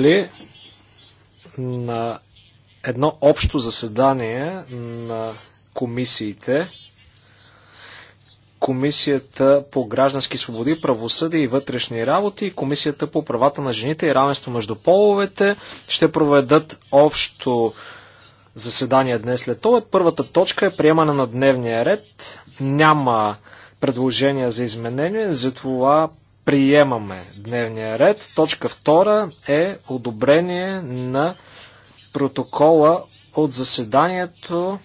ли на едно общо заседание на комисиите. Комисията по граждански свободи, правосъдие и вътрешни работи и Комисията по правата на жените и равенство между половете ще проведат общо заседание днес след това. Първата точка е приемане на дневния ред. Няма предложения за изменение, затова приемаме дневния ред. Точка втора е одобрение на протокола от заседанието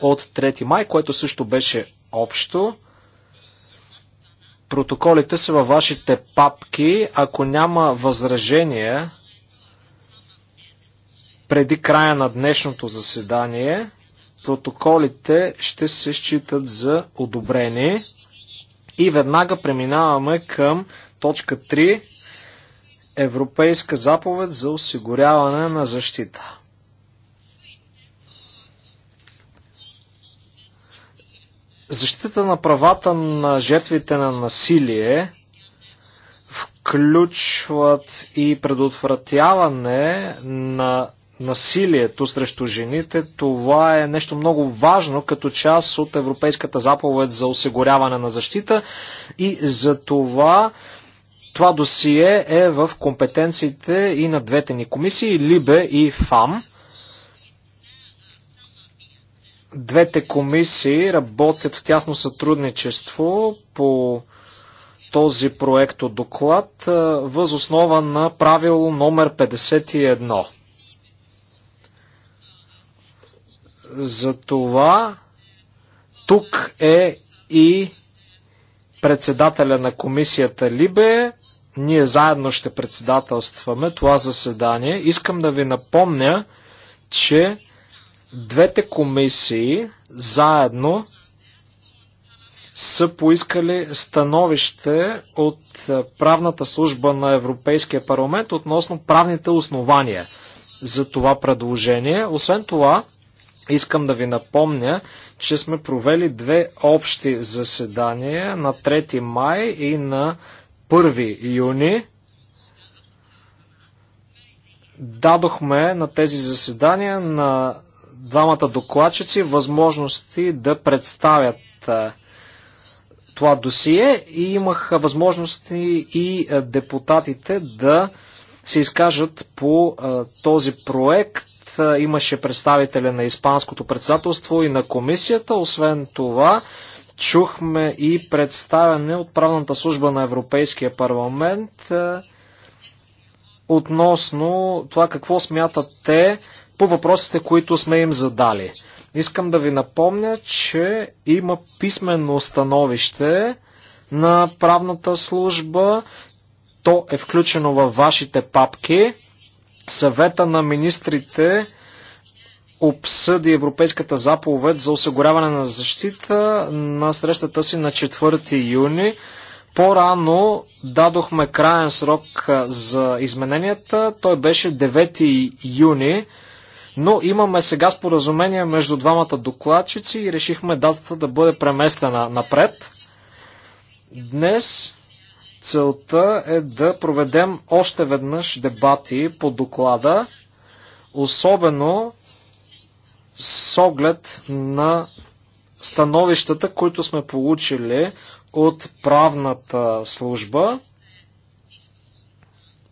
от 3 май, което също беше общо. Протоколите са във вашите папки. Ако няма възражения преди края на днешното заседание, протоколите ще се считат за одобрени. И веднага преминаваме към точка 3 Европейска заповед за осигуряване на защита. Защитата на правата на жертвите на насилие включват и предотвратяване на насилието срещу жените, това е нещо много важно като част от Европейската заповед за осигуряване на защита и за това това досие е в компетенциите и на двете ни комисии, Либе и ФАМ. Двете комисии работят в тясно сътрудничество по този проект от доклад възоснова на правило номер 51. За това тук е и председателя на комисията Либе. Ние заедно ще председателстваме това заседание. Искам да ви напомня, че двете комисии заедно са поискали становище от правната служба на Европейския парламент относно правните основания за това предложение. Освен това, Искам да ви напомня, че сме провели две общи заседания на 3 май и на 1 юни. Дадохме на тези заседания на двамата докладчици възможности да представят това досие и имаха възможности и депутатите да се изкажат по този проект имаше представители на Испанското председателство и на комисията. Освен това, чухме и представяне от правната служба на Европейския парламент е, относно това какво смятат те по въпросите, които сме им задали. Искам да ви напомня, че има писменно становище на правната служба. То е включено във вашите папки. Съвета на министрите обсъди Европейската заповед за осигуряване на защита на срещата си на 4 юни. По-рано дадохме краен срок за измененията. Той беше 9 юни, но имаме сега споразумение между двамата докладчици и решихме датата да бъде преместена напред. Днес Целта е да проведем още веднъж дебати по доклада, особено с оглед на становищата, които сме получили от правната служба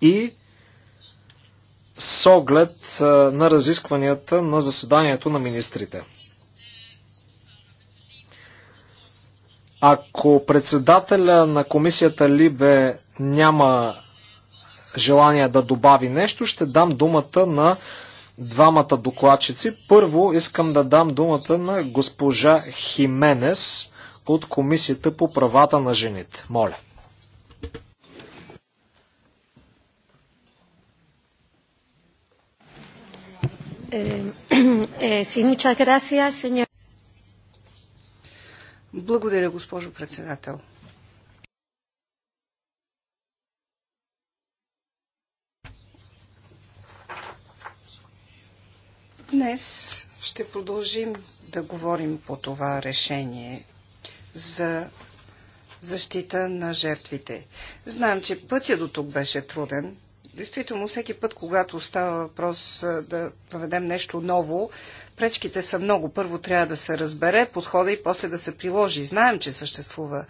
и с оглед на разискванията на заседанието на министрите. Ако председателя на комисията Либе няма желание да добави нещо, ще дам думата на двамата докладчици. Първо искам да дам думата на госпожа Хименес от Комисията по правата на жените. Моля. Sí, muchas gracias, señor. Благодаря, госпожо председател. Днес ще продължим да говорим по това решение за защита на жертвите. Знаем, че пътя до тук беше труден. Действително, всеки път, когато става въпрос да въведем нещо ново, Пречките са много. Първо трябва да се разбере подхода и после да се приложи. Знаем, че съществува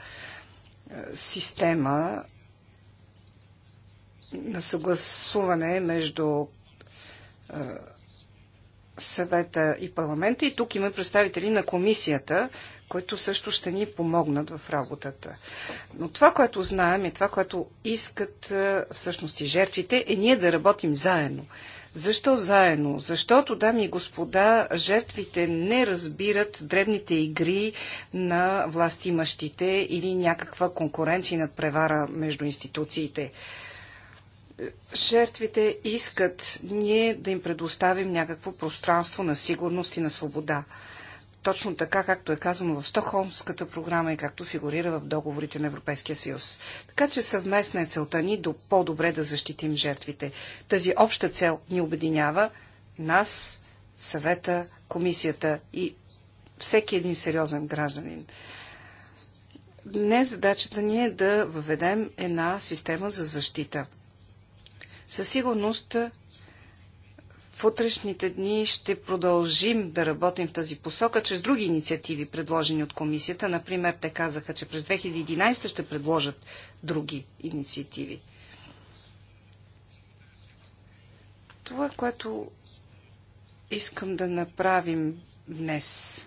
е, система на съгласуване между е, съвета и парламента. И тук има представители на комисията, които също ще ни помогнат в работата. Но това, което знаем и това, което искат е, всъщност и жертвите, е ние да работим заедно. Защо заедно? Защото, дами и господа, жертвите не разбират древните игри на властимащите или някаква конкуренция над превара между институциите. Жертвите искат ние да им предоставим някакво пространство на сигурност и на свобода точно така, както е казано в Стокхолмската програма и както фигурира в договорите на Европейския съюз. Така че съвместна е целта ни до по-добре да защитим жертвите. Тази обща цел ни обединява нас, съвета, комисията и всеки един сериозен гражданин. Днес задачата ни е да въведем една система за защита. Със сигурност в утрешните дни ще продължим да работим в тази посока чрез други инициативи, предложени от комисията. Например, те казаха, че през 2011 ще предложат други инициативи. Това, което искам да направим днес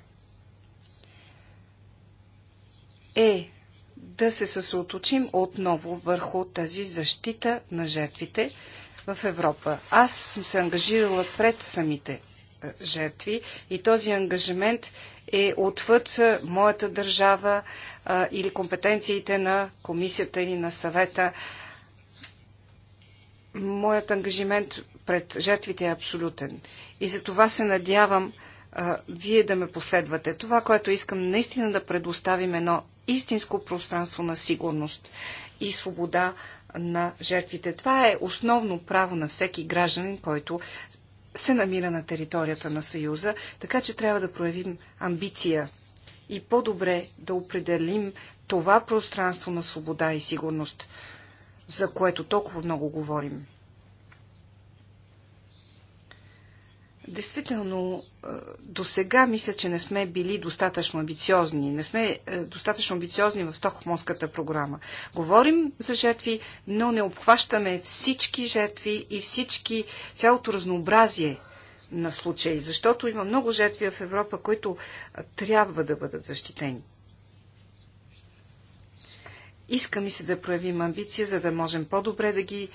е да се съсредоточим отново върху тази защита на жертвите, в Европа. Аз съм се ангажирала пред самите е, жертви и този ангажимент е отвъд е, моята държава а, е, или компетенциите на комисията или на съвета. Моят ангажимент пред жертвите е абсолютен. И за това се надявам а, вие да ме последвате. Това, което искам наистина да предоставим едно истинско пространство на сигурност и свобода на жертвите. Това е основно право на всеки гражданин, който се намира на територията на Съюза, така че трябва да проявим амбиция и по-добре да определим това пространство на свобода и сигурност, за което толкова много говорим. Действително, до сега мисля, че не сме били достатъчно амбициозни. Не сме достатъчно амбициозни в Стокхолмската програма. Говорим за жертви, но не обхващаме всички жертви и всички, цялото разнообразие на случаи, защото има много жертви в Европа, които трябва да бъдат защитени. Иска ми се да проявим амбиция, за да можем по-добре да ги е,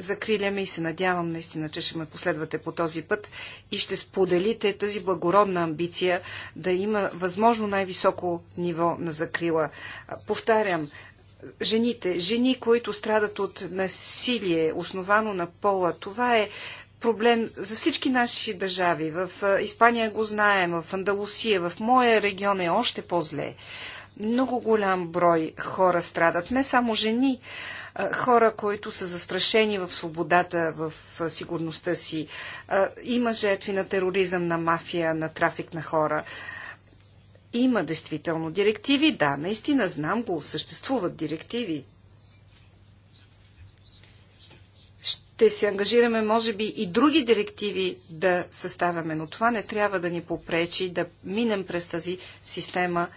закриляме и се надявам наистина, че ще ме последвате по този път и ще споделите тази благородна амбиция да има възможно най-високо ниво на закрила. Повтарям, жените, жени, които страдат от насилие, основано на пола, това е проблем за всички наши държави. В е, Испания го знаем, в Андалусия, в моя регион е още по-зле. Много голям брой хора страдат, не само жени, хора, които са застрашени в свободата, в сигурността си. Има жертви на тероризъм, на мафия, на трафик на хора. Има действително директиви, да, наистина знам го, съществуват директиви. Ще се ангажираме, може би, и други директиви да съставяме, но това не трябва да ни попречи да минем през тази система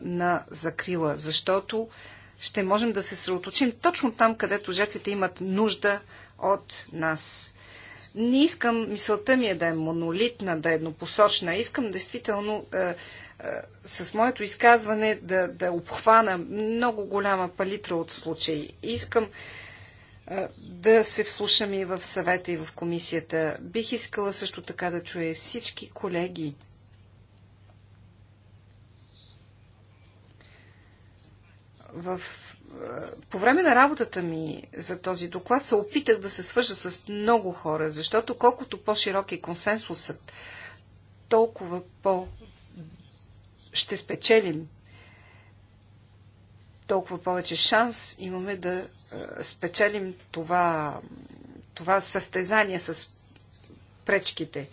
на закрила, защото ще можем да се съоточим точно там, където жертвите имат нужда от нас. Не искам мисълта ми е да е монолитна, да е еднопосочна. Искам действително е, е, с моето изказване да, да обхвана много голяма палитра от случаи. Искам е, да се вслушам и в съвета и в комисията. Бих искала също така да чуя всички колеги, в, по време на работата ми за този доклад се опитах да се свържа с много хора, защото колкото по-широк е консенсусът, толкова по- ще спечелим, толкова повече шанс имаме да спечелим това, това състезание с пречките.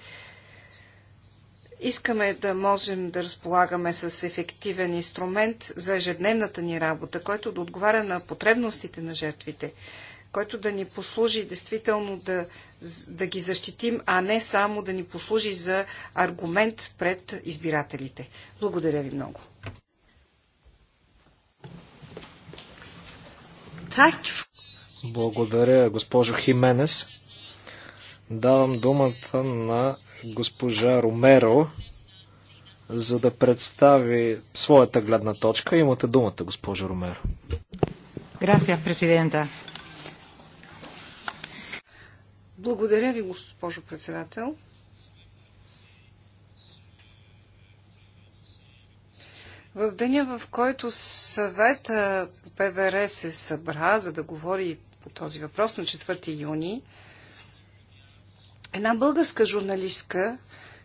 Искаме да можем да разполагаме с ефективен инструмент за ежедневната ни работа, който да отговаря на потребностите на жертвите, който да ни послужи действително да, да ги защитим, а не само да ни послужи за аргумент пред избирателите. Благодаря ви много. Благодаря, госпожо Хименес. Давам думата на госпожа Ромеро, за да представи своята гледна точка. Имате думата, госпожо Ромеро. Грация, президента. Благодаря ви, госпожо председател. В деня, в който съвета по ПВР се събра, за да говори по този въпрос на 4 юни, Една българска журналистка,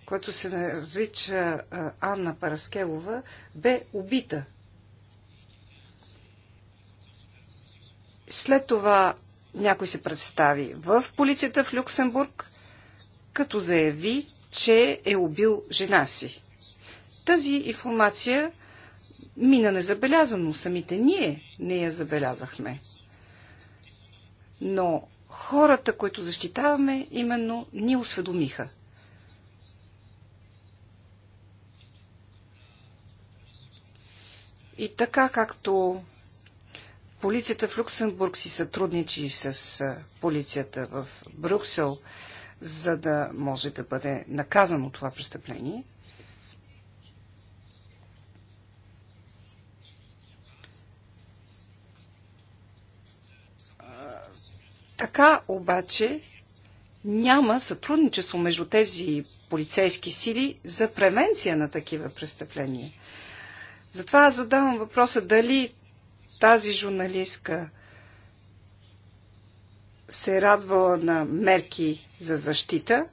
която се нарича Анна Параскелова, бе убита. След това някой се представи в полицията в Люксембург, като заяви, че е убил жена си. Тази информация мина незабелязано. Самите ние не я забелязахме. Но хората, които защитаваме, именно ни осведомиха. И така както полицията в Люксембург си сътрудничи с полицията в Брюксел, за да може да бъде наказано това престъпление, Така обаче няма сътрудничество между тези полицейски сили за превенция на такива престъпления. Затова аз задавам въпроса дали тази журналистка се е радвала на мерки за защита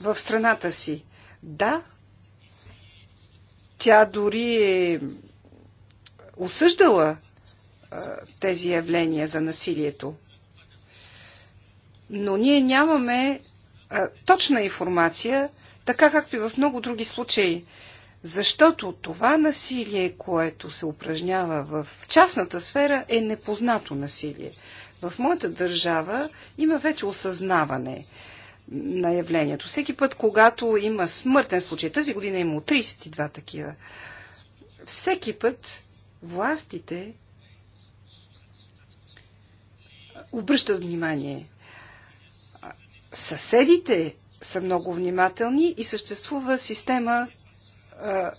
в страната си. Да, тя дори е осъждала тези явления, за насилието. Но ние нямаме а, точна информация, така както и в много други случаи. Защото това насилие, което се упражнява в частната сфера, е непознато насилие. В моята държава има вече осъзнаване на явлението. Всеки път, когато има смъртен случай, тази година има 32 такива, всеки път властите обръщат внимание. Съседите са много внимателни и съществува система а,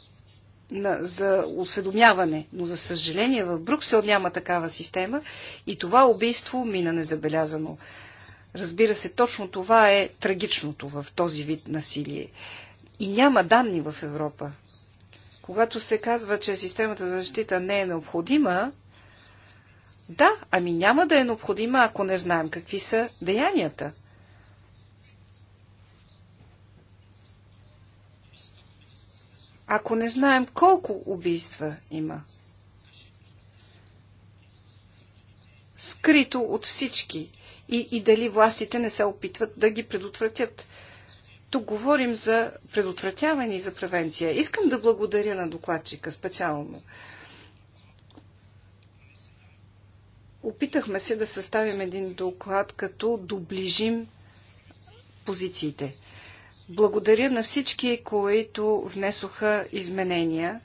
на, за осведомяване, но за съжаление в Бруксел няма такава система и това убийство мина незабелязано. Разбира се, точно това е трагичното в този вид насилие. И няма данни в Европа. Когато се казва, че системата за защита не е необходима, да, ами няма да е необходима, ако не знаем какви са деянията. Ако не знаем колко убийства има, скрито от всички и, и дали властите не се опитват да ги предотвратят. Тук говорим за предотвратяване и за превенция. Искам да благодаря на докладчика специално. Опитахме се да съставим един доклад, като доближим позициите. Благодаря на всички, които внесоха изменения.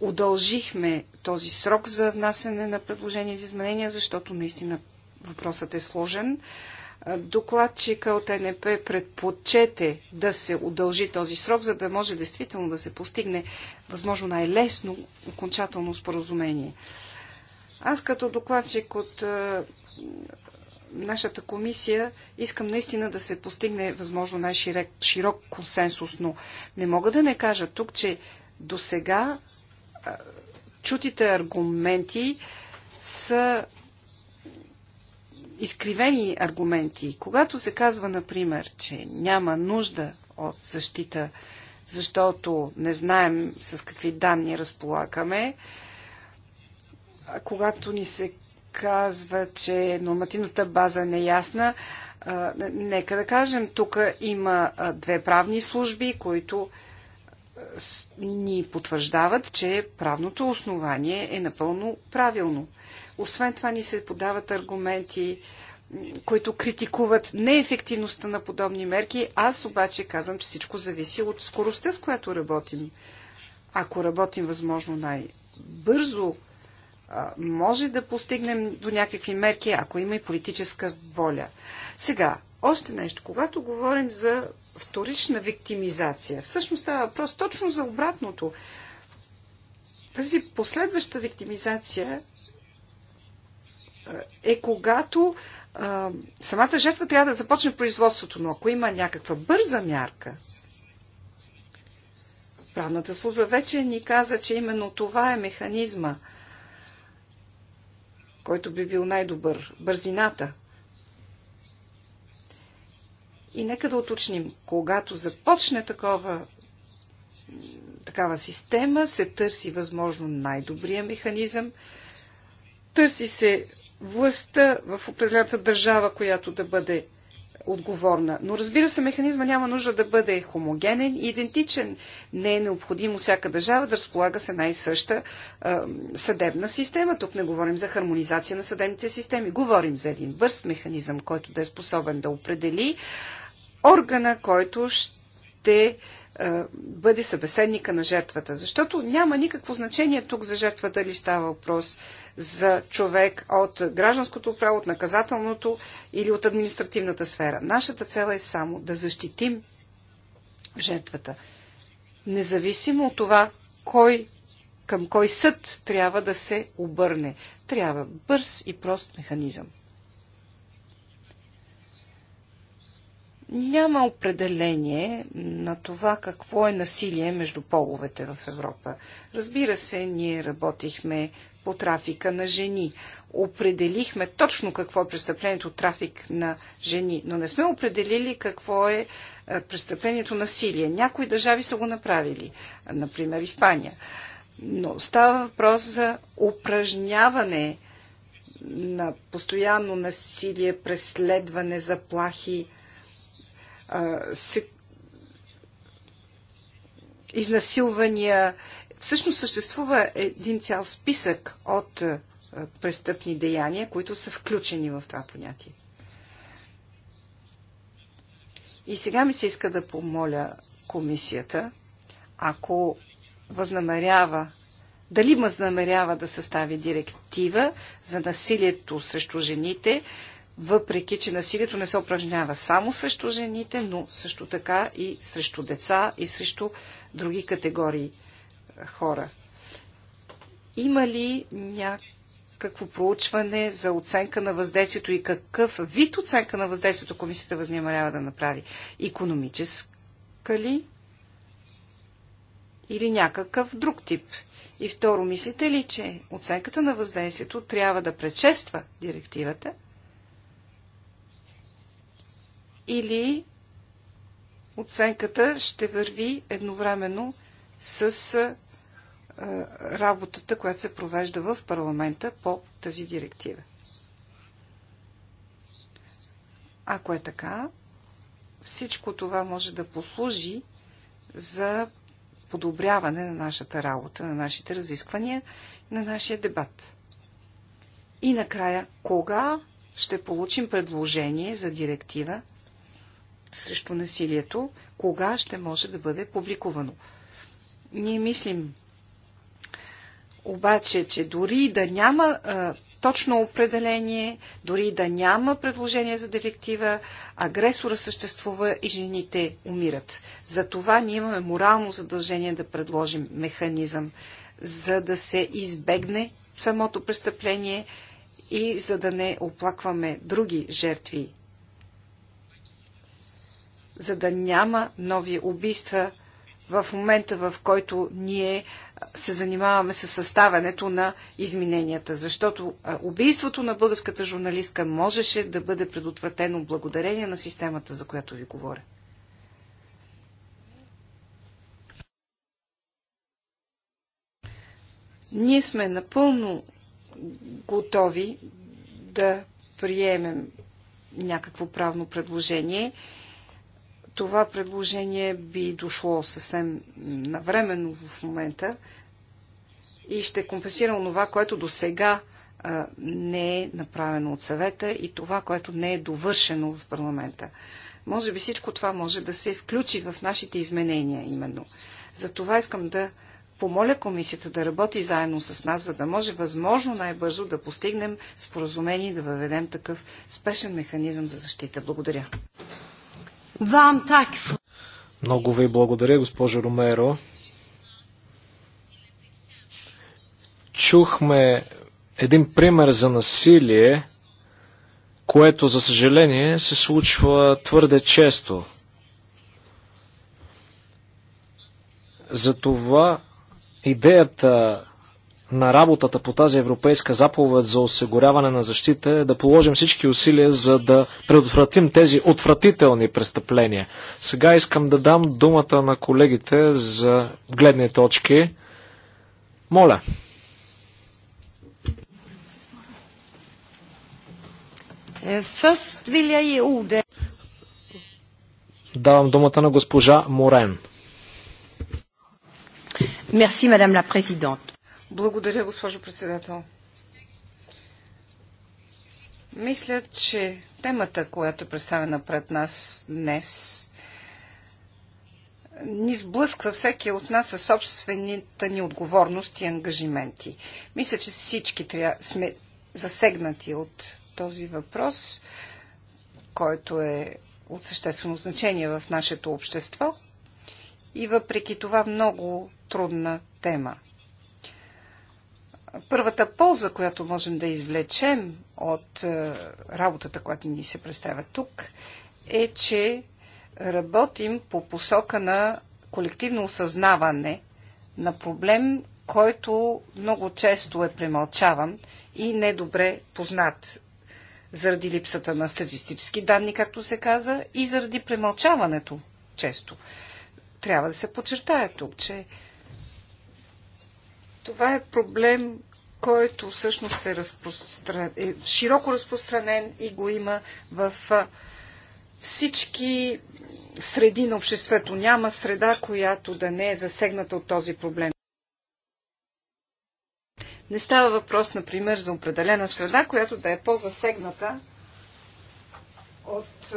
Удължихме този срок за внасене на предложения за изменения, защото наистина въпросът е сложен. Докладчика от НП предпочете да се удължи този срок, за да може действително да се постигне възможно най-лесно окончателно споразумение. Аз като докладчик от е, нашата комисия искам наистина да се постигне възможно най-широк консенсус, но не мога да не кажа тук, че до сега е, чутите аргументи са изкривени аргументи. Когато се казва, например, че няма нужда от защита, защото не знаем с какви данни разполагаме, когато ни се казва, че нормативната база не е ясна, нека да кажем, тук има две правни служби, които ни потвърждават, че правното основание е напълно правилно. Освен това ни се подават аргументи, които критикуват неефективността на подобни мерки. Аз обаче казвам, че всичко зависи от скоростта, с която работим. Ако работим възможно най-бързо, може да постигнем до някакви мерки, ако има и политическа воля. Сега, още нещо. Когато говорим за вторична виктимизация, всъщност става въпрос точно за обратното. Тази последваща виктимизация е когато а, самата жертва трябва да започне производството, но ако има някаква бърза мярка, правната служба вече ни каза, че именно това е механизма – който би бил най-добър. Бързината. И нека да уточним, когато започне такова, такава система, се търси възможно най-добрия механизъм, търси се властта в определената държава, която да бъде отговорна. Но разбира се, механизма няма нужда да бъде хомогенен и идентичен. Не е необходимо всяка държава да разполага с една и съща е, съдебна система. Тук не говорим за хармонизация на съдебните системи. Говорим за един бърз механизъм, който да е способен да определи органа, който ще е, бъде събеседника на жертвата. Защото няма никакво значение тук за жертвата дали става въпрос за човек от гражданското право, от наказателното или от административната сфера. Нашата цел е само да защитим жертвата. Независимо от това, кой към кой съд трябва да се обърне. Трябва бърз и прост механизъм. Няма определение на това какво е насилие между половете в Европа. Разбира се, ние работихме по трафика на жени. Определихме точно какво е престъплението трафик на жени, но не сме определили какво е, е престъплението насилие. Някои държави са го направили, например Испания. Но става въпрос за упражняване на постоянно насилие, преследване, заплахи се, изнасилвания. Всъщност съществува един цял списък от престъпни деяния, които са включени в това понятие. И сега ми се иска да помоля комисията, ако възнамерява, дали възнамерява да състави директива за насилието срещу жените, въпреки че насилието не се упражнява само срещу жените, но също така и срещу деца и срещу други категории хора. Има ли някакво проучване за оценка на въздействието и какъв вид оценка на въздействието комисията възнамерява да направи? икономическа ли? Или някакъв друг тип? И второ, мислите ли, че оценката на въздействието трябва да предшества директивата – или оценката ще върви едновременно с работата, която се провежда в парламента по тази директива. Ако е така, всичко това може да послужи за подобряване на нашата работа, на нашите разисквания, на нашия дебат. И накрая, кога ще получим предложение за директива срещу насилието, кога ще може да бъде публикувано. Ние мислим обаче, че дори да няма а, точно определение, дори да няма предложение за директива, агресора съществува и жените умират. Затова ние имаме морално задължение да предложим механизъм, за да се избегне самото престъпление и за да не оплакваме други жертви за да няма нови убийства в момента, в който ние се занимаваме с съставането на измененията. Защото убийството на българската журналистка можеше да бъде предотвратено благодарение на системата, за която ви говоря. Ние сме напълно готови да приемем някакво правно предложение това предложение би дошло съвсем навременно в момента и ще компенсира онова, което до сега не е направено от съвета и това, което не е довършено в парламента. Може би всичко това може да се включи в нашите изменения именно. За това искам да помоля комисията да работи заедно с нас, за да може възможно най-бързо да постигнем споразумение и да въведем такъв спешен механизъм за защита. Благодаря. Вам так. Много ви благодаря, госпожо Ромеро. Чухме един пример за насилие, което, за съжаление, се случва твърде често. Затова идеята на работата по тази европейска заповед за осигуряване на защита е да положим всички усилия, за да предотвратим тези отвратителни престъпления. Сега искам да дам думата на колегите за гледни точки. Моля. Е, Давам думата на госпожа Морен. Мерси, мадам ла президент. Благодаря, госпожо председател. Мисля, че темата, която е представена пред нас днес, ни сблъсква всеки от нас със собствените ни отговорности и ангажименти. Мисля, че всички тря... сме засегнати от този въпрос, който е от съществено значение в нашето общество и въпреки това много трудна тема първата полза, която можем да извлечем от е, работата, която ни се представя тук, е, че работим по посока на колективно осъзнаване на проблем, който много често е премълчаван и недобре познат заради липсата на статистически данни, както се каза, и заради премълчаването често. Трябва да се подчертая тук, че това е проблем, който всъщност е, разпростран... е широко разпространен и го има в всички среди на обществото. Няма среда, която да не е засегната от този проблем. Не става въпрос, например, за определена среда, която да е по-засегната от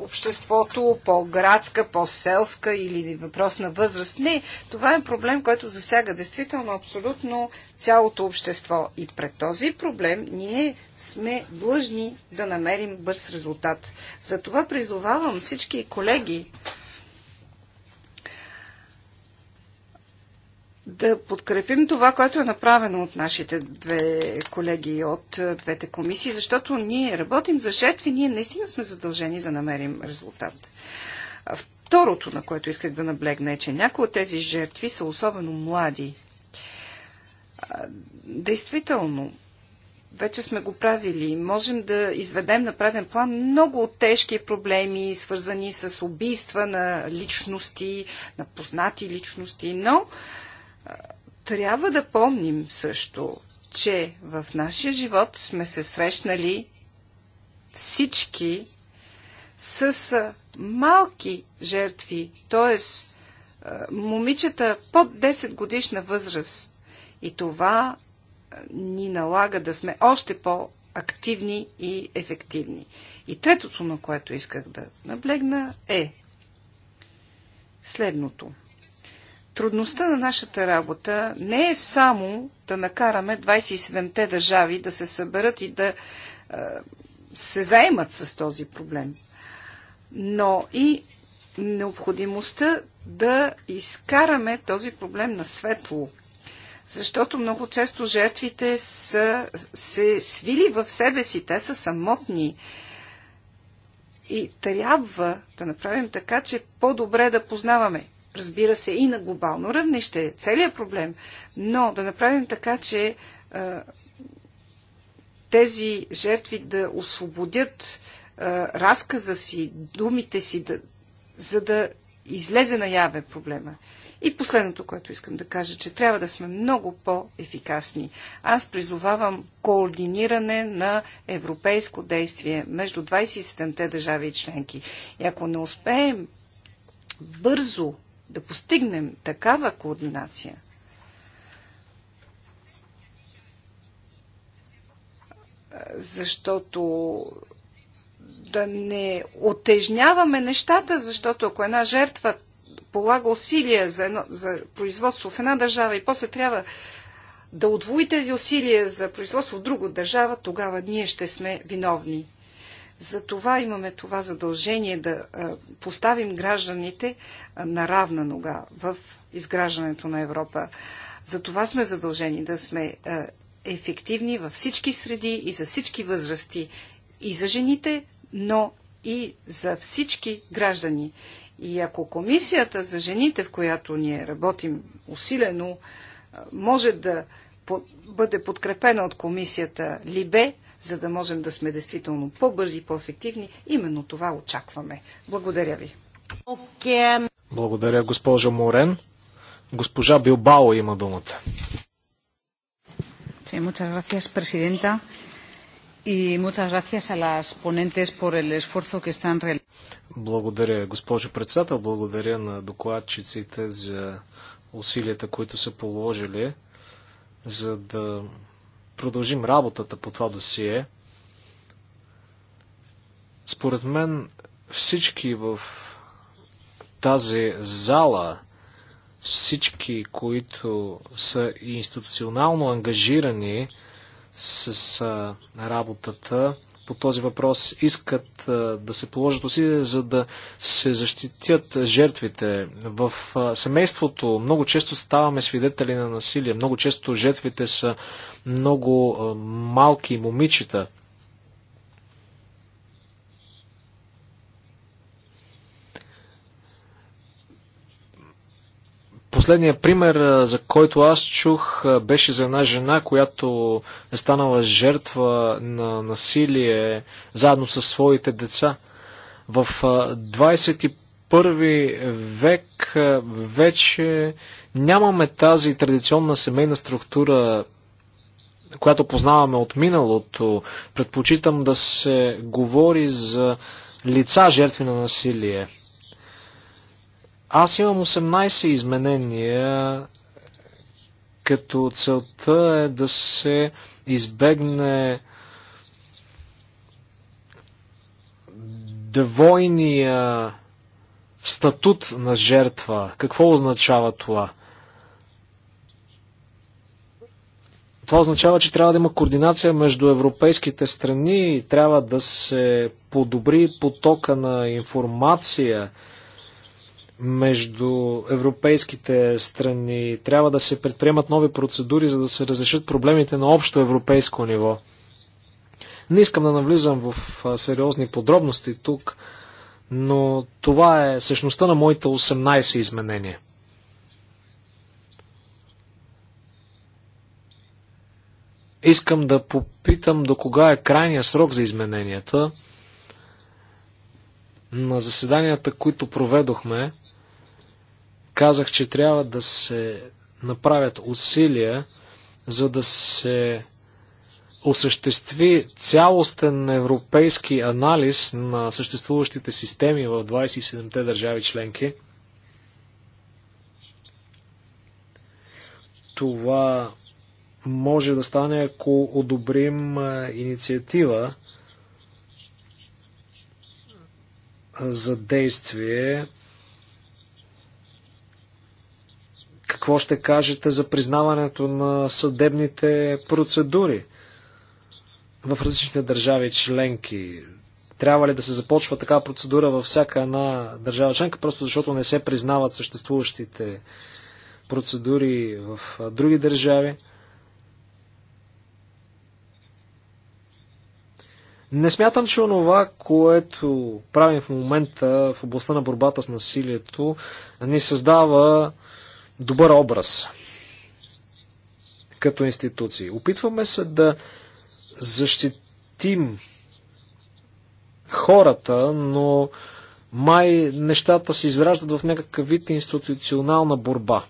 обществото, по-градска, по-селска или въпрос на възраст. Не, това е проблем, който засяга действително абсолютно цялото общество. И пред този проблем ние сме длъжни да намерим бърз резултат. Затова призовавам всички колеги да подкрепим това, което е направено от нашите две колеги от е, двете комисии, защото ние работим за жертви, ние наистина сме задължени да намерим резултат. Второто, на което исках да наблегна е, че някои от тези жертви са особено млади. Действително, вече сме го правили. Можем да изведем на преден план много тежки проблеми, свързани с убийства на личности, на познати личности, но трябва да помним също, че в нашия живот сме се срещнали всички с малки жертви, т.е. момичета под 10 годишна възраст. И това ни налага да сме още по-активни и ефективни. И третото, на което исках да наблегна е следното – Трудността на нашата работа не е само да накараме 27-те държави да се съберат и да се заемат с този проблем, но и необходимостта да изкараме този проблем на светло. Защото много често жертвите са се свили в себе си, те са самотни. И трябва да направим така, че по-добре да познаваме разбира се, и на глобално равнище, целият проблем, но да направим така, че а, тези жертви да освободят а, разказа си, думите си, да, за да излезе наяве проблема. И последното, което искам да кажа, че трябва да сме много по-ефикасни. Аз призовавам координиране на европейско действие между 27-те държави и членки. И ако не успеем бързо да постигнем такава координация, защото да не отежняваме нещата, защото ако една жертва полага усилия за, едно, за производство в една държава и после трябва да отвои тези усилия за производство в друга държава, тогава ние ще сме виновни. За това имаме това задължение да поставим гражданите на равна нога в изграждането на Европа. За това сме задължени да сме ефективни във всички среди и за всички възрасти. И за жените, но и за всички граждани. И ако комисията за жените, в която ние работим усилено, може да бъде подкрепена от комисията Либе, за да можем да сме действително по-бързи, по-ефективни. Именно това очакваме. Благодаря ви. Okay. Благодаря, госпожо Морен. Госпожа Билбао има думата. Sí, muchas gracias, presidenta. И muchas gracias a las ponentes por el esfuerzo que están Благодаря, госпожо председател. Благодаря на докладчиците за усилията, които са положили, за да продължим работата по това досие. Според мен всички в тази зала, всички, които са институционално ангажирани с работата, по този въпрос искат да се положат усилия, за да се защитят жертвите. В семейството много често ставаме свидетели на насилие, много често жертвите са много малки момичета. Последният пример, за който аз чух, беше за една жена, която е станала жертва на насилие заедно с своите деца. В 21 век вече нямаме тази традиционна семейна структура, която познаваме от миналото. Предпочитам да се говори за лица жертви на насилие. Аз имам 18 изменения, като целта е да се избегне двойния статут на жертва. Какво означава това? Това означава, че трябва да има координация между европейските страни, трябва да се подобри потока на информация, между европейските страни. Трябва да се предприемат нови процедури, за да се разрешат проблемите на общо европейско ниво. Не искам да навлизам в сериозни подробности тук, но това е същността на моите 18 изменения. Искам да попитам до кога е крайния срок за измененията. На заседанията, които проведохме, Казах, че трябва да се направят усилия, за да се осъществи цялостен европейски анализ на съществуващите системи в 27-те държави членки. Това може да стане, ако одобрим инициатива за действие Какво ще кажете за признаването на съдебните процедури в различните държави членки? Трябва ли да се започва така процедура във всяка една държава членка, просто защото не се признават съществуващите процедури в други държави? Не смятам, че онова, което правим в момента в областта на борбата с насилието, ни създава добър образ като институции. Опитваме се да защитим хората, но май нещата се израждат в някакъв вид институционална борба.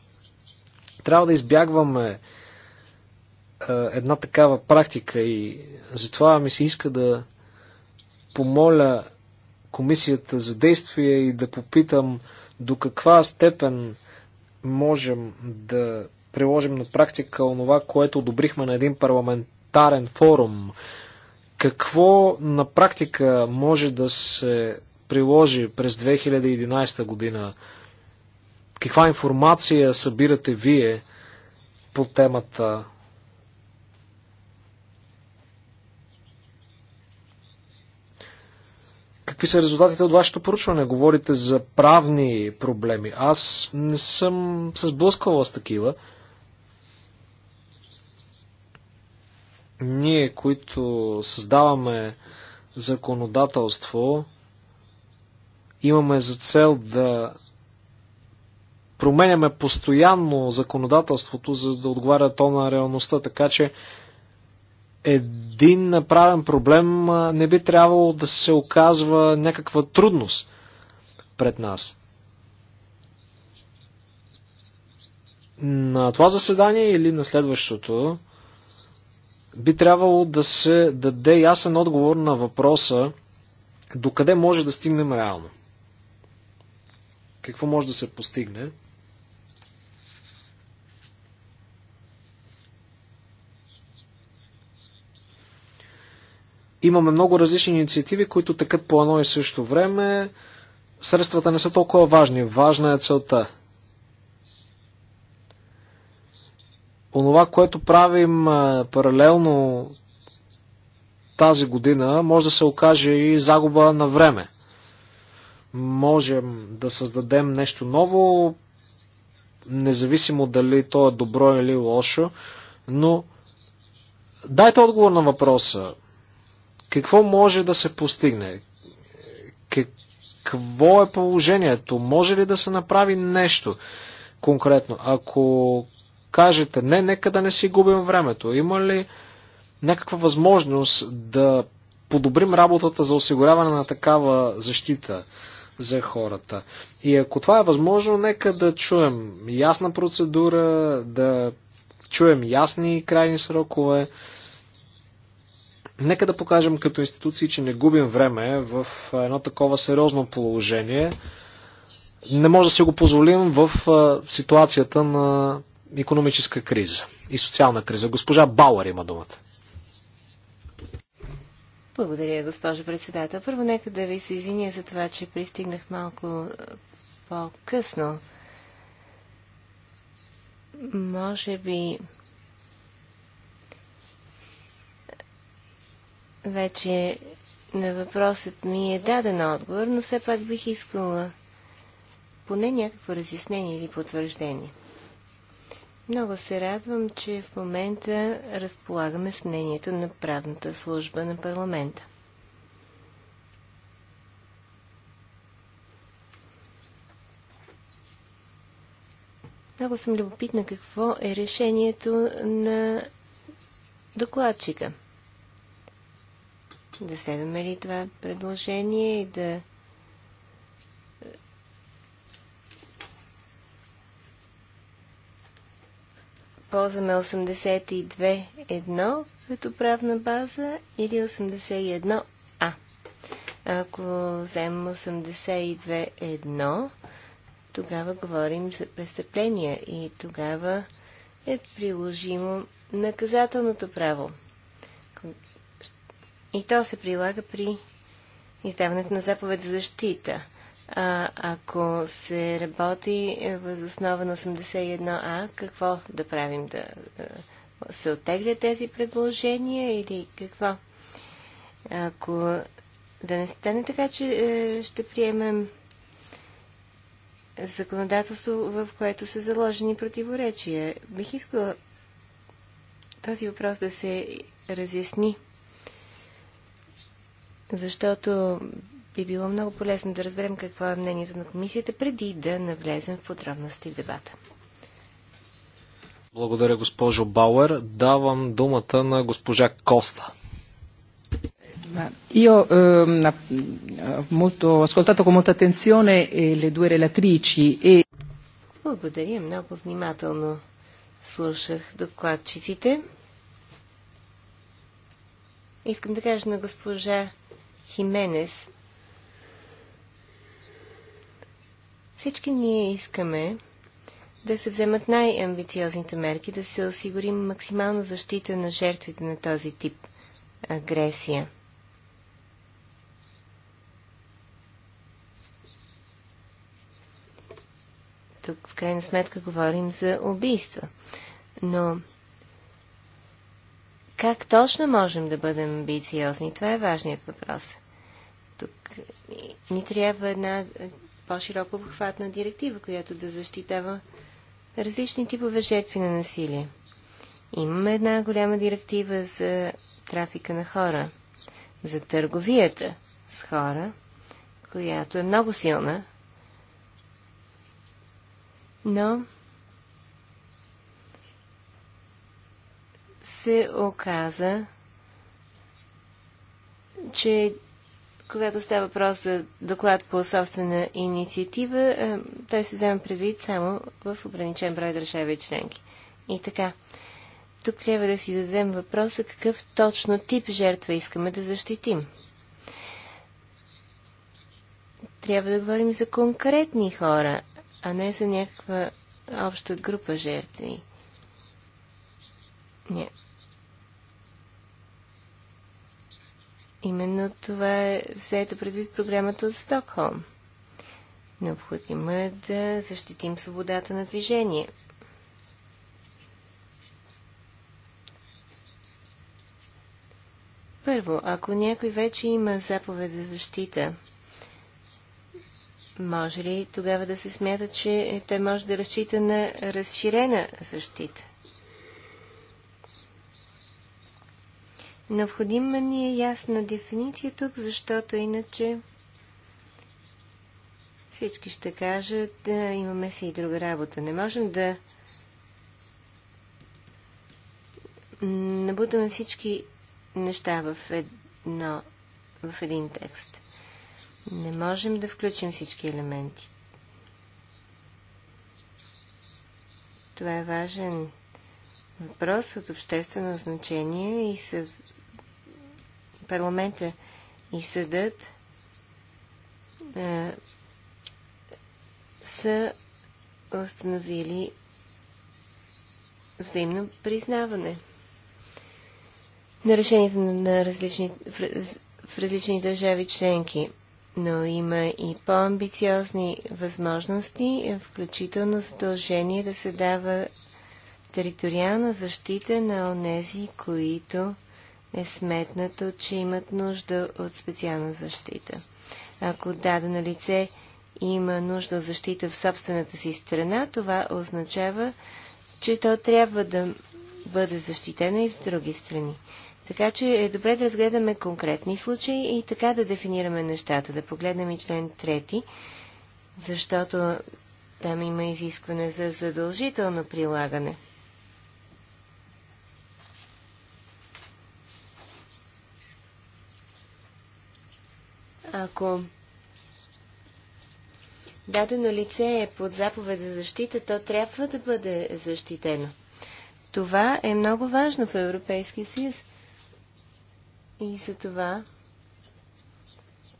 Трябва да избягваме една такава практика и затова ми се иска да помоля комисията за действие и да попитам до каква степен можем да приложим на практика онова, което одобрихме на един парламентарен форум. Какво на практика може да се приложи през 2011 година? Каква информация събирате вие по темата Какви са резултатите от вашето поручване? Говорите за правни проблеми. Аз не съм се сблъсквала с такива. Ние, които създаваме законодателство, имаме за цел да променяме постоянно законодателството, за да отговаря то на реалността. Така че един направен проблем не би трябвало да се оказва някаква трудност пред нас. На това заседание или на следващото би трябвало да се даде ясен отговор на въпроса докъде може да стигнем реално. Какво може да се постигне? Имаме много различни инициативи, които тъкат по едно и също време. Средствата не са толкова важни. Важна е целта. Онова, което правим паралелно тази година, може да се окаже и загуба на време. Можем да създадем нещо ново, независимо дали то е добро или лошо, но дайте отговор на въпроса. Какво може да се постигне? Какво е положението? Може ли да се направи нещо конкретно? Ако кажете не, нека да не си губим времето. Има ли някаква възможност да подобрим работата за осигуряване на такава защита за хората. И ако това е възможно, нека да чуем ясна процедура, да чуем ясни крайни срокове, Нека да покажем като институции, че не губим време в едно такова сериозно положение. Не може да си го позволим в ситуацията на економическа криза и социална криза. Госпожа Бауър има думата. Благодаря, госпожо председател. Първо нека да ви се извиня за това, че пристигнах малко по-късно. Може би Вече на въпросът ми е даден отговор, но все пак бих искала поне някакво разяснение или потвърждение. Много се радвам, че в момента разполагаме с мнението на правната служба на парламента. Много съм любопитна какво е решението на докладчика да се ли това предложение и да ползваме 82.1 като правна база или 81А. Ако вземем 82.1, тогава говорим за престъпления и тогава е приложимо наказателното право. И то се прилага при издаването на заповед за защита. А, ако се работи е, въз основа на 81А, какво да правим? Да е, се отегля тези предложения или какво? Ако да не стане така, че е, ще приемем законодателство, в което са заложени противоречия. Бих искала този въпрос да се разясни защото би било много полезно да разберем какво е мнението на комисията преди да навлезем в подробности в дебата. Благодаря, госпожо Бауер. Давам думата на госпожа Коста. Io eh, molto, ho ascoltato con molta attenzione eh, le due relatrici e... Благодаря, много внимателно слушах докладчиците. Искам да кажа на госпожа Хименес. Всички ние искаме да се вземат най-амбициозните мерки, да се осигурим максимална защита на жертвите на този тип агресия. Тук в крайна сметка говорим за убийства. Но как точно можем да бъдем амбициозни? Това е важният въпрос. Тук ни трябва една по-широко обхватна директива, която да защитава различни типове жертви на насилие. Имаме една голяма директива за трафика на хора, за търговията с хора, която е много силна, но се оказа, че когато става въпрос за доклад по собствена инициатива, е, той се взема предвид само в ограничен брой държави и членки. И така, тук трябва да си зададем въпроса какъв точно тип жертва искаме да защитим. Трябва да говорим за конкретни хора, а не за някаква обща група жертви. Не. Именно това е взето предвид програмата от Стокхолм. Необходимо е да защитим свободата на движение. Първо, ако някой вече има заповед за защита, може ли тогава да се смята, че той може да разчита на разширена защита? Необходима ни е ясна дефиниция тук, защото иначе всички ще кажат, да, имаме си и друга работа. Не можем да набутаме всички неща в, едно, в един текст. Не можем да включим всички елементи. Това е важен въпрос от обществено значение и съв парламента и съдът е, са установили взаимно признаване на решенията на различни, в, в различни държави членки. Но има и по-амбициозни възможности, включително задължение да се дава териториална защита на онези, които е сметнато, че имат нужда от специална защита. Ако дадено лице има нужда от защита в собствената си страна, това означава, че то трябва да бъде защитено и в други страни. Така че е добре да разгледаме конкретни случаи и така да дефинираме нещата, да погледнем и член трети, защото там има изискване за задължително прилагане – Ако дадено лице е под заповед за защита, то трябва да бъде защитено. Това е много важно в Европейския съюз. И за това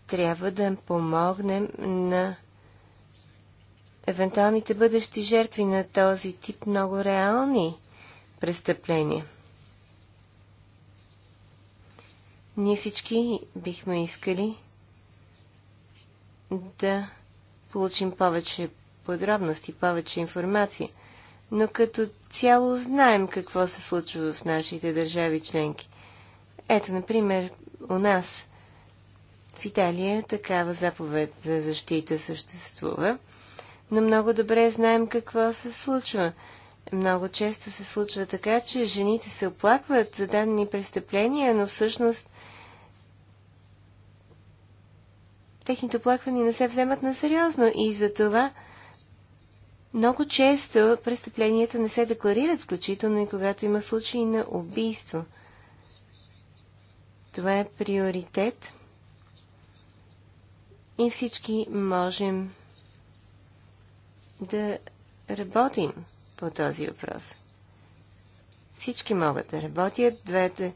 трябва да помогнем на евентуалните бъдещи жертви на този тип много реални престъпления. Ние всички бихме искали да получим повече подробности, повече информация. Но като цяло знаем какво се случва в нашите държави членки. Ето, например, у нас в Италия такава заповед за защита съществува, но много добре знаем какво се случва. Много често се случва така, че жените се оплакват за данни престъпления, но всъщност техните оплаквания не се вземат на сериозно и за това много често престъпленията не се декларират, включително и когато има случаи на убийство. Това е приоритет и всички можем да работим по този въпрос. Всички могат да работят, двете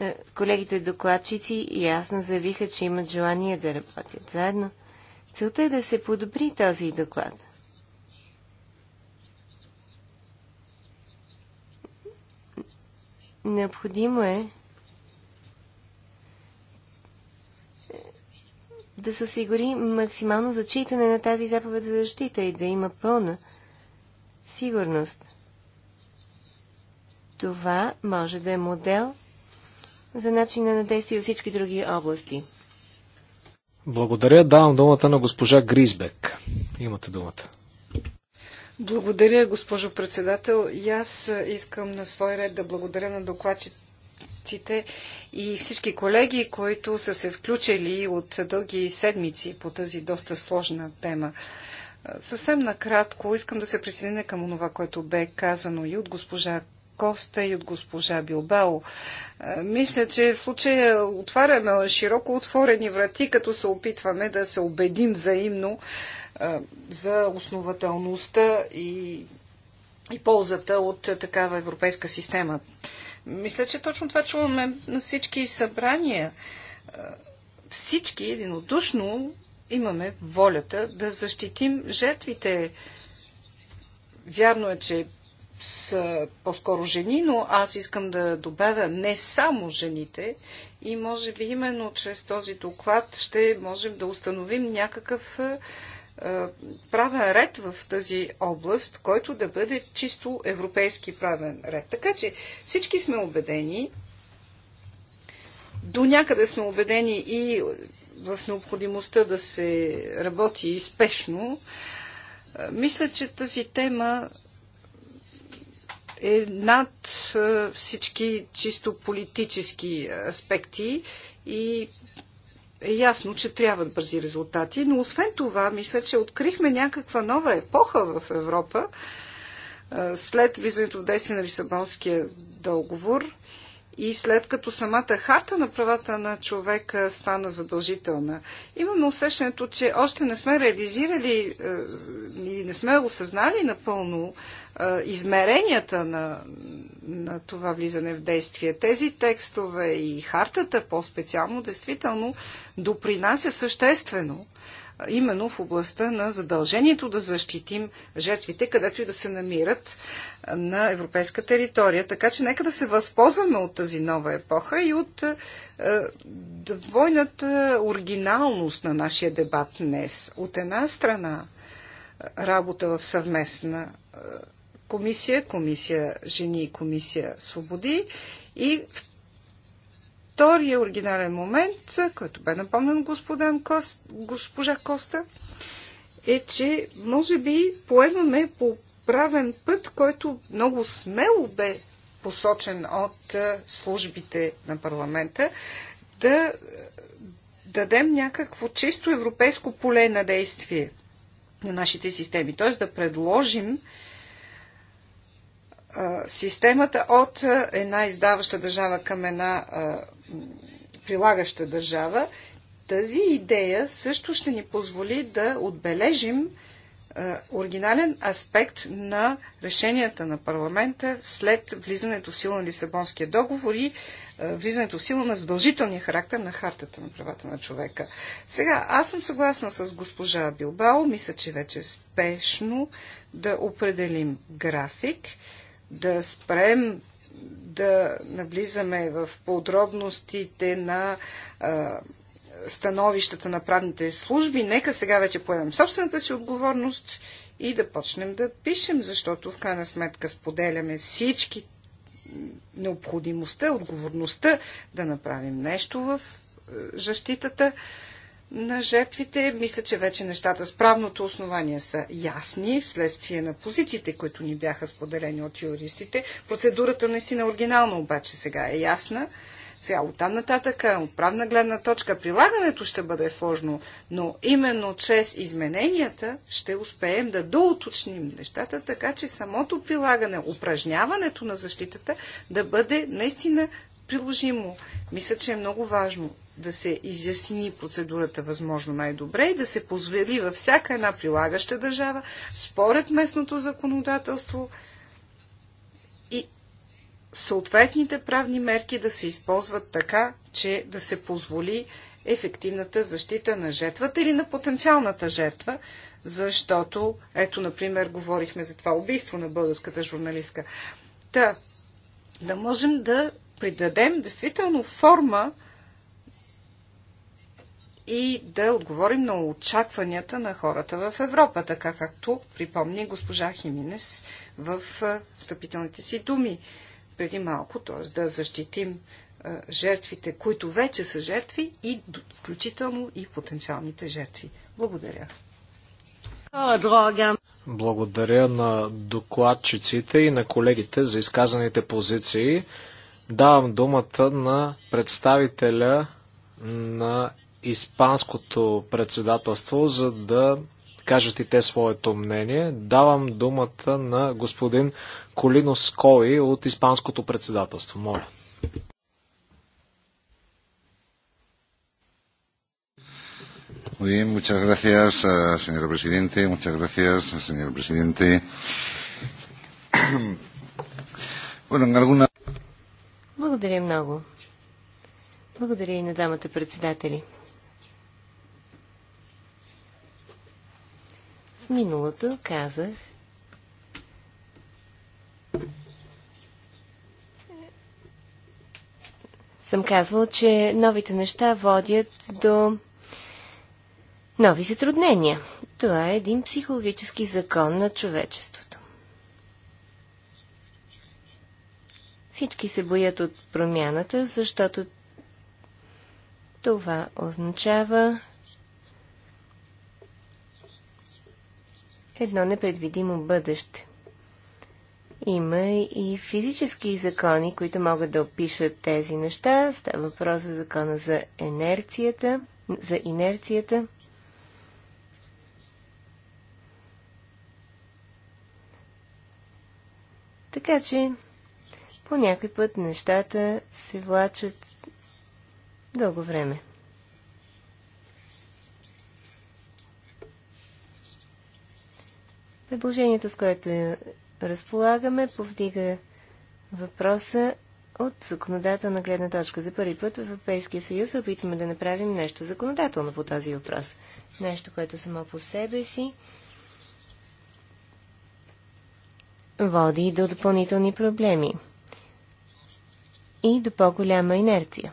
е, колегите докладчици ясно заявиха, че имат желание да работят заедно. Целта е да се подобри този доклад. Необходимо е, е да се осигури максимално зачитане на тази заповед за защита и да има пълна сигурност. Това може да е модел за начина на действие във всички други области. Благодаря. Давам думата на госпожа Гризбек. Имате думата. Благодаря, госпожо председател. И аз искам на свой ред да благодаря на докладчиците и всички колеги, които са се включили от дълги седмици по тази доста сложна тема. Съвсем накратко искам да се присъединя към това, което бе казано и от госпожа Коста и от госпожа Билбао. Е, мисля, че в случая отваряме широко отворени врати, като се опитваме да се убедим взаимно е, за основателността и, и ползата от такава европейска система. Мисля, че точно това чуваме на всички събрания. Е, всички единодушно имаме волята да защитим жертвите. Вярно е, че са по-скоро жени, но аз искам да добавя не само жените и може би именно чрез този доклад ще можем да установим някакъв е, е, правен ред в тази област, който да бъде чисто европейски правен ред. Така че всички сме убедени, до някъде сме убедени и в необходимостта да се работи спешно. Е, мисля, че тази тема е над е, всички чисто политически аспекти и е ясно, че трябват бързи резултати, но освен това, мисля, че открихме някаква нова епоха в Европа е, след влизането в действие на Лисабонския договор и след като самата харта на правата на човека стана задължителна. Имаме усещането, че още не сме реализирали е, или не сме осъзнали напълно измеренията на, на това влизане в действие. Тези текстове и хартата по-специално действително допринася съществено именно в областта на задължението да защитим жертвите, където и да се намират на европейска територия. Така че нека да се възползваме от тази нова епоха и от е, двойната оригиналност на нашия дебат днес. От една страна работа в съвместна комисия, комисия Жени и комисия Свободи. И втория оригинален момент, който бе напомнен господин Кост, госпожа Коста, е, че може би поемаме по правен път, който много смело бе посочен от е, службите на парламента, да е, дадем някакво чисто европейско поле на действие на нашите системи. Т.е. да предложим системата от една издаваща държава към една прилагаща държава, тази идея също ще ни позволи да отбележим оригинален аспект на решенията на парламента след влизането в сила на Лисабонския договор и влизането в сила на задължителния характер на хартата на правата на човека. Сега, аз съм съгласна с госпожа Билбао. Мисля, че вече е спешно да определим график да спрем да навлизаме в подробностите на а, становищата на правните служби. Нека сега вече поемем собствената си отговорност и да почнем да пишем, защото в крайна сметка споделяме всички необходимостта, отговорността да направим нещо в защитата на жертвите. Мисля, че вече нещата с правното основание са ясни, вследствие на позициите, които ни бяха споделени от юристите. Процедурата наистина оригинална обаче сега е ясна. Сега от там нататък, от правна гледна точка, прилагането ще бъде сложно, но именно чрез измененията ще успеем да доуточним нещата, така че самото прилагане, упражняването на защитата да бъде наистина приложимо. Мисля, че е много важно да се изясни процедурата възможно най-добре и да се позволи във всяка една прилагаща държава, според местното законодателство и съответните правни мерки да се използват така, че да се позволи ефективната защита на жертвата или на потенциалната жертва, защото, ето, например, говорихме за това убийство на българската журналистка. Та, да можем да придадем действително форма и да отговорим на очакванията на хората в Европа, така както припомни госпожа Химинес в встъпителните си думи преди малко, т.е. да защитим жертвите, които вече са жертви и включително и потенциалните жертви. Благодаря. Благодаря на докладчиците и на колегите за изказаните позиции. Давам думата на представителя на Испанското председателство, за да кажат и те своето мнение. Давам думата на господин Колино Скои от Испанското председателство. Моля. Muy bien, muchas gracias, eh, señor presidente. Muchas gracias, señor presidente. bueno, en alguna... Благодаря много. Благодаря и на двамата председатели. миналото казах, съм казвал, че новите неща водят до нови затруднения. Това е един психологически закон на човечеството. Всички се боят от промяната, защото това означава едно непредвидимо бъдеще. Има и физически закони, които могат да опишат тези неща. Става въпрос за закона за инерцията, за инерцията. Така че по някой път нещата се влачат дълго време. Предложението, с което разполагаме, повдига въпроса от законодателна гледна точка. За първи път в Европейския съюз опитваме да направим нещо законодателно по този въпрос. Нещо, което само по себе си води до допълнителни проблеми и до по-голяма инерция.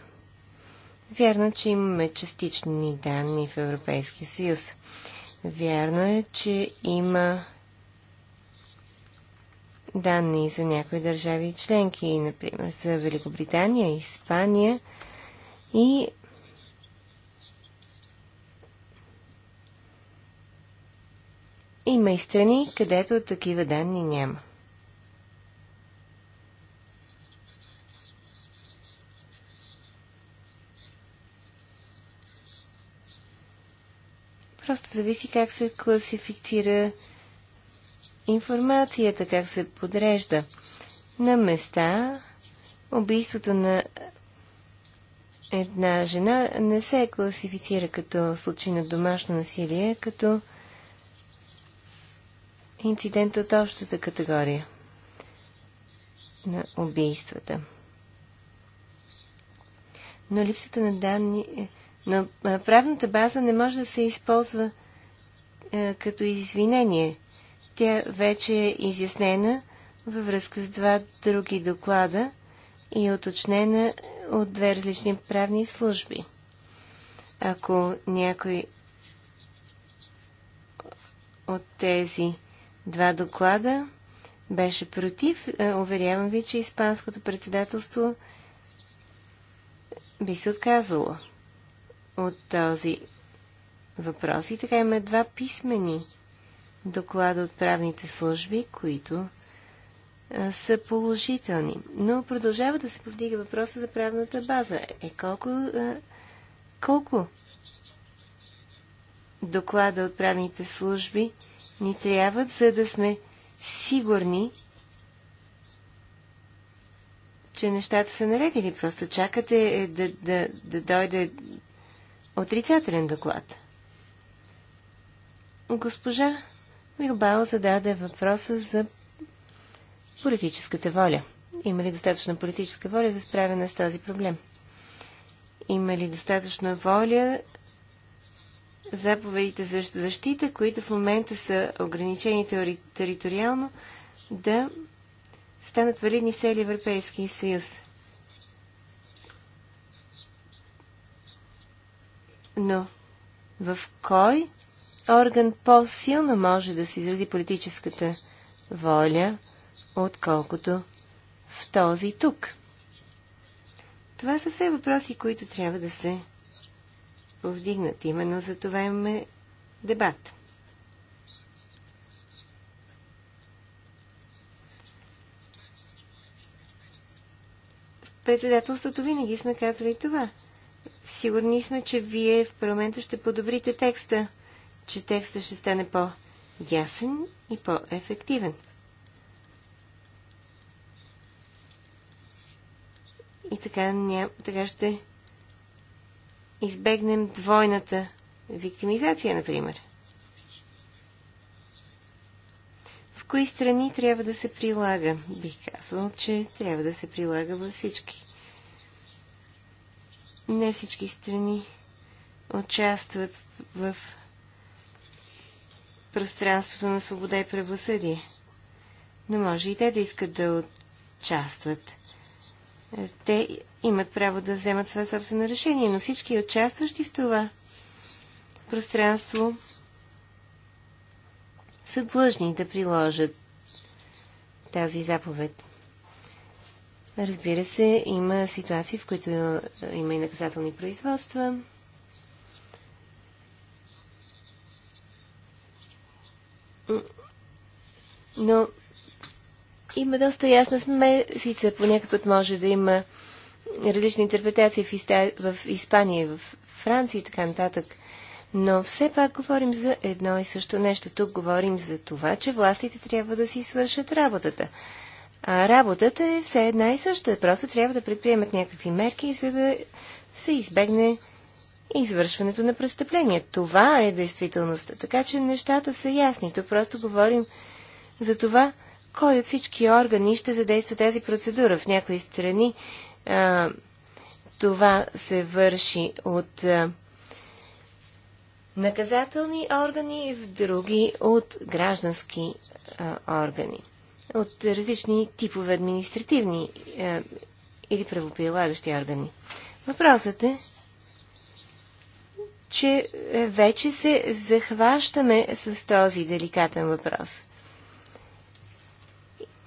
Вярно, че имаме частични данни в Европейския съюз. Вярно е, че има данни за някои държави членки, например за Великобритания, Испания и Има и страни, където такива данни няма. Просто зависи как се класифицира информацията как се подрежда. На места убийството на една жена не се класифицира като случай на домашно насилие, като инцидент от общата категория на убийствата. Но липсата на данни, на правната база не може да се използва е, като извинение тя вече е изяснена във връзка с два други доклада и е уточнена от две различни правни служби. Ако някой от тези два доклада беше против, е, уверявам ви, че Испанското председателство би се отказало от този въпрос. И така има два писмени доклада от правните служби, които са положителни. Но продължава да се повдига въпроса за правната база. Е колко, колко доклада от правните служби ни трябват, за да сме сигурни, че нещата са наредили. просто чакате е, да, да, да дойде отрицателен доклад. Госпожа Милбао зададе въпроса за политическата воля. Има ли достатъчно политическа воля за справяне с този проблем? Има ли достатъчно воля заповедите за защита, които в момента са ограничени териториално, да станат валидни в целия Европейски съюз? Но в кой орган по-силно може да се изрази политическата воля, отколкото в този тук. Това са все въпроси, които трябва да се повдигнат. Именно за това имаме дебат. В председателството винаги сме казвали това. Сигурни сме, че вие в парламента ще подобрите текста че текстът ще стане по-ясен и по-ефективен. И така, ня... така ще избегнем двойната виктимизация, например. В кои страни трябва да се прилага? Бих казал, че трябва да се прилага във всички. Не всички страни участват в пространството на свобода и правосъдие. Не може и те да искат да участват. Е, те имат право да вземат свое собствено решение, но всички участващи в това пространство са длъжни да приложат тази заповед. Разбира се, има ситуации, в които има и наказателни производства. Но има доста ясна смесица. Понякога може да има различни интерпретации в, Иста... в Испания, в Франция и така нататък. Но все пак говорим за едно и също нещо. Тук говорим за това, че властите трябва да си свършат работата. А работата е все една и съща. Просто трябва да предприемат някакви мерки, за да се избегне извършването на престъпления. Това е действителността. Така че нещата са ясни. Тук просто говорим за това кой от всички органи ще задейства тази процедура. В някои страни а, това се върши от а, наказателни органи, в други от граждански а, органи, от различни типове административни а, или правоприлагащи органи. Въпросът е, че е, вече се захващаме с този деликатен въпрос.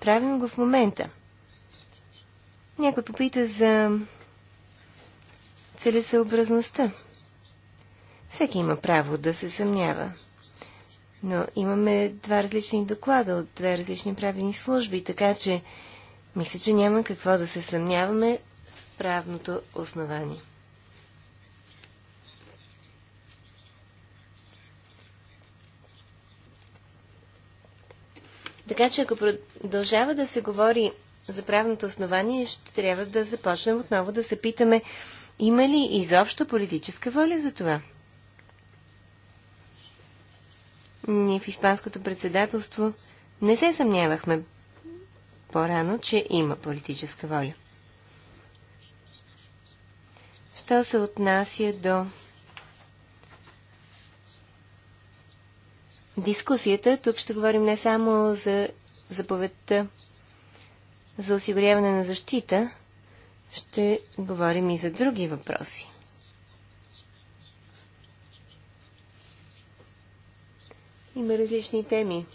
Правим го в момента. Някой попита за целесъобразността. Всеки има право да се съмнява. Но имаме два различни доклада от две различни правени служби, така че мисля, че няма какво да се съмняваме в правното основание. Така че ако продължава да се говори за правното основание, ще трябва да започнем отново да се питаме има ли изобщо политическа воля за това? Ние в Испанското председателство не се съмнявахме по-рано, че има политическа воля. Що се отнася до дискусията. Тук ще говорим не само за заповедта за осигуряване на защита, ще говорим и за други въпроси. Има различни теми.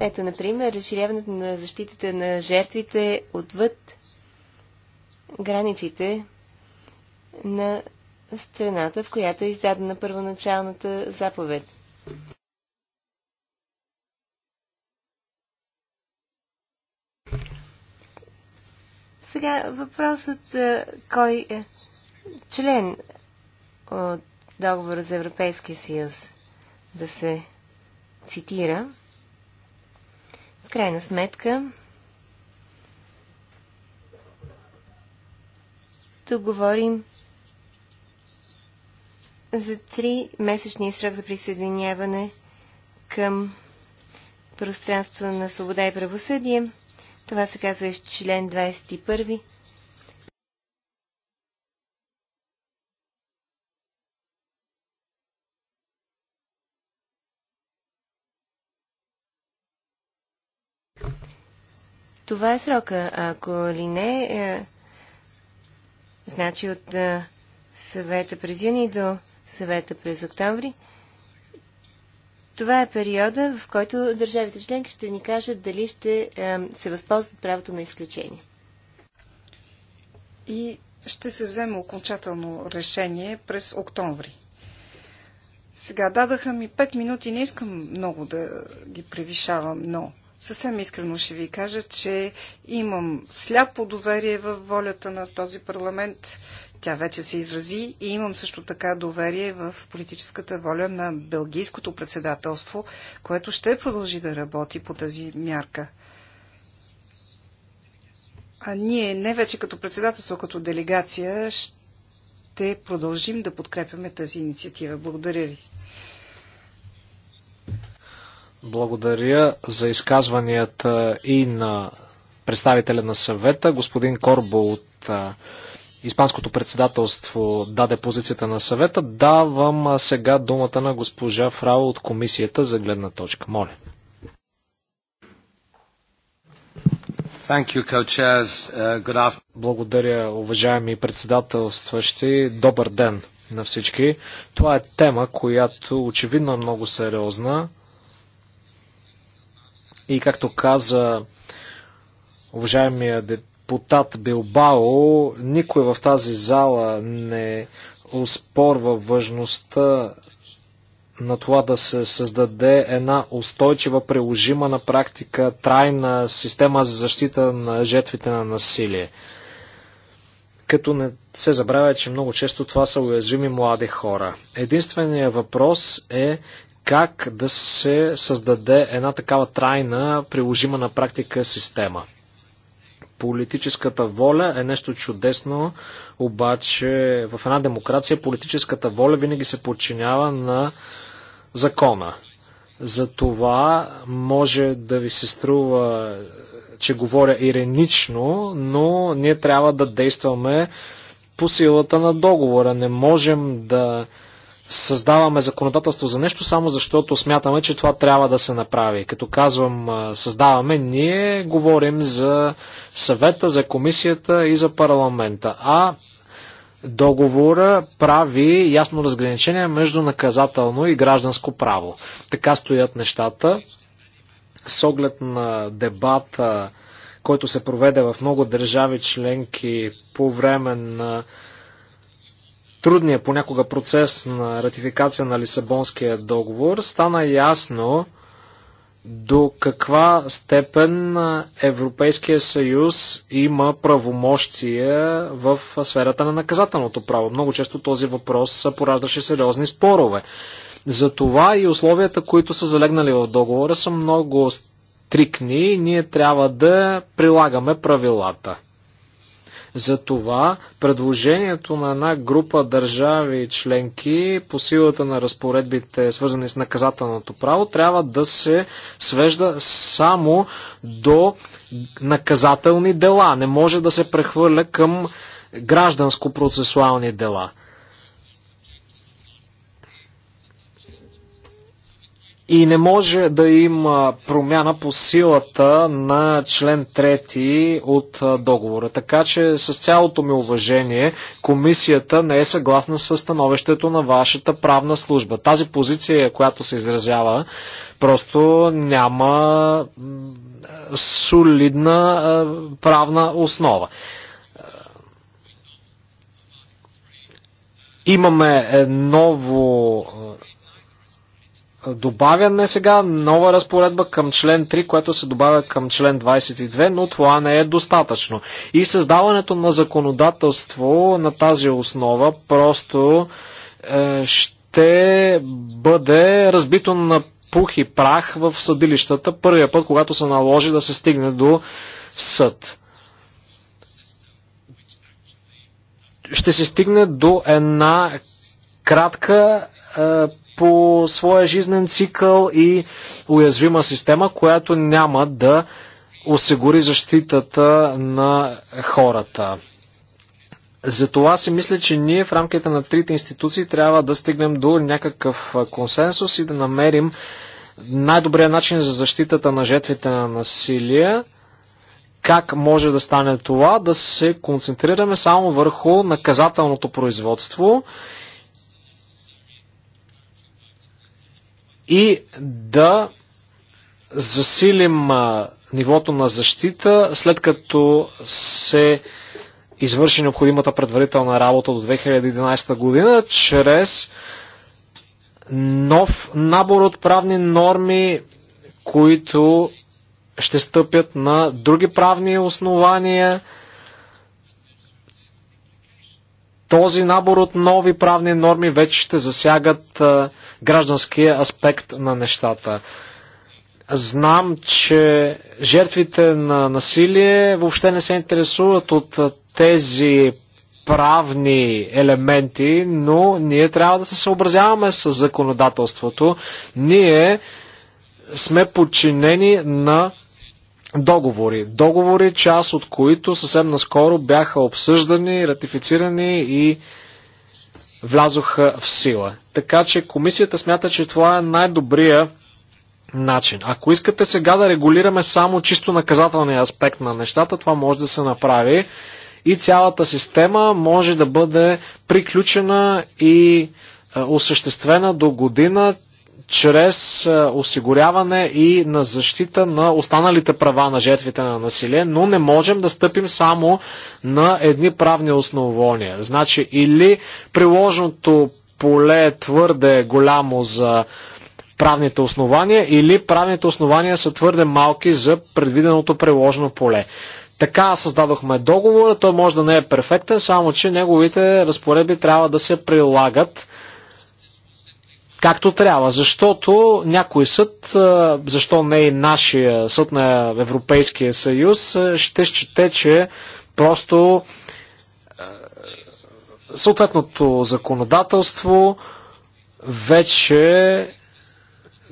Ето, например, разширяването на защитата на жертвите отвъд границите на страната, в която е издадена първоначалната заповед. Сега въпросът кой е член от договора за Европейския съюз да се цитира. В крайна сметка Тук говорим за три месечния срок за присъединяване към пространство на свобода и правосъдие. Това се казва и в член 21. Това е срока. Ако ли не, е, Значи от съвета през юни до съвета през октомври. Това е периода, в който държавите членки ще ни кажат дали ще се възползват правото на изключение. И ще се вземе окончателно решение през октомври. Сега дадаха ми 5 минути, не искам много да ги превишавам, но Съвсем искрено ще ви кажа, че имам сляпо доверие в волята на този парламент. Тя вече се изрази и имам също така доверие в политическата воля на Белгийското председателство, което ще продължи да работи по тази мярка. А ние не вече като председателство, като делегация ще продължим да подкрепяме тази инициатива. Благодаря ви. Благодаря за изказванията и на представителя на съвета. Господин Корбо от Испанското председателство даде позицията на съвета. Давам сега думата на госпожа Фрао от комисията за гледна точка. Моля. You, uh, Благодаря, уважаеми председателстващи. Добър ден на всички. Това е тема, която очевидно е много сериозна. И както каза уважаемия депутат Билбао, никой в тази зала не успорва важността на това да се създаде една устойчива, приложима на практика, трайна система за защита на жертвите на насилие. Като не се забравя, че много често това са уязвими млади хора. Единственият въпрос е как да се създаде една такава трайна, приложима на практика система. Политическата воля е нещо чудесно, обаче в една демокрация политическата воля винаги се подчинява на закона. За това може да ви се струва, че говоря иренично, но ние трябва да действаме по силата на договора. Не можем да създаваме законодателство за нещо, само защото смятаме, че това трябва да се направи. Като казвам създаваме, ние говорим за съвета, за комисията и за парламента. А договора прави ясно разграничение между наказателно и гражданско право. Така стоят нещата. С оглед на дебата, който се проведе в много държави членки по време на трудния понякога процес на ратификация на Лисабонския договор, стана ясно до каква степен Европейския съюз има правомощие в сферата на наказателното право. Много често този въпрос пораждаше сериозни спорове. Затова и условията, които са залегнали в договора, са много стрикни и ние трябва да прилагаме правилата. Затова предложението на една група държави и членки по силата на разпоредбите, свързани с наказателното право, трябва да се свежда само до наказателни дела. Не може да се прехвърля към гражданско-процесуални дела. И не може да има промяна по силата на член 3 от договора. Така че с цялото ми уважение, комисията не е съгласна с становището на вашата правна служба. Тази позиция, която се изразява, просто няма солидна правна основа. Имаме е, ново Добавяме сега, нова разпоредба към член 3, което се добавя към член 22, но това не е достатъчно. И създаването на законодателство на тази основа просто е, ще бъде разбито на пух и прах в съдилищата първия път, когато се наложи да се стигне до съд. Ще се стигне до една кратка е, по своя жизнен цикъл и уязвима система, която няма да осигури защитата на хората. Затова си мисля, че ние в рамките на трите институции трябва да стигнем до някакъв консенсус и да намерим най-добрия начин за защитата на жертвите на насилие. Как може да стане това? Да се концентрираме само върху наказателното производство и да засилим нивото на защита, след като се извърши необходимата предварителна работа до 2011 година, чрез нов набор от правни норми, които ще стъпят на други правни основания, този набор от нови правни норми вече ще засягат гражданския аспект на нещата. Знам, че жертвите на насилие въобще не се интересуват от тези правни елементи, но ние трябва да се съобразяваме с законодателството. Ние сме подчинени на договори. Договори, част от които съвсем наскоро бяха обсъждани, ратифицирани и влязоха в сила. Така че комисията смята, че това е най-добрия начин. Ако искате сега да регулираме само чисто наказателния аспект на нещата, това може да се направи и цялата система може да бъде приключена и осъществена до година чрез е, осигуряване и на защита на останалите права на жертвите на насилие, но не можем да стъпим само на едни правни основания. Значи или приложното поле е твърде голямо за правните основания или правните основания са твърде малки за предвиденото приложено поле. Така създадохме договора, той може да не е перфектен, само че неговите разпоредби трябва да се прилагат както трябва, защото някой съд, защо не и нашия съд на Европейския съюз, ще счете, че просто съответното законодателство вече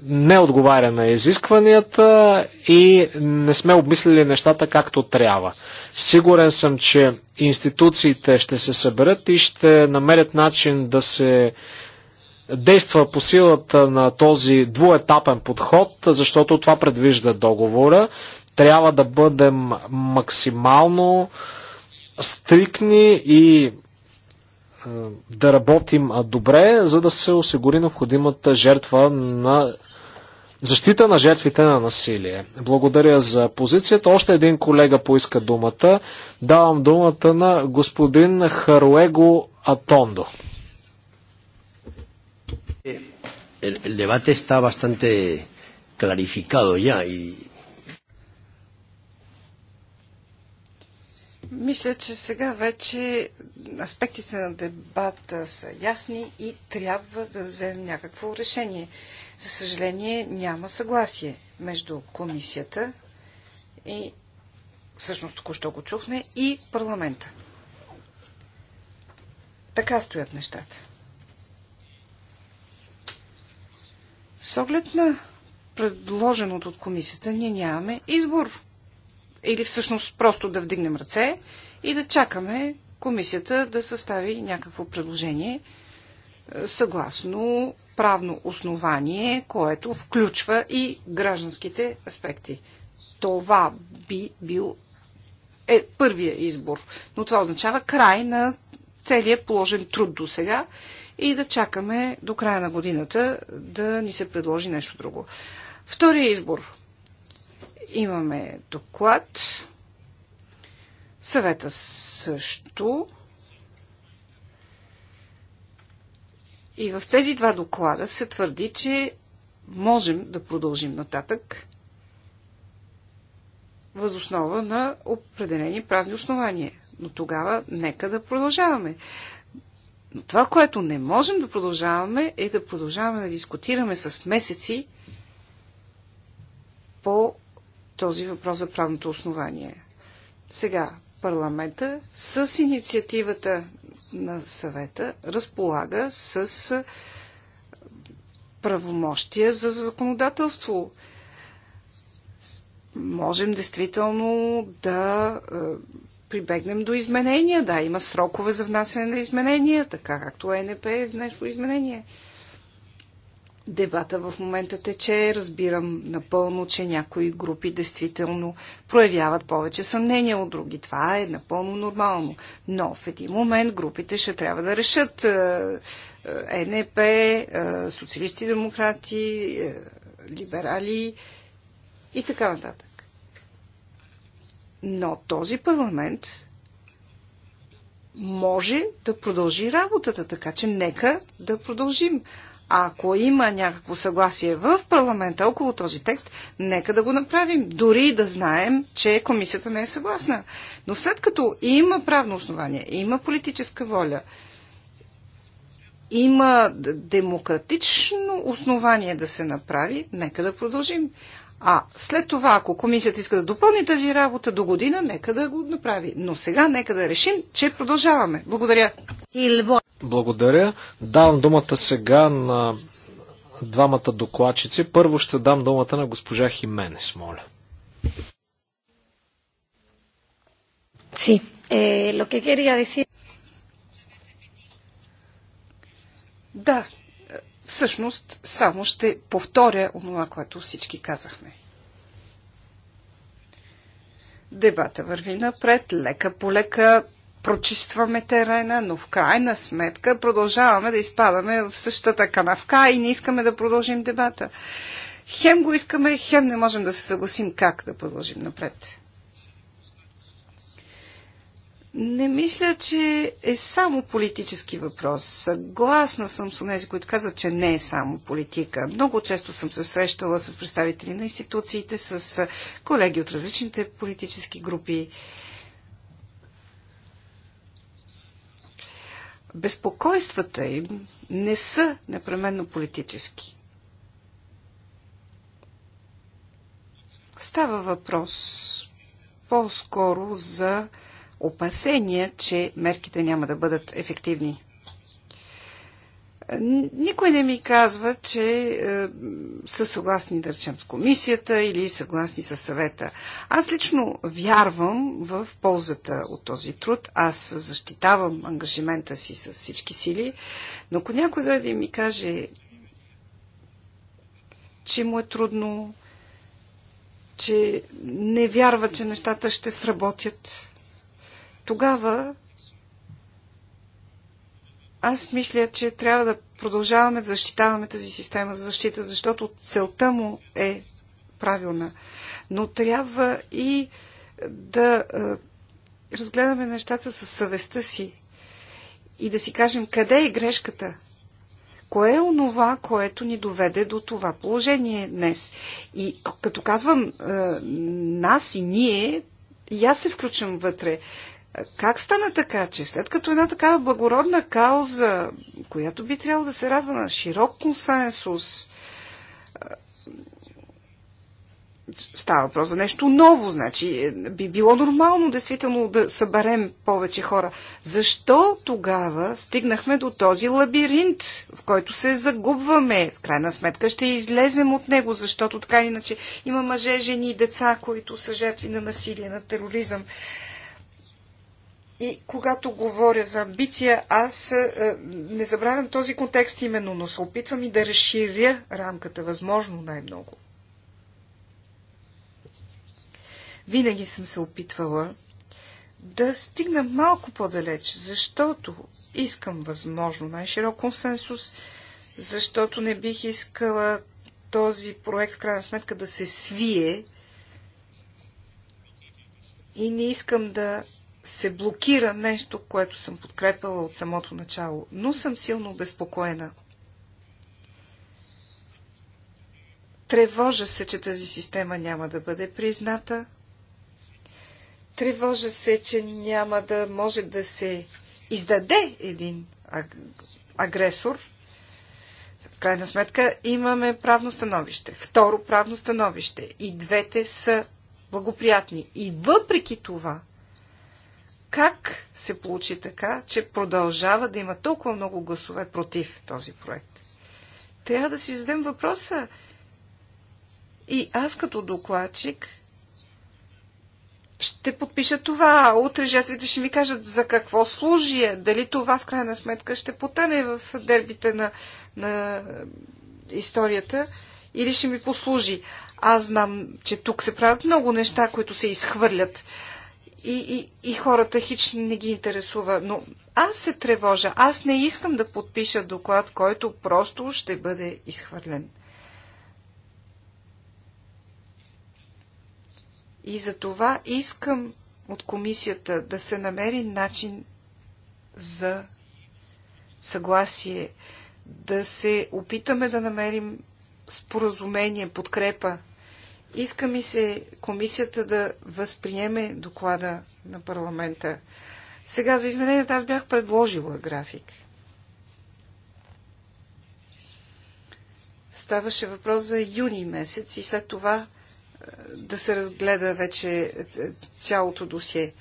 не отговаря на изискванията и не сме обмислили нещата както трябва. Сигурен съм, че институциите ще се съберат и ще намерят начин да се действа по силата на този двуетапен подход, защото това предвижда договора. Трябва да бъдем максимално стрикни и е, да работим добре, за да се осигури необходимата жертва на защита на жертвите на насилие. Благодаря за позицията. Още един колега поиска думата. Давам думата на господин Харуего Атондо. el, el debate está bastante clarificado ya и Мисля, че сега вече аспектите на дебата са ясни и трябва да вземем някакво решение. За съжаление, няма съгласие между комисията и всъщност току-що го чухме и парламента. Така стоят нещата. С оглед на предложеното от комисията, ние нямаме избор. Или всъщност просто да вдигнем ръце и да чакаме комисията да състави някакво предложение е, съгласно правно основание, което включва и гражданските аспекти. Това би бил е първия избор. Но това означава край на целият положен труд до сега и да чакаме до края на годината да ни се предложи нещо друго. Втория избор. Имаме доклад. Съвета също. И в тези два доклада се твърди, че можем да продължим нататък възоснова на определени правни основания. Но тогава нека да продължаваме. Но това, което не можем да продължаваме, е да продължаваме да дискутираме с месеци по този въпрос за правното основание. Сега парламента с инициативата на съвета разполага с правомощия за законодателство. Можем действително да е, прибегнем до изменения. Да, има срокове за внасяне на изменения, така както ЕНП е внесло изменения. Дебата в момента тече. Разбирам напълно, че някои групи действително проявяват повече съмнения от други. Това е напълно нормално. Но в един момент групите ще трябва да решат ЕНП, е, е е, социалисти-демократи, либерали и така нататък. Но този парламент може да продължи работата, така че нека да продължим. А ако има някакво съгласие в парламента около този текст, нека да го направим, дори да знаем, че комисията не е съгласна. Но след като има правно основание, има политическа воля, има демократично основание да се направи, нека да продължим. А след това, ако комисията иска да допълни тази работа до година, нека да го направи. Но сега нека да решим, че продължаваме. Благодаря. Благодаря. Давам думата сега на двамата докладчици. Първо ще дам думата на госпожа Хименес, моля. Си, е, eh, lo que quería Да, всъщност само ще повторя онова, което всички казахме. Дебата върви напред, лека по лека прочистваме терена, но в крайна сметка продължаваме да изпадаме в същата канавка и не искаме да продължим дебата. Хем го искаме, хем не можем да се съгласим как да продължим напред. Не мисля, че е само политически въпрос. Съгласна съм с тези, които казват, че не е само политика. Много често съм се срещала с представители на институциите, с колеги от различните политически групи. Безпокойствата им не са непременно политически. Става въпрос по-скоро за опасения, че мерките няма да бъдат ефективни. Никой не ми казва, че е, са съгласни, да речем, с комисията или съгласни с съвета. Аз лично вярвам в ползата от този труд. Аз защитавам ангажимента си с всички сили. Но ако някой дойде и ми каже, че му е трудно, че не вярва, че нещата ще сработят, тогава аз мисля, че трябва да продължаваме да защитаваме тази система за защита, защото целта му е правилна. Но трябва и да е, разгледаме нещата със съвестта си и да си кажем къде е грешката. Кое е онова, което ни доведе до това положение днес? И като казвам е, нас и ние, и аз се включвам вътре. Как стана така, че след като една такава благородна кауза, която би трябвало да се радва на широк консенсус, става въпрос за нещо ново, значи е, би било нормално действително да съберем повече хора. Защо тогава стигнахме до този лабиринт, в който се загубваме? В крайна сметка ще излезем от него, защото така иначе има мъже, жени и деца, които са жертви на насилие, на тероризъм. И когато говоря за амбиция, аз е, не забравям този контекст именно, но се опитвам и да разширя рамката, възможно най-много. Винаги съм се опитвала да стигна малко по-далеч, защото искам възможно най-широк консенсус, защото не бих искала този проект в крайна сметка да се свие и не искам да се блокира нещо, което съм подкрепила от самото начало, но съм силно обезпокоена. Тревожа се, че тази система няма да бъде призната. Тревожа се, че няма да може да се издаде един агресор. В крайна сметка имаме правно становище. Второ правно становище. И двете са благоприятни. И въпреки това, как се получи така, че продължава да има толкова много гласове против този проект? Трябва да си зададем въпроса. И аз като докладчик ще подпиша това. Утре жертвите ще ми кажат за какво служи, е. дали това в крайна сметка ще потъне в дербите на, на историята или ще ми послужи. Аз знам, че тук се правят много неща, които се изхвърлят и, и, и хората хич не ги интересува. Но аз се тревожа. Аз не искам да подпиша доклад, който просто ще бъде изхвърлен. И за това искам от комисията да се намери начин за съгласие, да се опитаме да намерим споразумение, подкрепа иска ми се комисията да възприеме доклада на парламента. Сега за измененията аз бях предложила график. Ставаше въпрос за юни месец и след това е, да се разгледа вече е, цялото досие.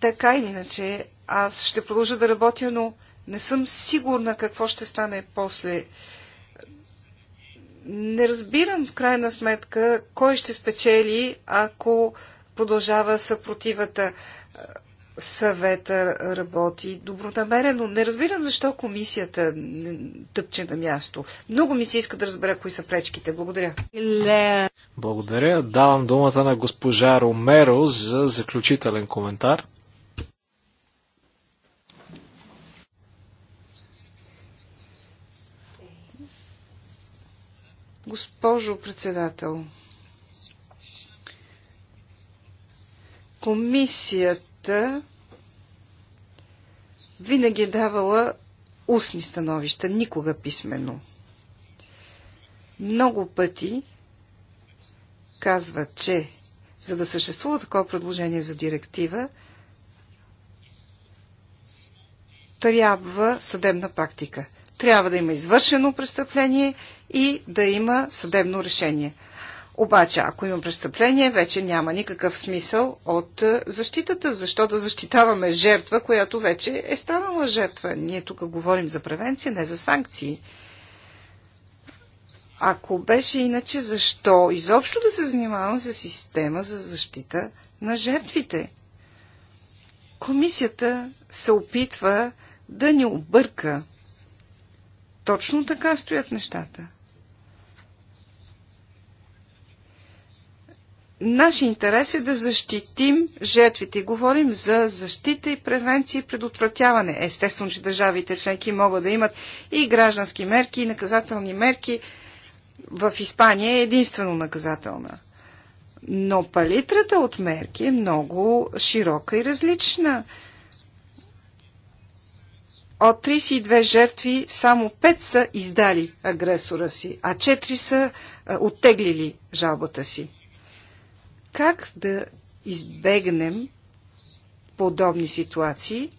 Така или иначе, аз ще продължа да работя, но не съм сигурна какво ще стане после не разбирам в крайна сметка кой ще спечели, ако продължава съпротивата. Съвета работи добронамерено. Не разбирам защо комисията тъпче на място. Много ми се иска да разбера кои са пречките. Благодаря. Благодаря. Давам думата на госпожа Ромеро за заключителен коментар. Госпожо председател, комисията винаги е давала устни становища, никога писмено. Много пъти казва, че за да съществува такова предложение за директива, трябва съдебна практика. Трябва да има извършено престъпление и да има съдебно решение. Обаче, ако има престъпление, вече няма никакъв смисъл от е, защитата. Защо да защитаваме жертва, която вече е станала жертва? Ние тук говорим за превенция, не за санкции. Ако беше иначе, защо изобщо да се занимавам за система за защита на жертвите? Комисията се опитва да ни обърка. Точно така стоят нещата. Наш интерес е да защитим жертвите. Говорим за защита и превенция и предотвратяване. Естествено, че държавите членки могат да имат и граждански мерки, и наказателни мерки. В Испания е единствено наказателна. Но палитрата от мерки е много широка и различна. От 32 жертви само 5 са издали агресора си, а 4 са оттеглили жалбата си как да избегнем подобни ситуации,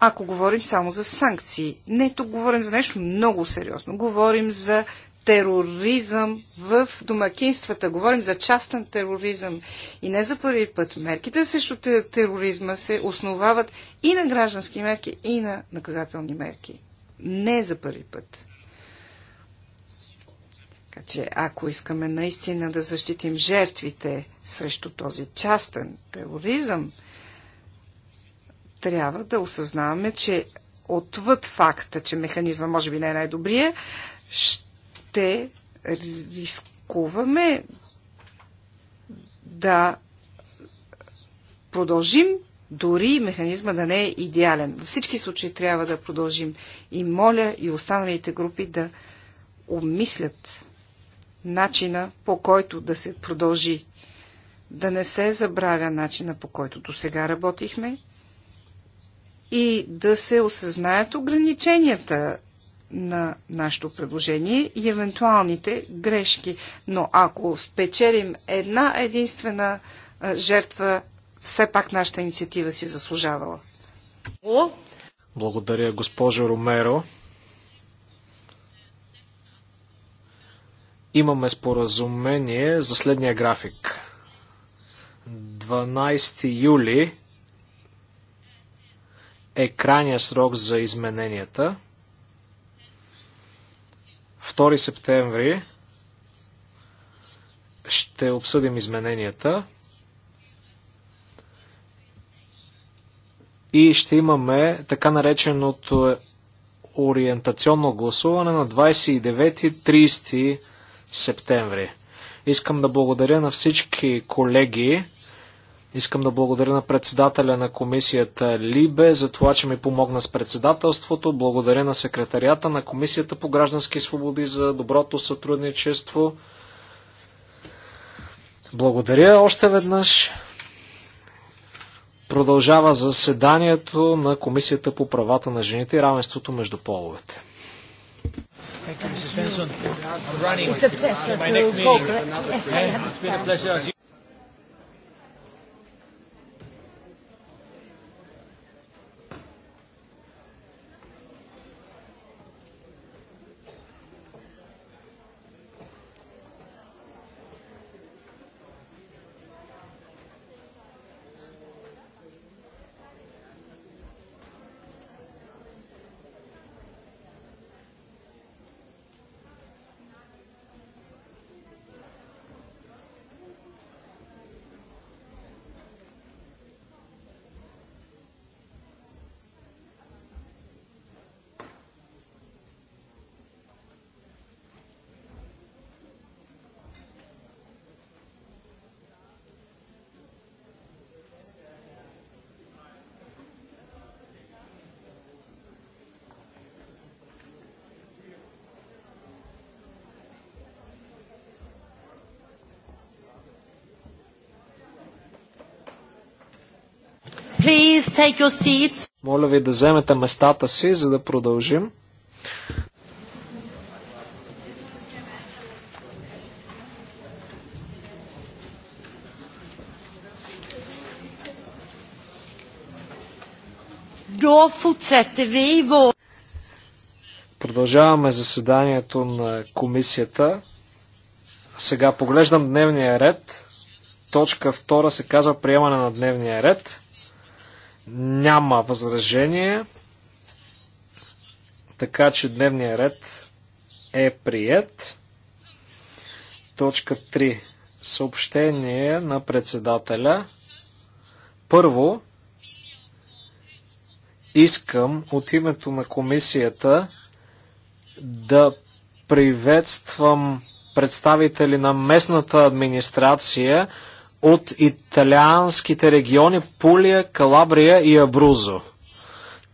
ако говорим само за санкции. Не, тук говорим за нещо много сериозно. Говорим за тероризъм в домакинствата. Говорим за частен тероризъм. И не за първи път. Мерките срещу тероризма се основават и на граждански мерки, и на наказателни мерки. Не за първи път. Така че ако искаме наистина да защитим жертвите срещу този частен тероризъм, трябва да осъзнаваме, че отвъд факта, че механизма може би не е най-добрия, ще рискуваме да продължим дори механизма да не е идеален. Във всички случаи трябва да продължим. И моля и останалите групи да обмислят начина по който да се продължи. Да не се забравя начина по който до сега работихме и да се осъзнаят ограниченията на нашето предложение и евентуалните грешки. Но ако спечелим една единствена жертва, все пак нашата инициатива си заслужавала. Благодаря, госпожо Ромеро. имаме споразумение за следния график. 12 юли е крайния срок за измененията. 2 септември ще обсъдим измененията и ще имаме така нареченото ориентационно гласуване на 29-30 септември. Искам да благодаря на всички колеги. Искам да благодаря на председателя на комисията Либе за това, че ми помогна с председателството. Благодаря на секретарията на комисията по граждански свободи за доброто сътрудничество. Благодаря още веднъж. Продължава заседанието на Комисията по правата на жените и равенството между половете. Thank you, Mrs. Benson. I'm running. It's a pleasure. My next meeting. It's been a pleasure as Please take your seats. Моля ви да вземете местата си, за да продължим. Продължаваме заседанието на комисията. Сега поглеждам дневния ред. Точка втора се казва приемане на дневния ред. Няма възражение, така че дневният ред е прият. Точка 3. Съобщение на председателя. Първо, искам от името на комисията да приветствам представители на местната администрация, от италианските региони Пулия, Калабрия и Абрузо.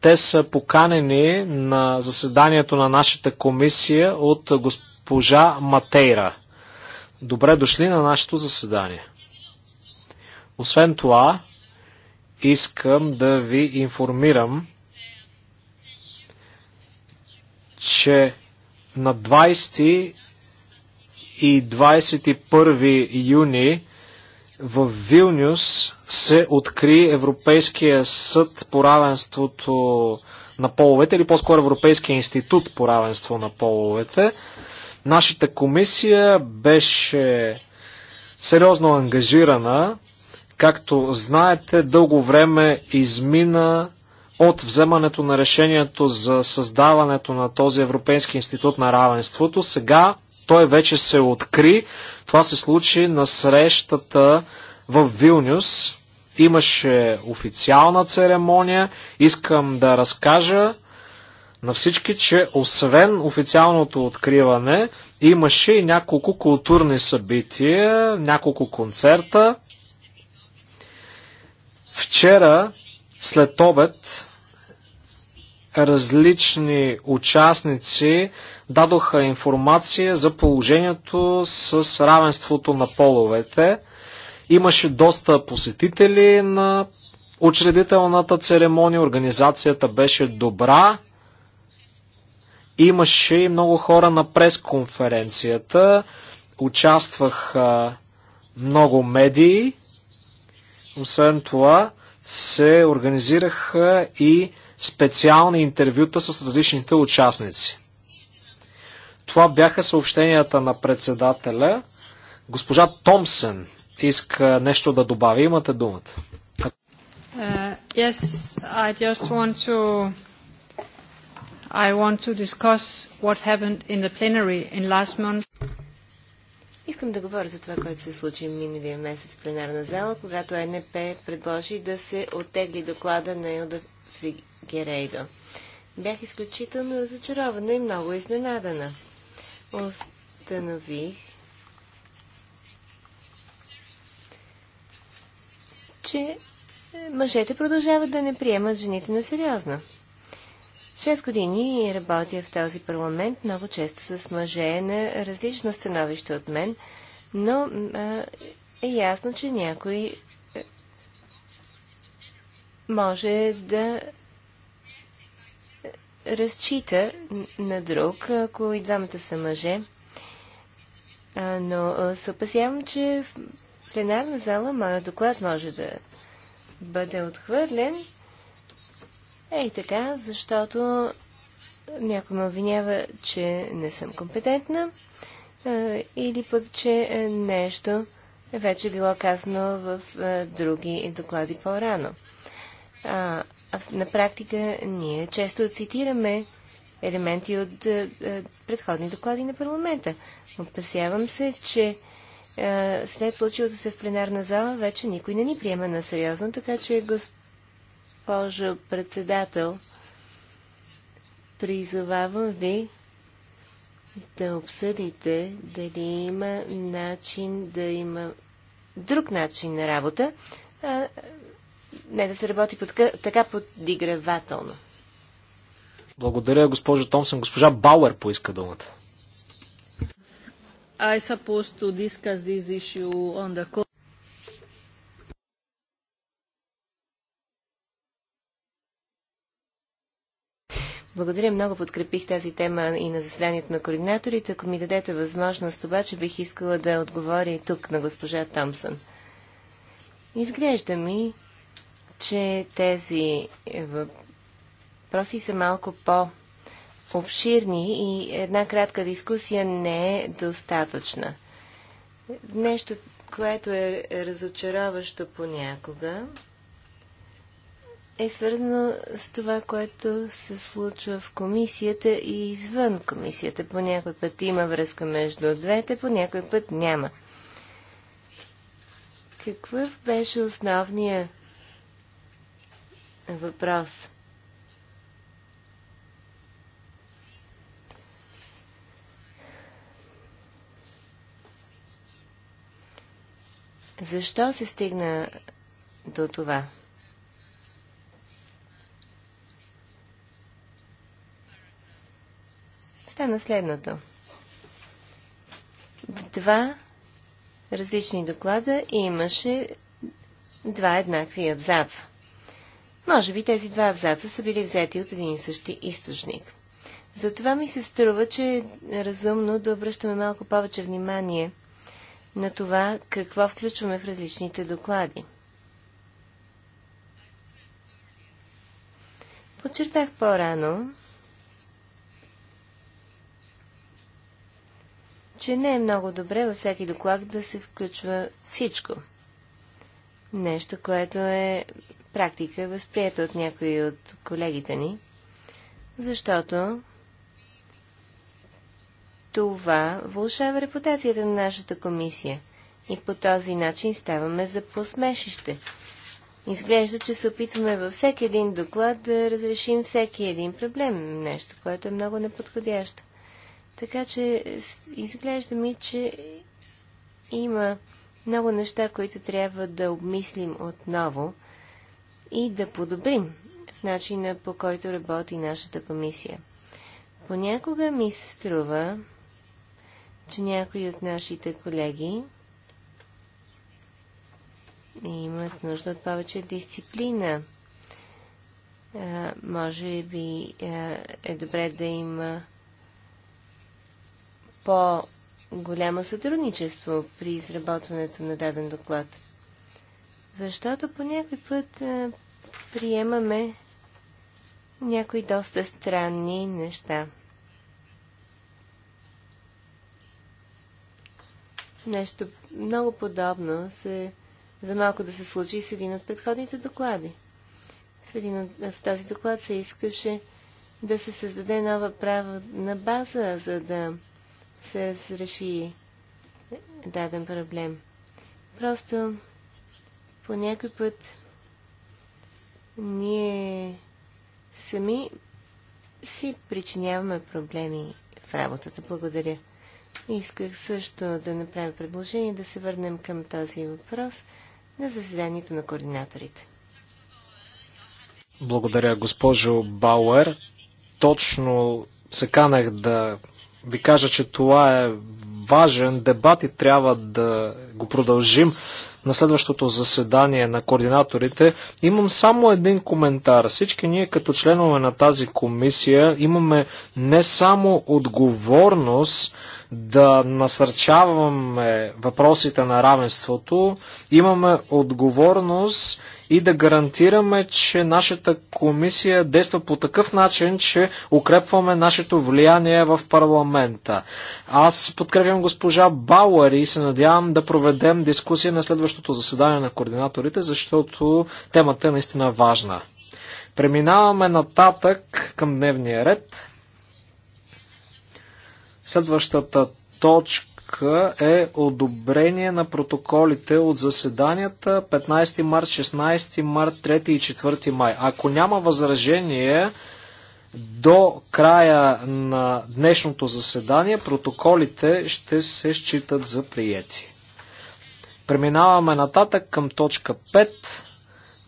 Те са поканени на заседанието на нашата комисия от госпожа Матейра. Добре дошли на нашето заседание. Освен това, искам да ви информирам, че на 20 и 21 юни в Вилнюс се откри Европейския съд по равенството на половете или по-скоро Европейския институт по равенство на половете. Нашата комисия беше сериозно ангажирана. Както знаете, дълго време измина от вземането на решението за създаването на този Европейски институт на равенството. Сега той вече се откри. Това се случи на срещата в Вилнюс. Имаше официална церемония. Искам да разкажа на всички, че освен официалното откриване, имаше и няколко културни събития, няколко концерта. Вчера след обед различни участници дадоха информация за положението с равенството на половете. Имаше доста посетители на учредителната церемония, организацията беше добра. Имаше и много хора на пресконференцията, участваха много медии. Освен това се организираха и специални интервюта с различните участници. Това бяха съобщенията на председателя. Госпожа Томсън иска нещо да добави. Имате думата. Uh, yes, I just want to I want to discuss what happened in the plenary in last month. Искам да говоря за това, което се случи миналия месец в пленарна зала, когато НП предложи да се оттегли доклада на Илда Герейдо. Бях изключително разочарована и много изненадана. Установих, че мъжете продължават да не приемат жените на сериозно. Шест години работя в този парламент, много често с мъже на различно становище от мен, но а, е ясно, че някой е, може да разчита на друг, ако и двамата са мъже. Но се опасявам, че в пленарна зала моят доклад може да бъде отхвърлен. Ей така, защото някой ме обвинява, че не съм компетентна или пък, че е, нещо вече било казано в е, други доклади по-рано на практика ние често цитираме елементи от е, е, предходни доклади на парламента. Опасявам се, че е, след случилото се в пленарна зала вече никой не ни приема на сериозно, така че госпожо председател, призовавам ви да обсъдите дали има начин да има друг начин на работа, не да се работи под, така подигравателно. Благодаря, госпожо Томсън. Госпожа Бауер поиска думата. I supposed to discuss this issue on the Благодаря много, подкрепих тази тема и на заседанието на координаторите. Ако ми дадете възможност, обаче бих искала да отговоря и тук на госпожа Томсън. Изглежда ми, че тези е, въпроси са малко по- обширни и една кратка дискусия не е достатъчна. Нещо, което е разочароващо понякога, е свързано с това, което се случва в комисията и извън комисията. По някой път има връзка между двете, по някой път няма. Какъв беше основният въпрос. Защо се стигна до това? Стана следното. В два различни доклада имаше два еднакви абзаца. Може би тези два абзаца са били взети от един и същи източник. Затова ми се струва, че е разумно да обръщаме малко повече внимание на това, какво включваме в различните доклади. Подчертах по-рано, че не е много добре във всеки доклад да се включва всичко. Нещо, което е практика, възприята от някои от колегите ни, защото това влушава репутацията на нашата комисия и по този начин ставаме за посмешище. Изглежда, че се опитваме във всеки един доклад да разрешим всеки един проблем, нещо, което е много неподходящо. Така че изглежда ми, че има много неща, които трябва да обмислим отново и да подобрим в начина по който работи нашата комисия. Понякога ми се струва, че някои от нашите колеги имат нужда от повече дисциплина. А, може би а, е добре да има по-голямо сътрудничество при изработването на даден доклад. Защото по някой път а, е, приемаме някои доста странни неща. Нещо много подобно се, за малко да се случи с един от предходните доклади. В, един от, в този доклад се искаше да се създаде нова правна база, за да се разреши даден проблем. Просто по някой път ние сами си причиняваме проблеми в работата. Благодаря. Исках също да направя предложение да се върнем към този въпрос на заседанието на координаторите. Благодаря, госпожо Бауер. Точно се канах да ви кажа, че това е важен дебат и трябва да го продължим на следващото заседание на координаторите. Имам само един коментар. Всички ние като членове на тази комисия имаме не само отговорност, да насърчаваме въпросите на равенството, имаме отговорност и да гарантираме, че нашата комисия действа по такъв начин, че укрепваме нашето влияние в парламента. Аз подкрепям госпожа Бауер и се надявам да проведем дискусия на следващото заседание на координаторите, защото темата е наистина важна. Преминаваме нататък към дневния ред. Следващата точка е одобрение на протоколите от заседанията 15 март, 16 март, 3 и 4 май. Ако няма възражение до края на днешното заседание, протоколите ще се считат за приети. Преминаваме нататък към точка 5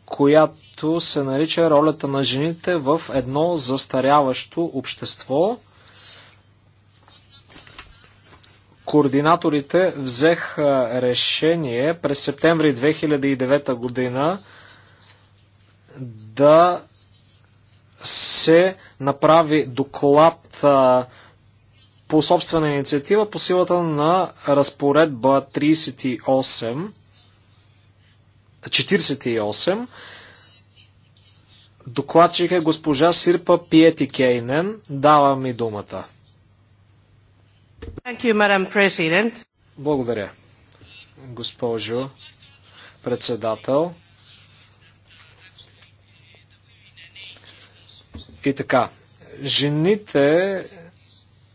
която се нарича ролята на жените в едно застаряващо общество. координаторите взеха решение през септември 2009 година да се направи доклад по собствена инициатива по силата на разпоредба 38 48 Докладчик е госпожа Сирпа Пиети Кейнен. Давам ми думата. Благодаря, госпожо председател. И така, жените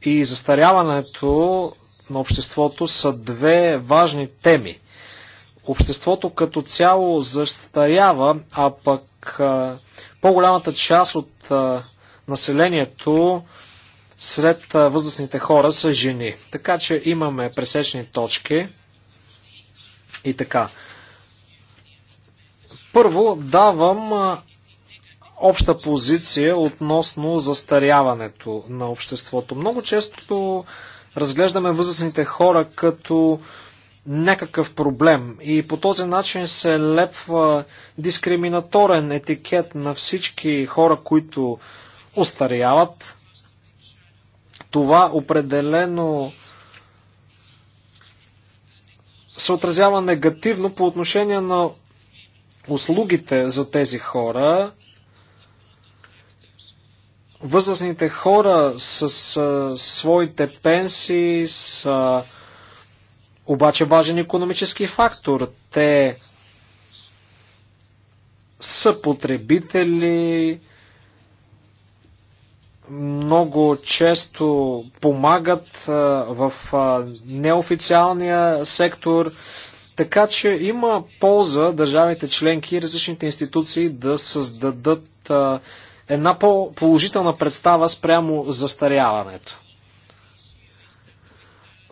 и застаряването на обществото са две важни теми. Обществото като цяло застарява, а пък по-голямата част от населението сред възрастните хора са жени. Така че имаме пресечни точки и така. Първо давам обща позиция относно застаряването на обществото. Много често разглеждаме възрастните хора като някакъв проблем и по този начин се лепва дискриминаторен етикет на всички хора, които остаряват. Това определено се отразява негативно по отношение на услугите за тези хора. Възрастните хора с а, своите пенсии са обаче важен економически фактор. Те са потребители, много често помагат в неофициалния сектор. Така че има полза държавите членки и различните институции да създадат една по-положителна представа спрямо застаряването.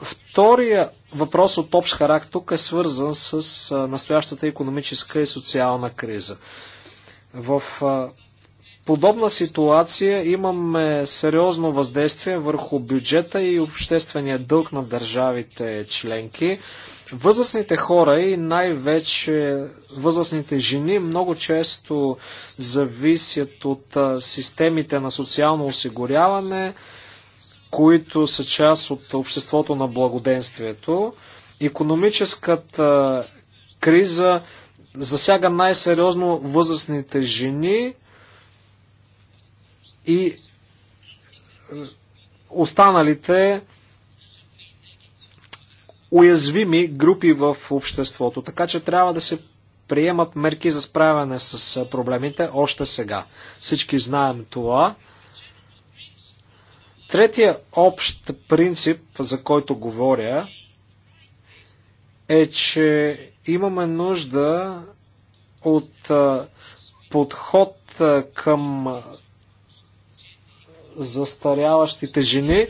Втория въпрос от общ характер тук е свързан с настоящата економическа и социална криза. В подобна ситуация имаме сериозно въздействие върху бюджета и обществения дълг на държавите членки. Възрастните хора и най-вече възрастните жени много често зависят от системите на социално осигуряване, които са част от обществото на благоденствието. Економическата криза засяга най-сериозно възрастните жени, и е, останалите уязвими групи в обществото. Така че трябва да се приемат мерки за справяне с е, проблемите още сега. Всички знаем това. Третия общ принцип, за който говоря, е, че имаме нужда от е, подход към застаряващите жени,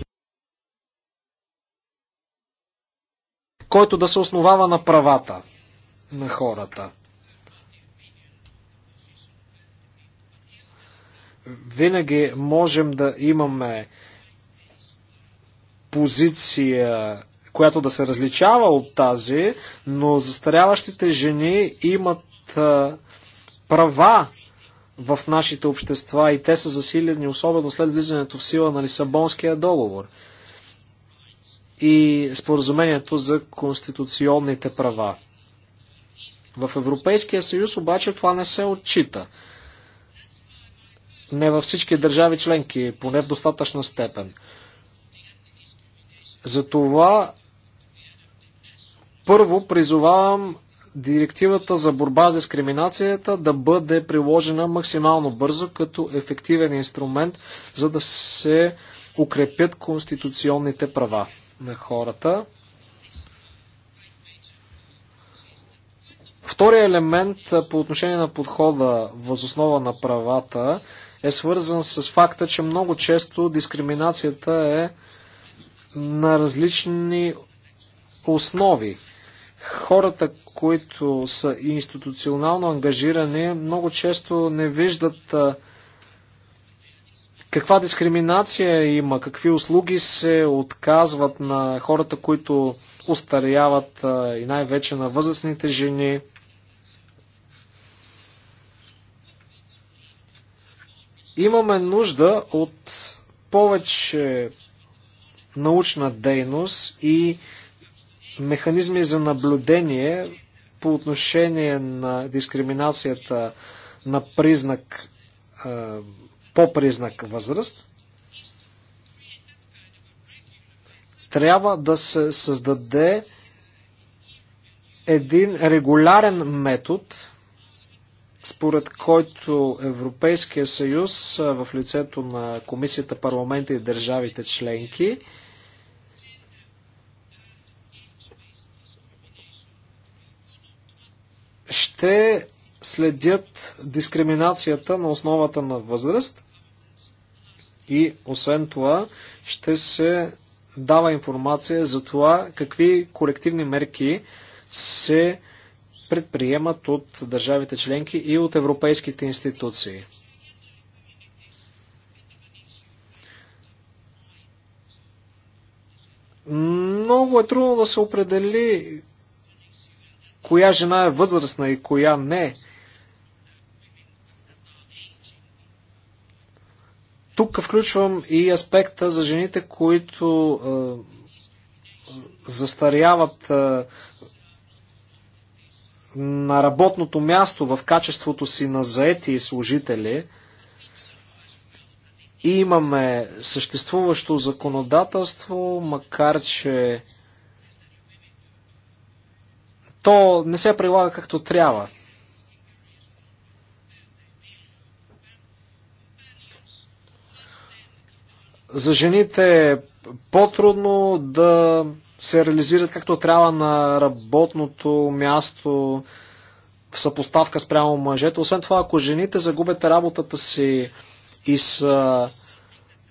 който да се основава на правата на хората. Винаги можем да имаме позиция, която да се различава от тази, но застаряващите жени имат права в нашите общества и те са засилени, особено след влизането в сила на Лисабонския договор и споразумението за конституционните права. В Европейския съюз обаче това не се отчита. Не във всички държави членки, поне в достатъчна степен. Затова първо призовавам директивата за борба с дискриминацията да бъде приложена максимално бързо като ефективен инструмент, за да се укрепят конституционните права на хората. Втория елемент по отношение на подхода възоснова на правата е свързан с факта, че много често дискриминацията е на различни основи хората, които са институционално ангажирани, много често не виждат каква дискриминация има, какви услуги се отказват на хората, които устаряват и най-вече на възрастните жени. Имаме нужда от повече научна дейност и механизми за наблюдение по отношение на дискриминацията на признак по признак възраст. Трябва да се създаде един регулярен метод, според който Европейския съюз в лицето на Комисията, парламента и държавите членки ще следят дискриминацията на основата на възраст и освен това ще се дава информация за това какви колективни мерки се предприемат от държавите членки и от европейските институции. Много е трудно да се определи коя жена е възрастна и коя не. Тук включвам и аспекта за жените, които а, застаряват а, на работното място в качеството си на заети и служители. И имаме съществуващо законодателство, макар че то не се прилага както трябва. За жените е по-трудно да се реализират както трябва на работното място в съпоставка спрямо мъжете. Освен това, ако жените загубят работата си и са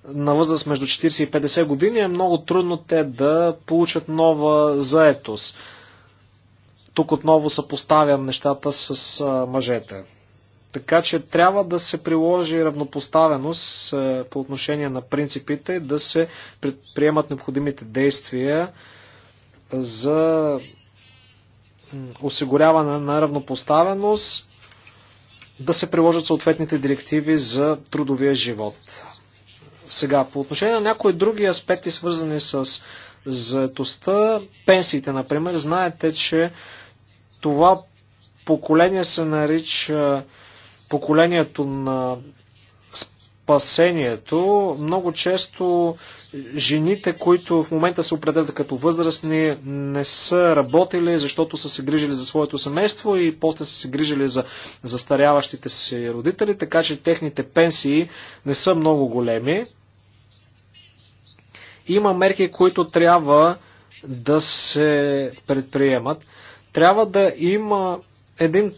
на възраст между 40 и 50 години, е много трудно те да получат нова заетост. Тук отново съпоставям нещата с мъжете. Така че трябва да се приложи равнопоставеност по отношение на принципите, да се предприемат необходимите действия за осигуряване на равнопоставеност, да се приложат съответните директиви за трудовия живот. Сега, по отношение на някои други аспекти, свързани с заетостта, пенсиите, например, знаете, че това поколение се нарича поколението на спасението. Много често жените, които в момента се определят като възрастни, не са работили, защото са се грижили за своето семейство и после са се грижили за застаряващите си родители, така че техните пенсии не са много големи. Има мерки, които трябва да се предприемат. Трябва да има един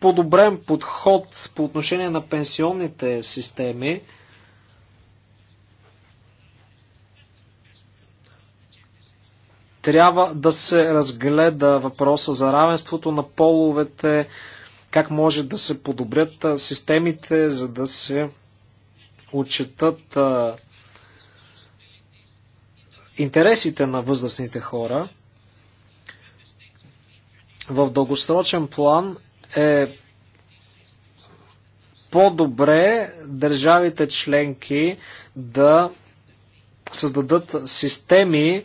подобрен подход по отношение на пенсионните системи. Трябва да се разгледа въпроса за равенството на половете, как може да се подобрят системите, за да се отчетат интересите на възрастните хора – в дългосрочен план е по-добре държавите членки да създадат системи,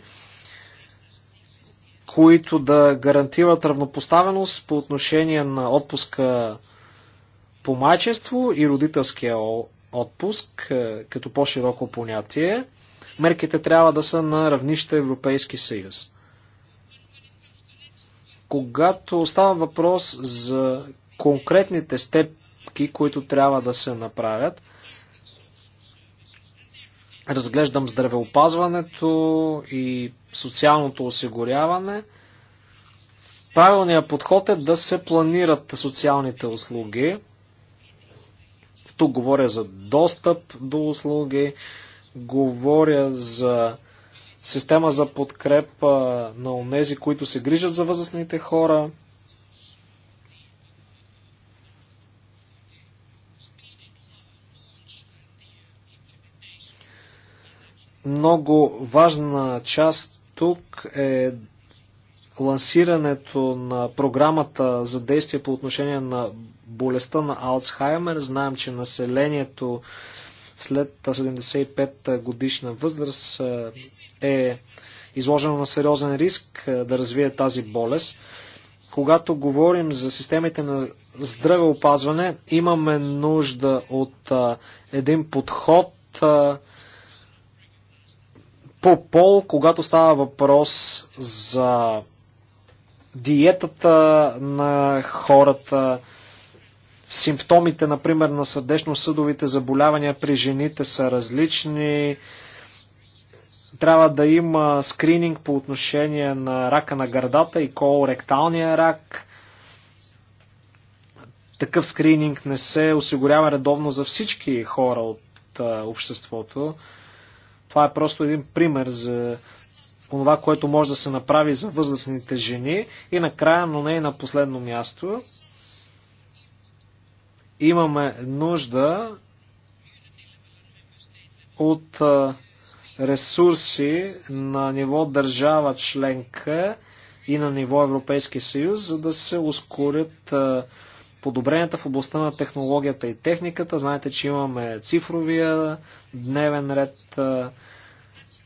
които да гарантират равнопоставеност по отношение на отпуска по майчество и родителския отпуск, е, като по-широко понятие. Мерките трябва да са на равнище Европейски съюз когато става въпрос за конкретните степки, които трябва да се направят, разглеждам здравеопазването и социалното осигуряване. Правилният подход е да се планират социалните услуги. Тук говоря за достъп до услуги, говоря за система за подкрепа на онези, които се грижат за възрастните хора. Много важна част тук е лансирането на програмата за действие по отношение на болестта на Алцхаймер. Знаем, че населението след 75 годишна възраст е изложено на сериозен риск да развие тази болест. Когато говорим за системите на здравеопазване, имаме нужда от един подход по пол, когато става въпрос за диетата на хората, Симптомите, например, на сърдечно-съдовите заболявания при жените са различни. Трябва да има скрининг по отношение на рака на гърдата и колоректалния рак. Такъв скрининг не се осигурява редовно за всички хора от а, обществото. Това е просто един пример за това, което може да се направи за възрастните жени. И накрая, но не и на последно място, имаме нужда от ресурси на ниво държава членка и на ниво Европейски съюз, за да се ускорят подобренията в областта на технологията и техниката. Знаете, че имаме цифровия дневен ред.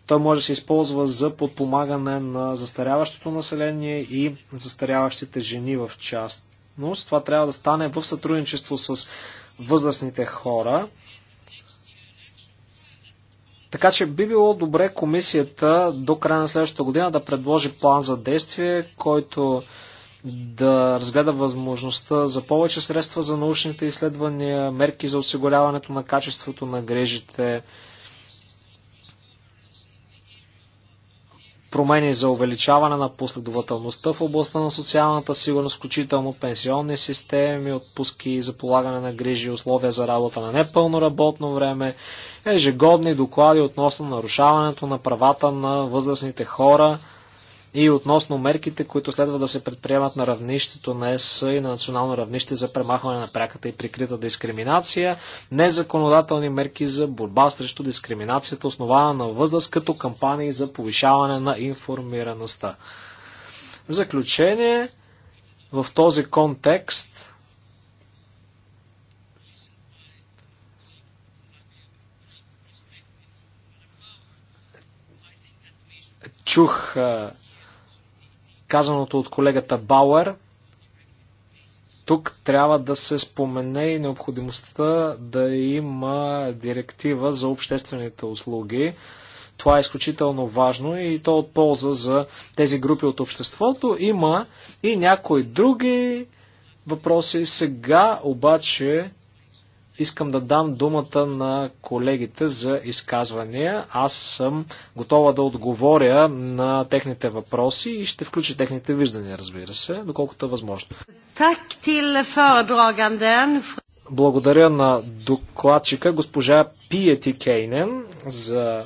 Той може да се използва за подпомагане на застаряващото население и застаряващите жени в част това трябва да стане в сътрудничество с възрастните хора. Така че би било добре комисията до края на следващата година да предложи план за действие, който да разгледа възможността за повече средства за научните изследвания, мерки за осигуряването на качеството на грежите, промени за увеличаване на последователността в областта на социалната сигурност, включително пенсионни системи, отпуски за полагане на грижи, условия за работа на непълно работно време, ежегодни доклади относно нарушаването на правата на възрастните хора – и относно мерките, които следва да се предприемат на равнището на ЕС и на национално равнище за премахване на пряката и прикрита дискриминация, незаконодателни мерки за борба срещу дискриминацията, основана на възраст като кампании за повишаване на информираността. В заключение, в този контекст, чух казаното от колегата Бауер. Тук трябва да се спомене и необходимостта да има директива за обществените услуги. Това е изключително важно и то от полза за тези групи от обществото. Има и някои други въпроси. Сега обаче Искам да дам думата на колегите за изказвания. Аз съм готова да отговоря на техните въпроси и ще включа техните виждания, разбира се, доколкото е възможно. Благодаря на докладчика госпожа Пиети Кейнен за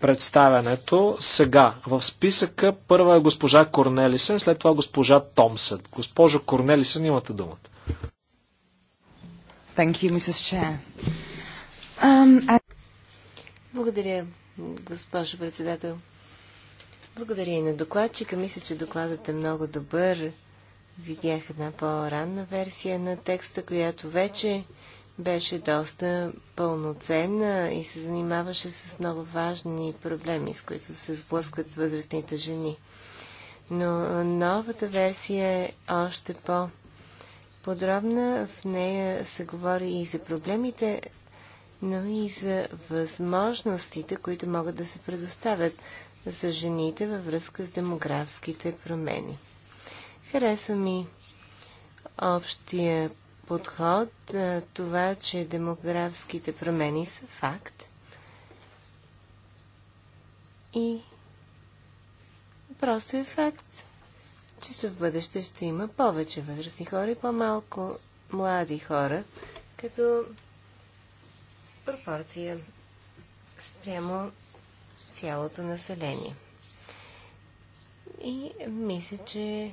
представянето. Сега в списъка първа е госпожа Корнелисен, след това госпожа Томсън. Госпожо Корнелисен, имате думата. Thank you, Mrs. Chair. Um, I... Благодаря, госпожо председател. Благодаря и на докладчика. Мисля, че докладът е много добър. Видях една по-ранна версия на текста, която вече беше доста пълноценна и се занимаваше с много важни проблеми, с които се сблъскват възрастните жени. Но новата версия е още по- подробна. В нея се говори и за проблемите, но и за възможностите, които могат да се предоставят за жените във връзка с демографските промени. Харесва ми общия подход, това, че демографските промени са факт и просто е факт че за в бъдеще ще има повече възрастни хора и по-малко млади хора, като пропорция спрямо цялото население. И мисля, че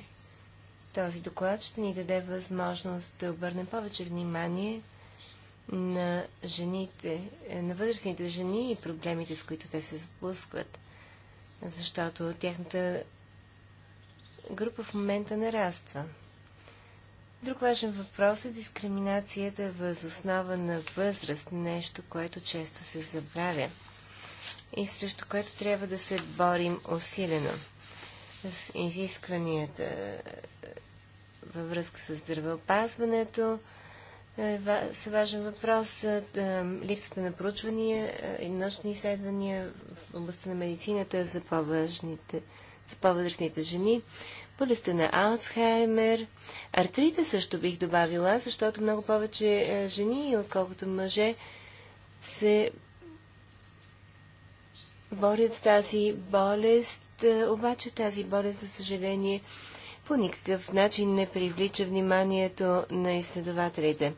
този доклад ще ни даде възможност да обърнем повече внимание на жените, на възрастните жени и проблемите, с които те се сблъскват. Защото тяхната група в момента нараства. Друг важен въпрос е дискриминацията въз основа на възраст, нещо, което често се забравя и срещу което трябва да се борим усилено. С изискванията е, във връзка с здравеопазването е, са важен въпрос. Е, липсата на проучвания и научни изследвания в областта на медицината за по-важните по-възрастните жени, болестта на Алцхаймер, артрита също бих добавила, защото много повече е, жени, отколкото мъже, се борят с тази болест, е, обаче тази болест, за съжаление, по никакъв начин не привлича вниманието на изследователите.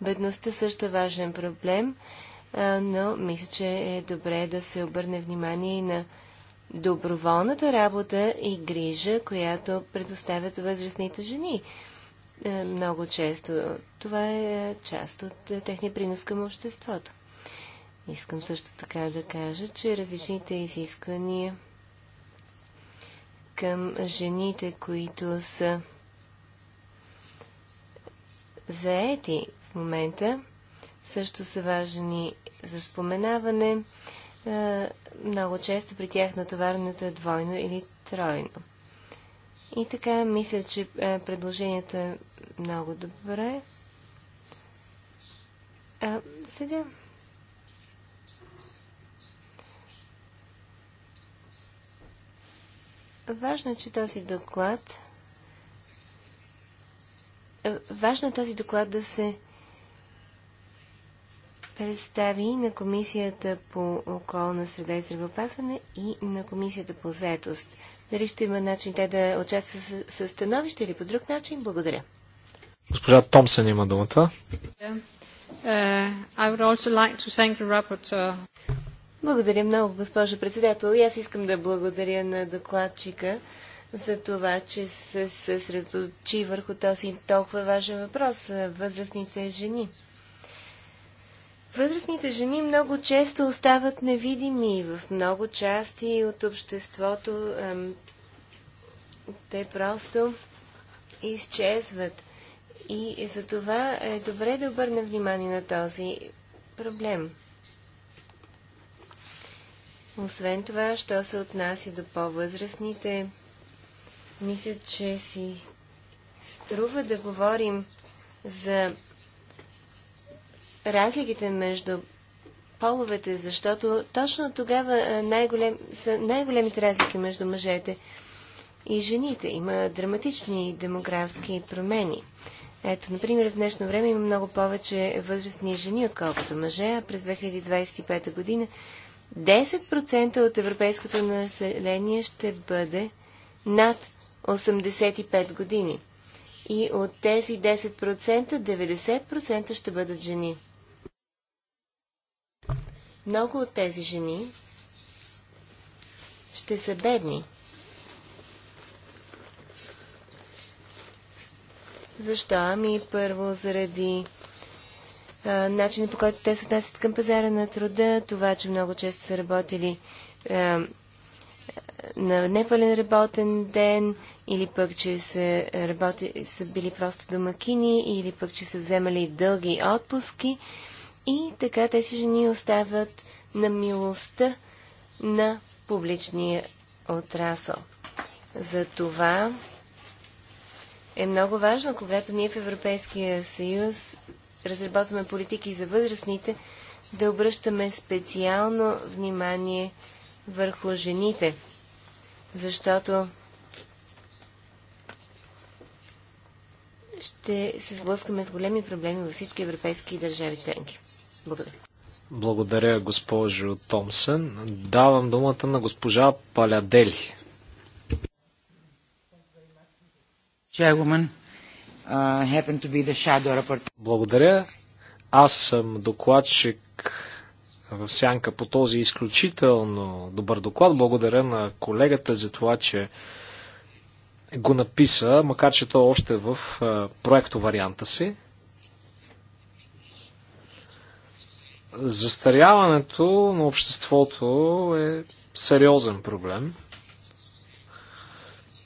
Бедността също е важен проблем, е, но мисля, че е добре да се обърне внимание и на доброволната работа и грижа, която предоставят възрастните жени. Е, много често това е част от е, техния принос към обществото. Искам също така да кажа, че различните изисквания към жените, които са заети в момента, също са важни за споменаване. Е, много често при тях натоварването е двойно или тройно. И така, мисля, че е, предложението е много добре. А, сега. Важно е, че този доклад. Е, важно е този доклад да се представи на Комисията по околна среда и здравеопазване и на Комисията по заедост. Дали ще има начин те да участват с, с становище или по друг начин? Благодаря. Госпожа Томсън има думата. Yeah. Е, uh, благодаря много, госпожо председател. И аз искам да благодаря на докладчика за това, че се съсредоточи върху този толкова важен въпрос е, – възрастните жени. Възрастните жени много често остават невидими в много части от обществото. Те просто изчезват. И за това е добре да обърнем внимание на този проблем. Освен това, що се отнася до по-възрастните, мисля, че си струва да говорим за разликите между половете, защото точно тогава най-голем, са най-големите разлики между мъжете и жените. Има драматични демографски промени. Ето, например, в днешно време има много повече възрастни жени, отколкото мъже, а през 2025 година 10% от европейското население ще бъде над 85 години. И от тези 10%, 90% ще бъдат жени. Много от тези жени ще са бедни. Защо? Ами първо заради а, начина по който те се отнасят към пазара на труда, това, че много често са работили а, на непълен работен ден, или пък, че са, работи, са били просто домакини, или пък, че са вземали дълги отпуски. А, и така тези жени остават на милостта на публичния отрасъл. За това е много важно, когато ние в Европейския съюз разработваме политики за възрастните, да обръщаме специално внимание върху жените, защото ще се сблъскаме с големи проблеми във всички европейски държави членки. Благодаря. Благодаря, госпожо Томсън. Давам думата на госпожа Палядели. Uh, Благодаря. Аз съм докладчик в сянка по този изключително добър доклад. Благодаря на колегата за това, че го написа, макар че то е още в uh, проекто варианта си. Застаряването на обществото е сериозен проблем.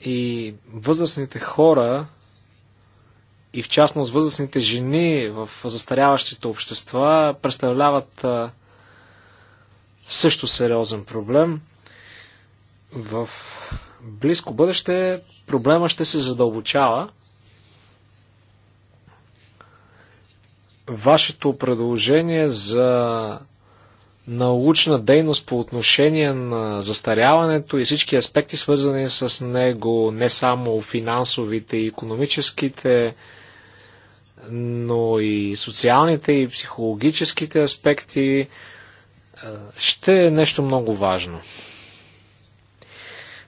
И възрастните хора, и в частност възрастните жени в застаряващите общества, представляват също сериозен проблем. В близко бъдеще проблема ще се задълбочава – вашето предложение за научна дейност по отношение на застаряването и всички аспекти свързани с него, не само финансовите и економическите, но и социалните и психологическите аспекти, е, ще е нещо много важно.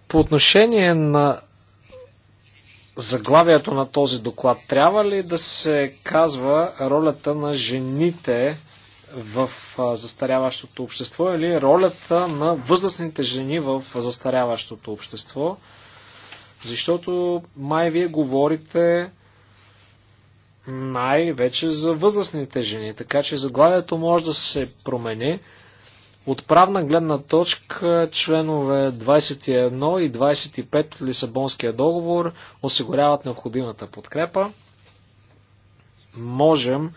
По отношение на заглавието на този доклад. Трябва ли да се казва ролята на жените в застаряващото общество или ролята на възрастните жени в застаряващото общество? Защото май вие говорите най-вече за възрастните жени, така че заглавието може да се промени. От правна гледна точка членове 21 и 25 от Лисабонския договор осигуряват необходимата подкрепа. Можем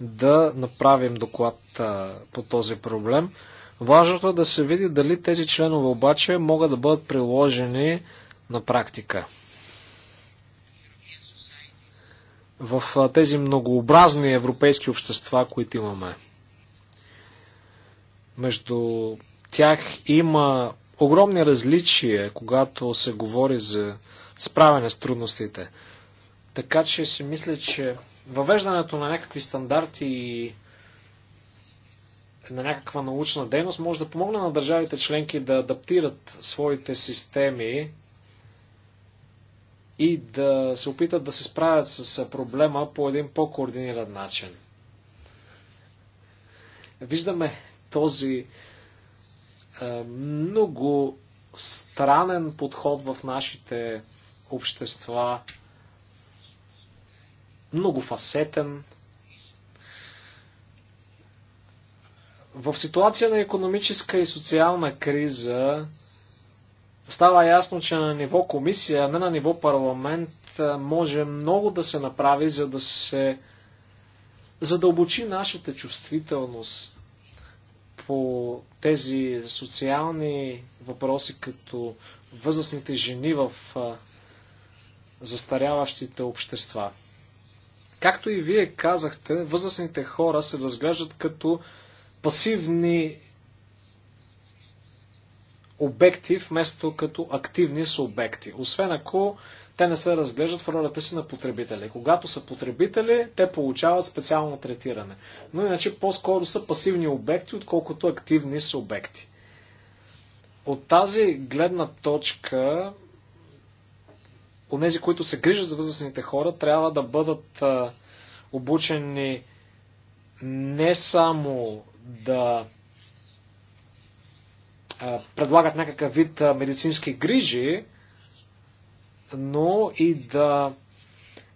да направим доклад по този проблем. Важното е да се види дали тези членове обаче могат да бъдат приложени на практика. В тези многообразни европейски общества, които имаме. Между тях има огромни различия, когато се говори за справяне с трудностите. Така че си мисля, че въвеждането на някакви стандарти и на някаква научна дейност може да помогне на държавите членки да адаптират своите системи и да се опитат да се справят с проблема по един по-координиран начин. Виждаме този много странен подход в нашите общества, много фасетен. В ситуация на економическа и социална криза става ясно, че на ниво комисия, не на ниво парламент, може много да се направи, за да се задълбочи нашата чувствителност по тези социални въпроси, като възрастните жени в застаряващите общества. Както и вие казахте, възрастните хора се разглеждат като пасивни обекти, вместо като активни субекти. Освен ако те не се разглеждат в ролята си на потребители. Когато са потребители, те получават специално третиране. Но иначе по-скоро са пасивни обекти, отколкото активни субекти. От тази гледна точка, онези, които се грижат за възрастните хора, трябва да бъдат обучени не само да предлагат някакъв вид медицински грижи, но и да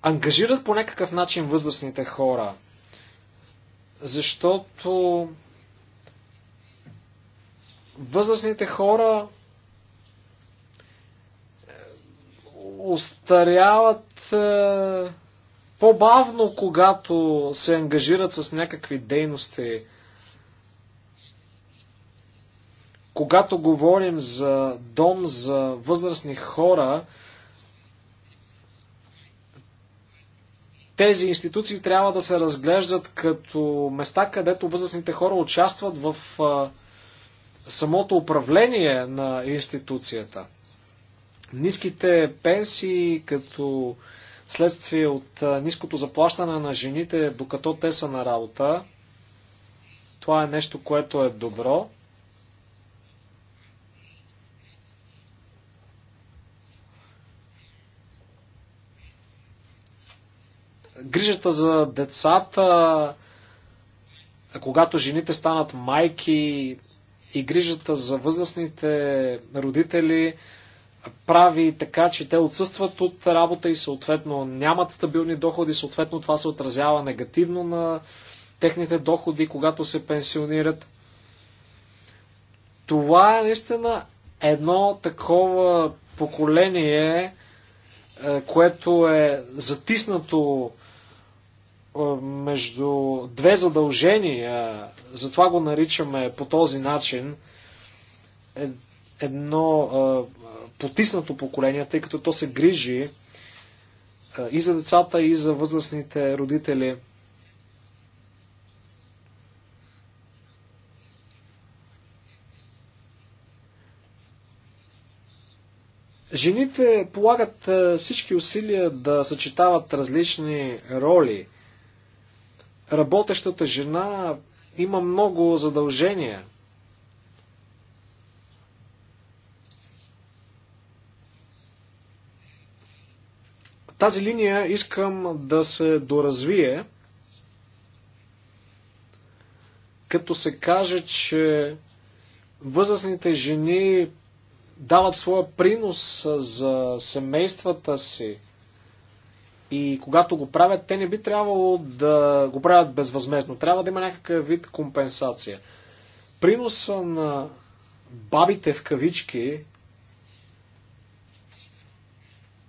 ангажират по някакъв начин възрастните хора. Защото възрастните хора е, устаряват е, по-бавно, когато се ангажират с някакви дейности. Когато говорим за дом за възрастни хора, тези институции трябва да се разглеждат като места, където възрастните хора участват в а, самото управление на институцията. Ниските пенсии като следствие от а, ниското заплащане на жените, докато те са на работа, това е нещо, което е добро. грижата за децата, когато жените станат майки и грижата за възрастните родители прави така, че те отсъстват от работа и съответно нямат стабилни доходи, съответно това се отразява негативно на техните доходи, когато се пенсионират. Това е наистина едно такова поколение, е, което е затиснато между две задължения, затова го наричаме по този начин, е, едно потиснато поколение, тъй като то се грижи и за децата, и за възрастните родители. Жените полагат всички усилия да съчетават различни роли – работещата жена има много задължения. Тази линия искам да се доразвие, като се каже, че възрастните жени дават своя принос за семействата си, и когато го правят, те не би трябвало да го правят безвъзмезно. Трябва да има някакъв вид компенсация. Приноса на бабите в кавички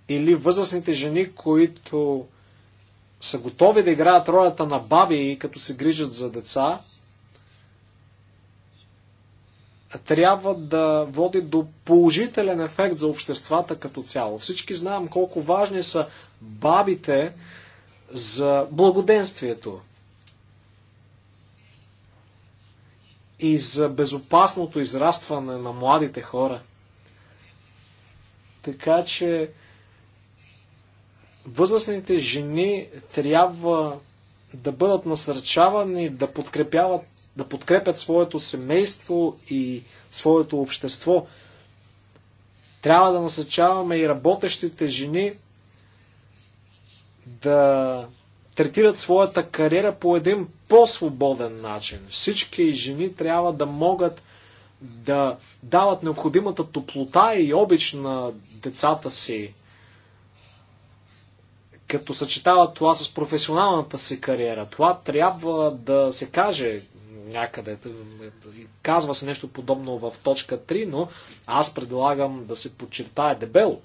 или възрастните жени, които са готови да играят ролята на баби, като се грижат за деца, трябва да води до положителен ефект за обществата като цяло. Всички знаем колко важни са бабите за благоденствието и за безопасното израстване на младите хора. Така че възрастните жени трябва да бъдат насърчавани да подкрепяват да подкрепят своето семейство и своето общество. Трябва да насъчаваме и работещите жени да третират своята кариера по един по-свободен начин. Всички жени трябва да могат да дават необходимата топлота и обич на децата си, като съчетават това с професионалната си кариера. Това трябва да се каже някъде. Казва се нещо подобно в точка 3, но аз предлагам да се подчертая дебело,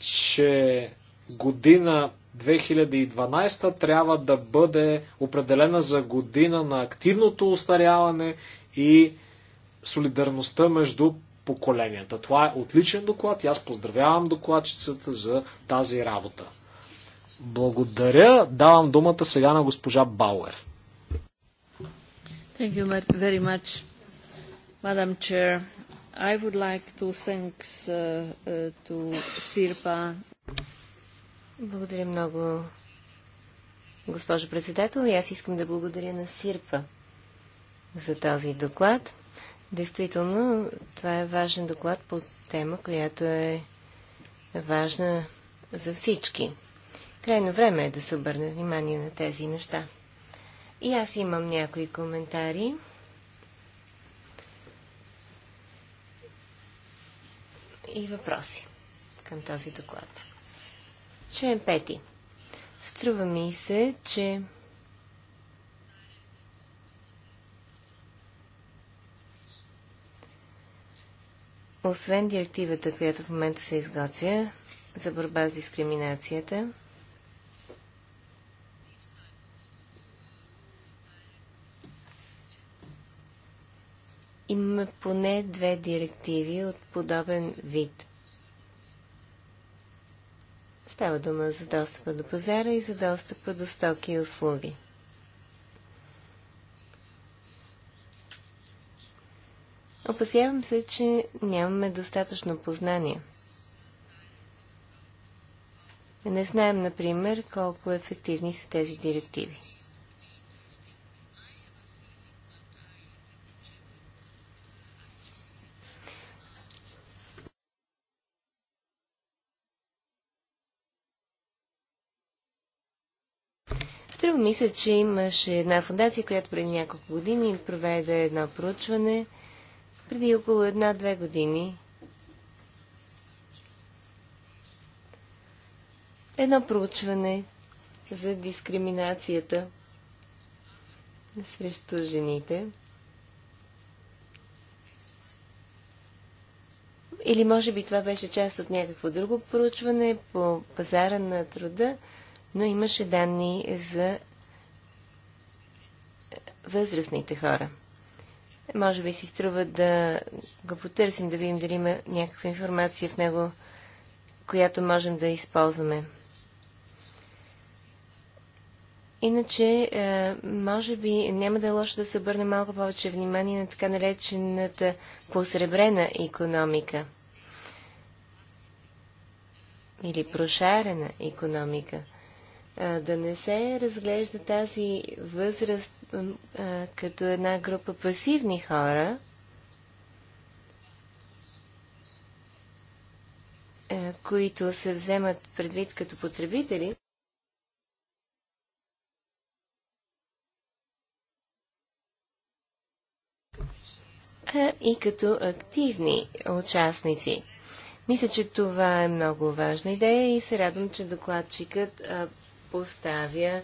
че година 2012 трябва да бъде определена за година на активното устаряване и солидарността между поколенията. Това е отличен доклад и аз поздравявам докладчицата за тази работа. Благодаря. Давам думата сега на госпожа Бауер. Thank you very much, Madam Chair. I would like to thanks uh, uh, to Sirpa. Благодаря много, госпожо председател. И аз искам да благодаря на Сирпа за този доклад. Действително, това е важен доклад по тема, която е важна за всички. Крайно време е да се обърне внимание на тези неща. И аз имам някои коментари. И въпроси към този доклад. Член 5. Струва ми се, че освен директивата, която в момента се изготвя за борба с дискриминацията, имаме поне две директиви от подобен вид Става дума за достъпа до пазара и за достъпа до стоки и услуги. Опасявам се, че нямаме достатъчно познание. Не знаем, например, колко ефективни са тези директиви. Струва ми се, че имаше една фундация, която преди няколко години проведе едно проучване преди около една-две години. Едно проучване за дискриминацията срещу жените. Или може би това беше част от някакво друго проучване по пазара на труда но имаше данни за възрастните хора. Може би си струва да го потърсим, да видим дали има някаква информация в него, която можем да използваме. Иначе, е, може би няма да е лошо да се обърне малко повече внимание на така наречената посребрена економика или прошарена економика – да не се разглежда тази възраст като една група пасивни хора, които се вземат предвид като потребители, а и като активни участници. Мисля, че това е много важна идея и се радвам, че докладчикът поставя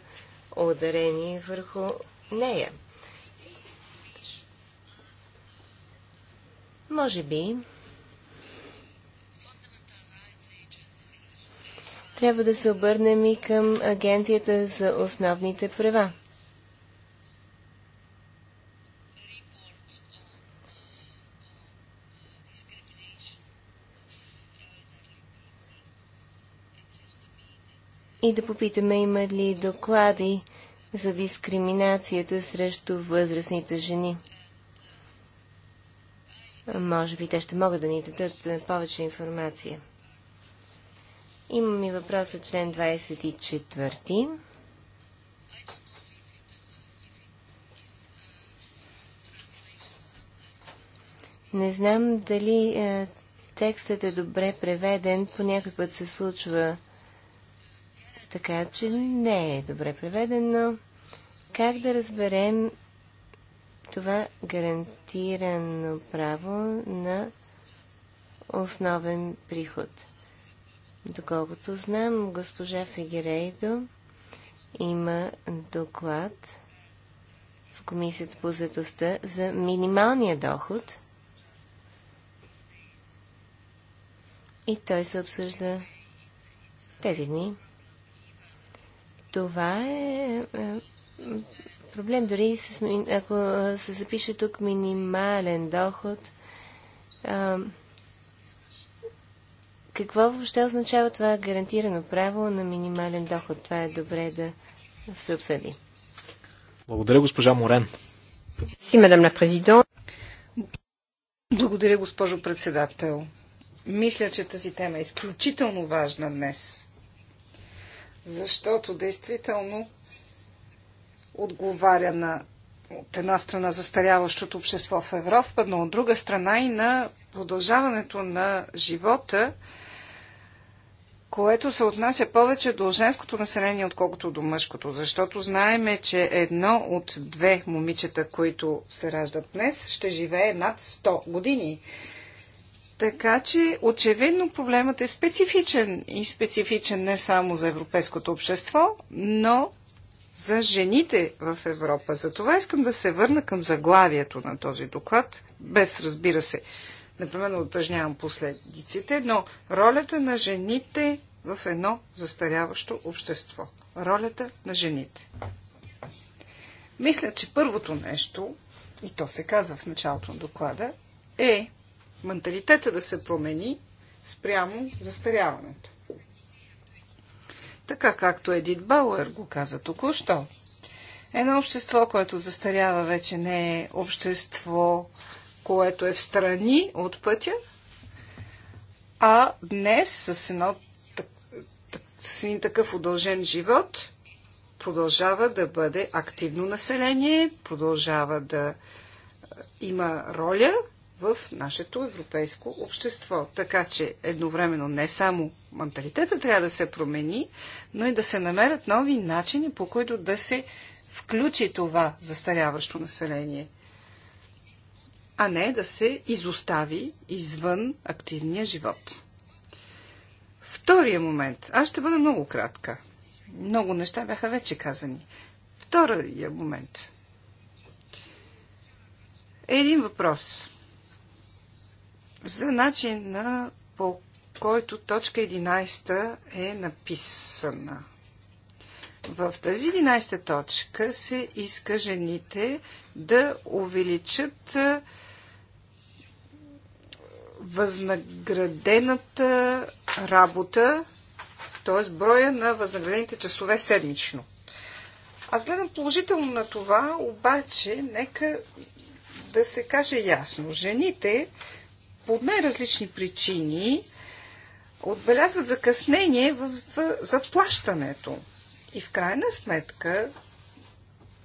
ударение върху нея. Може би трябва да се обърнем и към Агенцията за основните права. и да попитаме има ли доклади за дискриминацията срещу възрастните жени. Може би те ще могат да ни дадат е, повече информация. Имам и въпрос за член 24. Не знам дали е, текстът е добре преведен. По се случва така че не е добре преведено. Как да разберем това гарантирано право на основен приход? Доколкото знам, госпожа Фегерейдо има доклад в Комисията по заедостта за минималния доход и той се обсъжда тези дни. Това е, е проблем дори с, ако се запише тук минимален доход. какво въобще означава това гарантирано право на минимален доход? Това е добре да се обсъди. Благодаря, госпожа Морен. Си, мадам на президент. Благодаря, госпожо председател. Мисля, че тази тема е изключително важна днес защото действително отговаря на от една страна застаряващото общество в Европа, но от друга страна и на продължаването на живота, което се отнася повече до женското население, отколкото до мъжкото. Защото знаеме, че едно от две момичета, които се раждат днес, ще живее над 100 години. Така че очевидно проблемът е специфичен и специфичен не само за европейското общество, но за жените в Европа. Затова искам да се върна към заглавието на този доклад, без разбира се, непременно отъжнявам последиците, но ролята на жените в едно застаряващо общество. Ролята на жените. Мисля, че първото нещо, и то се казва в началото на доклада, е менталитета да се промени спрямо застаряването. Така както Едит Бауер го каза току-що. Едно общество, което застарява, вече не е общество, което е в страни от пътя, а днес с, едно, с един такъв удължен живот продължава да бъде активно население, продължава да има роля в нашето европейско общество. Така че едновременно не само менталитета трябва да се промени, но и да се намерят нови начини, по които да се включи това застаряващо население, а не да се изостави извън активния живот. Втория момент. Аз ще бъда много кратка. Много неща бяха вече казани. Втория момент. един въпрос за начина по който точка 11 е написана. В тази 11 точка се иска жените да увеличат възнаградената работа, т.е. броя на възнаградените часове седмично. Аз гледам положително на това, обаче нека да се каже ясно. Жените по най-различни причини отбелязват закъснение в заплащането. И в крайна сметка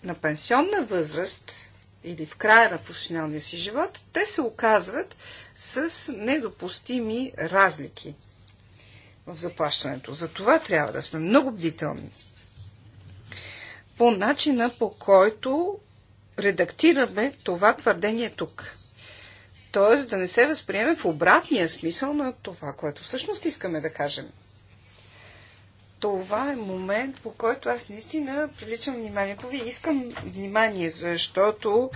на пенсионна възраст или в края на професионалния си живот, те се оказват с недопустими разлики в заплащането. За това трябва да сме много бдителни. По начина по който редактираме това твърдение тук т.е. да не се възприеме в обратния смисъл на това, което всъщност искаме да кажем. Това е момент, по който аз наистина привличам вниманието ви. Искам внимание, защото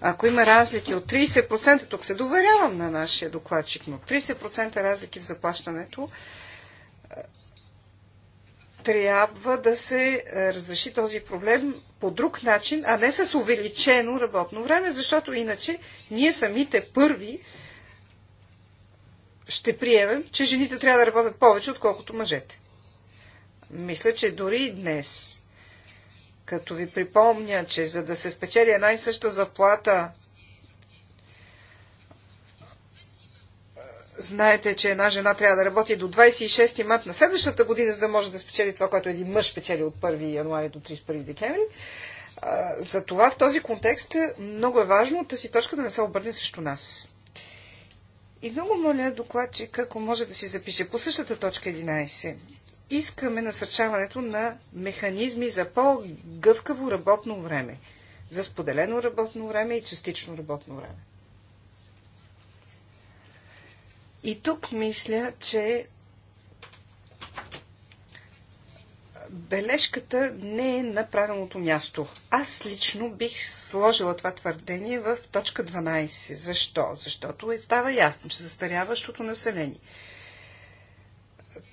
ако има разлики от 30%, тук се доверявам на нашия докладчик, но 30% разлики в заплащането, е, трябва да се е, разреши този проблем по друг начин, а не с увеличено работно време, защото иначе ние самите първи ще приемем, че жените трябва да работят повече, отколкото мъжете. Мисля, че дори днес, като ви припомня, че за да се спечели една и съща заплата Знаете, че една жена трябва да работи до 26 март на следващата година, за да може да спечели това, което един мъж печели от 1 януари до 31 декември. За това в този контекст много е важно тази точка да не се обърне срещу нас. И много моля докладчик, ако може да си запише по същата точка 11. Искаме насърчаването на механизми за по-гъвкаво работно време, за споделено работно време и частично работно време. И тук мисля, че бележката не е на правилното място. Аз лично бих сложила това твърдение в точка 12. Защо? Защото е- става ясно, че застаряващото население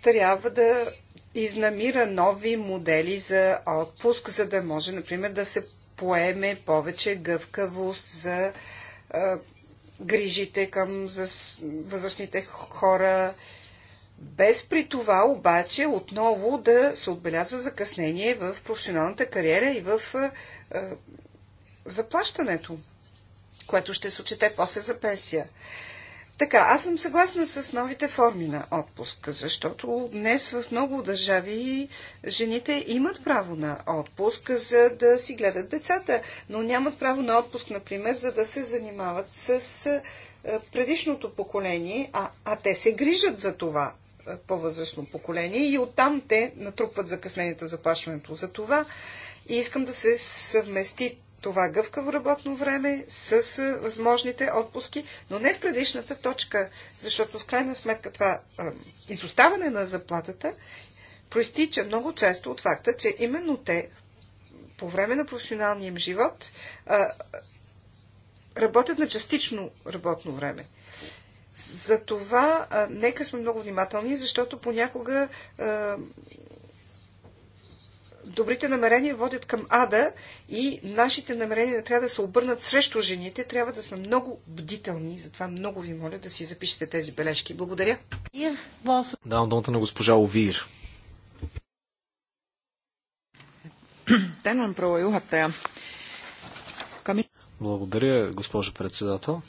трябва да изнамира нови модели за отпуск, за да може, например, да се поеме повече гъвкавост за грижите към възрастните хора, без при това обаче отново да се отбелязва закъснение в професионалната кариера и в заплащането, което ще се отчете после за пенсия. Така, аз съм съгласна с новите форми на отпуск, защото днес в много държави жените имат право на отпуск, за да си гледат децата, но нямат право на отпуск, например, за да се занимават с е, предишното поколение, а, а те се грижат за това е, по-възрастно поколение и оттам те натрупват закъснението за плащането. За това и искам да се съвмести това гъвкаво работно време с възможните отпуски, но не в предишната точка, защото в крайна сметка това изоставане на заплатата проистича много често от факта, че именно те по време на професионалния им живот работят на частично работно време. За това нека сме много внимателни, защото понякога а, добрите намерения водят към ада и нашите намерения трябва да се обърнат срещу жените. Трябва да сме много бдителни. Затова много ви моля да си запишете тези бележки. Благодаря. Давам думата на госпожа Овир. Благодаря, госпожо председател.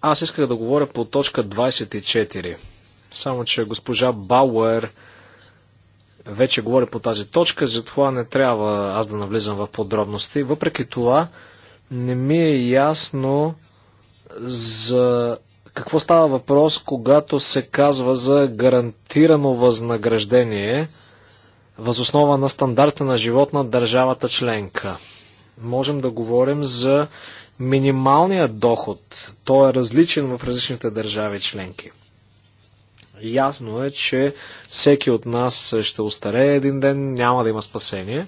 Аз исках да говоря по точка 24. Само, че госпожа Бауер вече говори по тази точка, затова не трябва аз да навлизам в подробности. Въпреки това, не ми е ясно за какво става въпрос, когато се казва за гарантирано възнаграждение възоснова на стандарта на живот на държавата членка. Можем да говорим за минималния доход. Той е различен в различните държави членки. Ясно е, че всеки от нас ще остарее един ден, няма да има спасение.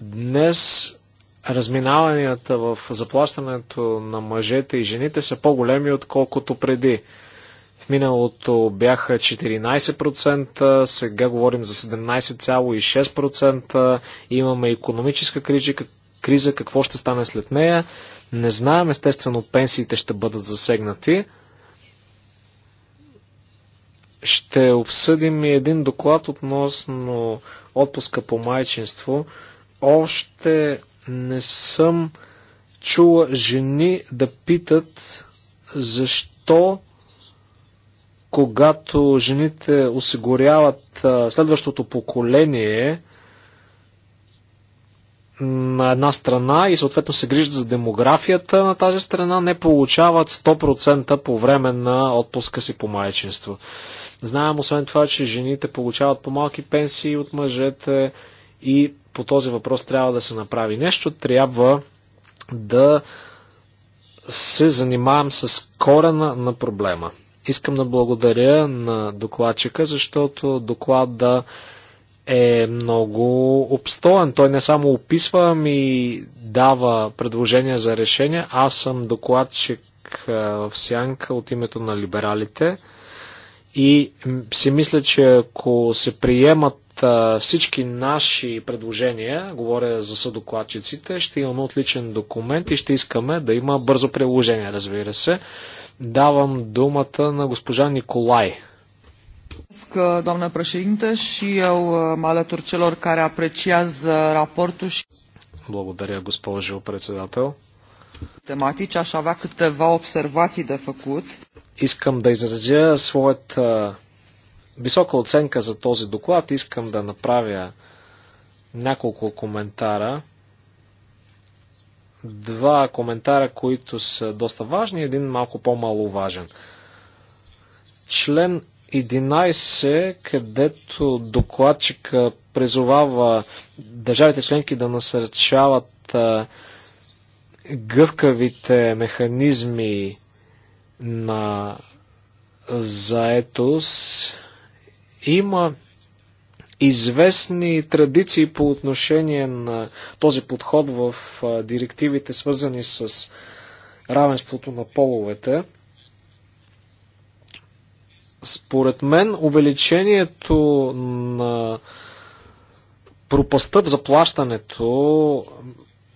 Днес разминаванията в заплащането на мъжете и жените са по-големи, отколкото преди. В миналото бяха 14%, сега говорим за 17,6%, имаме економическа криза, криза, какво ще стане след нея. Не знаем, естествено, пенсиите ще бъдат засегнати. Ще обсъдим и един доклад относно отпуска по майчинство. Още не съм чула жени да питат защо когато жените осигуряват следващото поколение – на една страна и съответно се грижат за демографията на тази страна, не получават 100% по време на отпуска си по майчинство. Знаем освен това, че жените получават по-малки пенсии от мъжете и по този въпрос трябва да се направи нещо. Трябва да се занимавам с корена на проблема. Искам да благодаря на докладчика, защото доклада да е много обстоен. Той не само описва, ми дава предложения за решения. Аз съм докладчик в Сянка от името на либералите и си мисля, че ако се приемат всички наши предложения, говоря за съдокладчиците, ще имаме отличен документ и ще искаме да има бързо приложение, разбира се. Давам думата на госпожа Николай Doamnă președintă, și eu uh, mă alătur celor care apreciază raportul și... Благодаря, госпожо председател. avea câteva observații de făcut. Искам да изразя своята висока оценка за този доклад. Искам да направя няколко коментара. Два коментара, които са доста важни, един малко по-маловажен. Член 11, където докладчика призовава държавите членки да насърчават гъвкавите механизми на заетост, има известни традиции по отношение на този подход в директивите, свързани с равенството на половете – според мен увеличението на пропастъп за плащането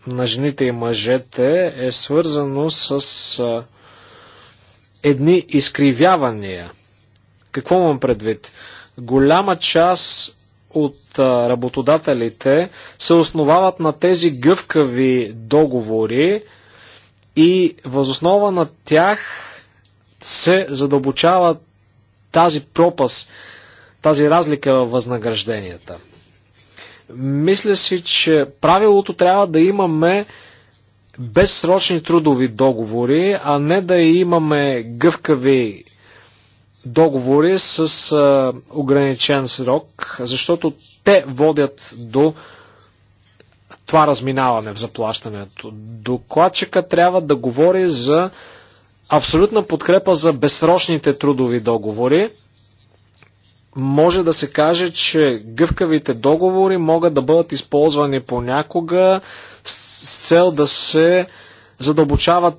на жените и мъжете е свързано с едни изкривявания. Какво имам предвид? Голяма част от работодателите се основават на тези гъвкави договори и възоснова на тях се задълбочават тази пропас, тази разлика във възнагражденията. Мисля си, че правилото трябва да имаме безсрочни трудови договори, а не да имаме гъвкави договори с а, ограничен срок, защото те водят до това разминаване в заплащането. Докладчика трябва да говори за абсолютна подкрепа за безсрочните трудови договори. Може да се каже, че гъвкавите договори могат да бъдат използвани понякога с цел да се задълбочават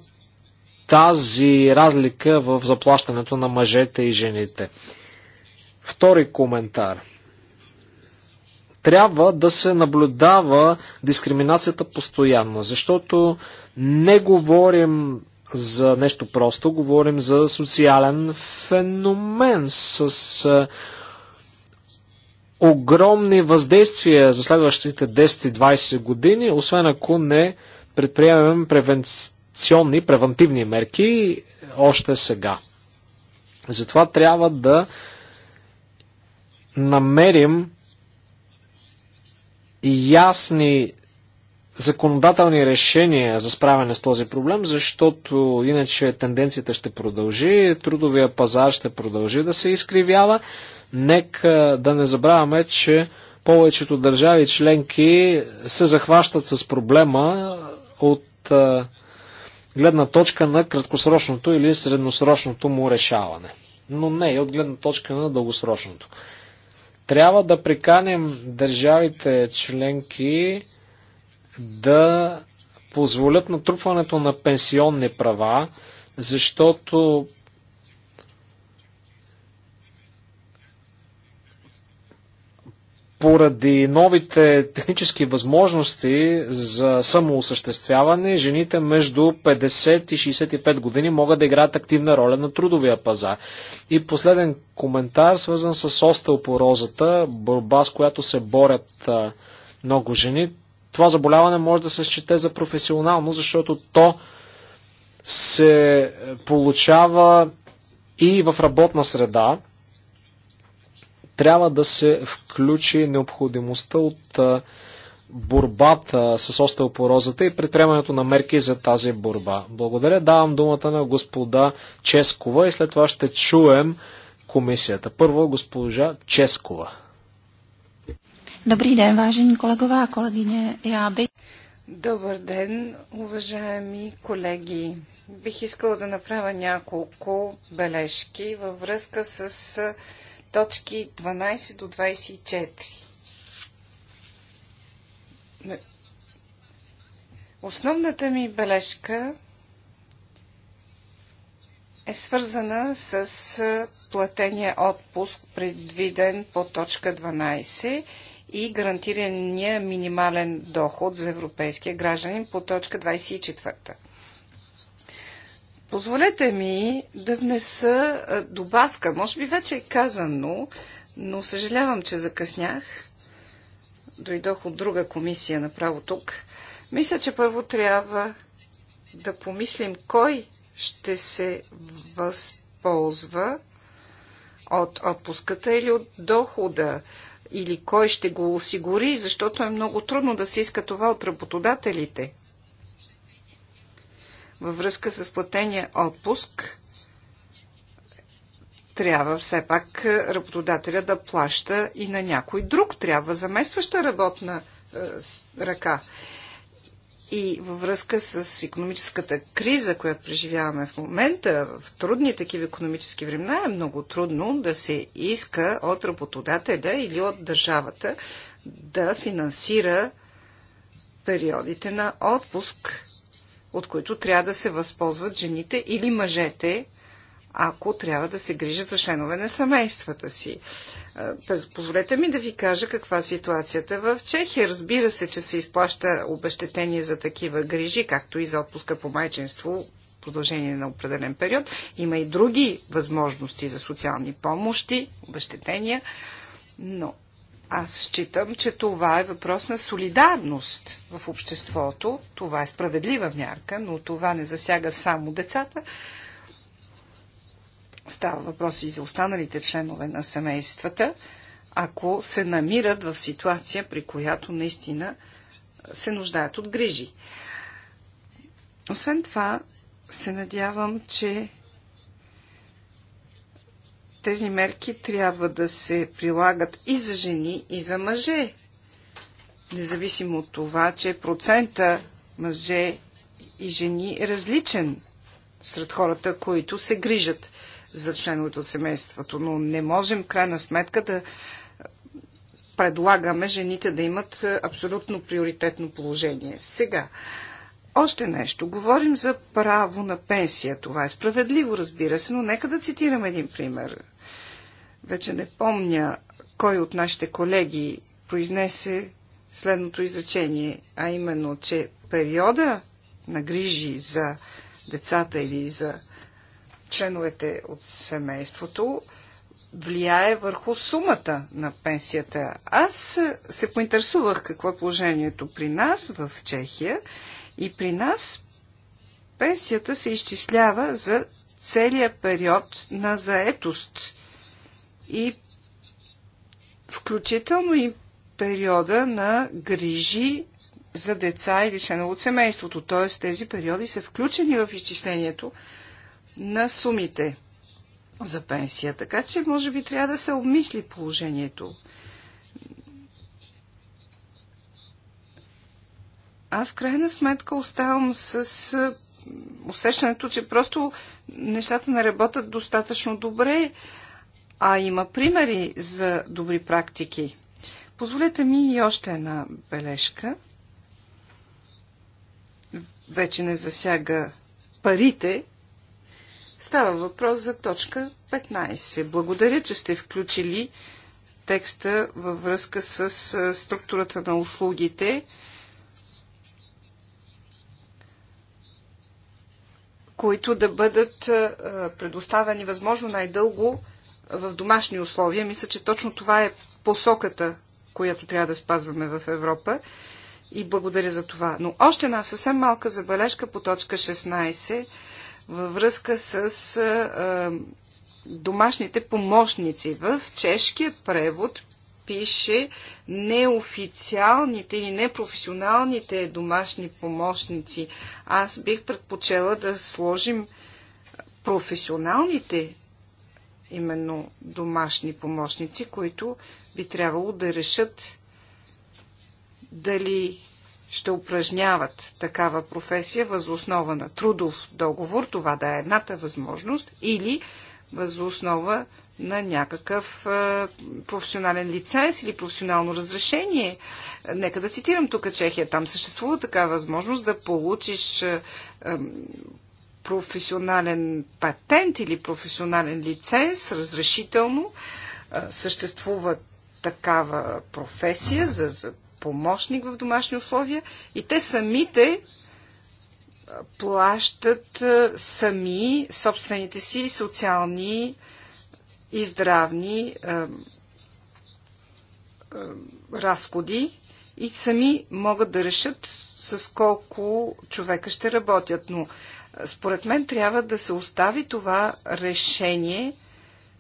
тази разлика в заплащането на мъжете и жените. Втори коментар. Трябва да се наблюдава дискриминацията постоянно, защото не говорим за нещо просто, говорим за социален феномен с огромни въздействия за следващите 10-20 години, освен ако не предприемем превенционни, превентивни мерки още сега. Затова трябва да намерим ясни законодателни решения за справяне с този проблем, защото иначе тенденцията ще продължи, трудовия пазар ще продължи да се изкривява. Нека да не забравяме, че повечето държави членки се захващат с проблема от гледна точка на краткосрочното или средносрочното му решаване. Но не и от гледна точка на дългосрочното. Трябва да приканим държавите членки да позволят натрупването на пенсионни права, защото поради новите технически възможности за самоосъществяване, жените между 50 и 65 години могат да играят активна роля на трудовия пазар. И последен коментар, свързан с остеопорозата, борба с която се борят много жени това заболяване може да се счете за професионално, защото то се е, получава и в работна среда. Трябва да се включи необходимостта от е, борбата с остеопорозата и предприемането на мерки за тази борба. Благодаря. Давам думата на господа Ческова и след това ще чуем комисията. Първо госпожа Ческова. Dobrý den, vážení kolegové a kolegyně. Já bych... Добър ден, уважаеми колеги. Бих искала да направя няколко бележки във връзка с точки 12 до 24. Основната ми бележка е свързана с платения отпуск, предвиден по точка 12 и гарантирания минимален доход за европейския гражданин по точка 24. Позволете ми да внеса добавка. Може би вече е казано, но съжалявам, че закъснях. Дойдох от друга комисия направо тук. Мисля, че първо трябва да помислим кой ще се възползва от отпуската или от дохода или кой ще го осигури, защото е много трудно да се иска това от работодателите. Във връзка с платения отпуск, трябва все пак е, работодателя да плаща и на някой друг. Трябва заместваща работна е, ръка. И във връзка с економическата криза, която преживяваме в момента, в трудни такива економически времена е много трудно да се иска от работодателя или от държавата да финансира периодите на отпуск, от които трябва да се възползват жените или мъжете, ако трябва да се грижат за членове на семействата си. Позволете ми да ви кажа каква е ситуацията в Чехия. Разбира се, че се изплаща обещетение за такива грижи, както и за отпуска по майчинство в продължение на определен период. Има и други възможности за социални помощи, обещетения, но аз считам, че това е въпрос на солидарност в обществото. Това е справедлива мярка, но това не засяга само децата, Става въпрос и за останалите членове на семействата, ако се намират в ситуация, при която наистина се нуждаят от грижи. Освен това, се надявам, че тези мерки трябва да се прилагат и за жени, и за мъже. Независимо от това, че процента мъже и жени е различен сред хората, които се грижат за членовете от семейството, но не можем крайна сметка да предлагаме жените да имат е, абсолютно приоритетно положение. Сега, още нещо. Говорим за право на пенсия. Това е справедливо, разбира се, но нека да цитирам един пример. Вече не помня кой от нашите колеги произнесе следното изречение, а именно, че периода на грижи за децата или за членовете от семейството влияе върху сумата на пенсията. Аз се поинтересувах какво е положението при нас в Чехия и при нас пенсията се изчислява за целия период на заетост и включително и периода на грижи за деца или членове от семейството. Т.е. тези периоди са включени в изчислението на сумите за пенсия. Така че, може би, трябва да се обмисли положението. Аз в крайна сметка оставам с усещането, че просто нещата не работят достатъчно добре, а има примери за добри практики. Позволете ми и още една бележка. Вече не засяга парите, Става въпрос за точка 15. Благодаря, че сте включили текста във връзка с структурата на услугите. които да бъдат предоставени възможно най-дълго в домашни условия. Мисля, че точно това е посоката, която трябва да спазваме в Европа. И благодаря за това. Но още една съвсем малка забележка по точка 16 във връзка с домашните помощници. В чешкия превод пише неофициалните или непрофесионалните домашни помощници. Аз бих предпочела да сложим професионалните именно домашни помощници, които би трябвало да решат дали ще упражняват такава професия възоснова на трудов договор, това да е едната възможност, или възоснова на някакъв е, професионален лиценз или професионално разрешение. Нека да цитирам тук Чехия. Там съществува така възможност да получиш е, е, професионален патент или професионален лиценз, разрешително. Съществува такава професия за, за помощник в домашни условия и те самите плащат сами собствените си социални и здравни е, е, разходи и сами могат да решат с колко човека ще работят. Но според мен трябва да се остави това решение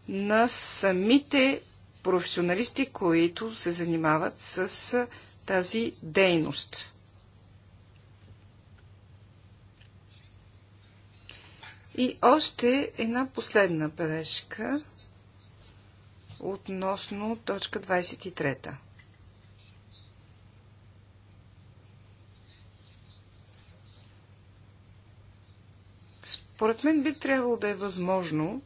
на самите професионалисти, които се занимават с тази дейност. И още една последна бележка относно точка 23. Според мен би трябвало да е възможно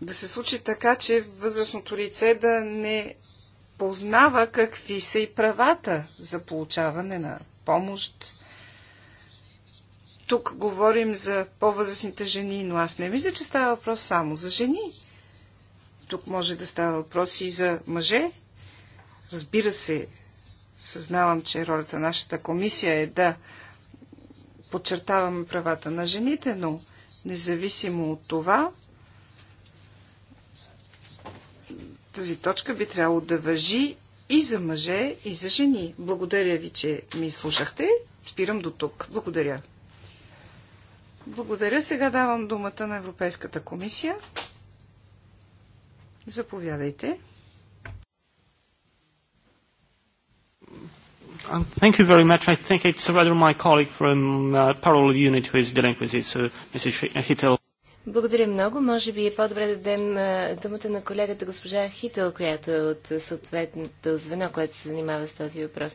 да се случи така, че възрастното лице да не познава какви са и правата за получаване на помощ. Тук говорим за по-възрастните жени, но аз не мисля, че става въпрос само за жени. Тук може да става въпрос и за мъже. Разбира се, съзнавам, че ролята на нашата комисия е да подчертаваме правата на жените, но независимо от това, Тази точка би трябвало да въжи и за мъже, и за жени. Благодаря ви, че ми слушахте. Спирам до тук. Благодаря. Благодаря. Сега давам думата на Европейската комисия. Заповядайте. Um, thank you very much. I think it's rather my colleague from uh, Parallel Unit who is dealing with this, uh, Mrs. Hittel. Благодаря много. Може би е по-добре да дадем думата на колегата госпожа Хител, която е от съответното звено, което се занимава с този въпрос.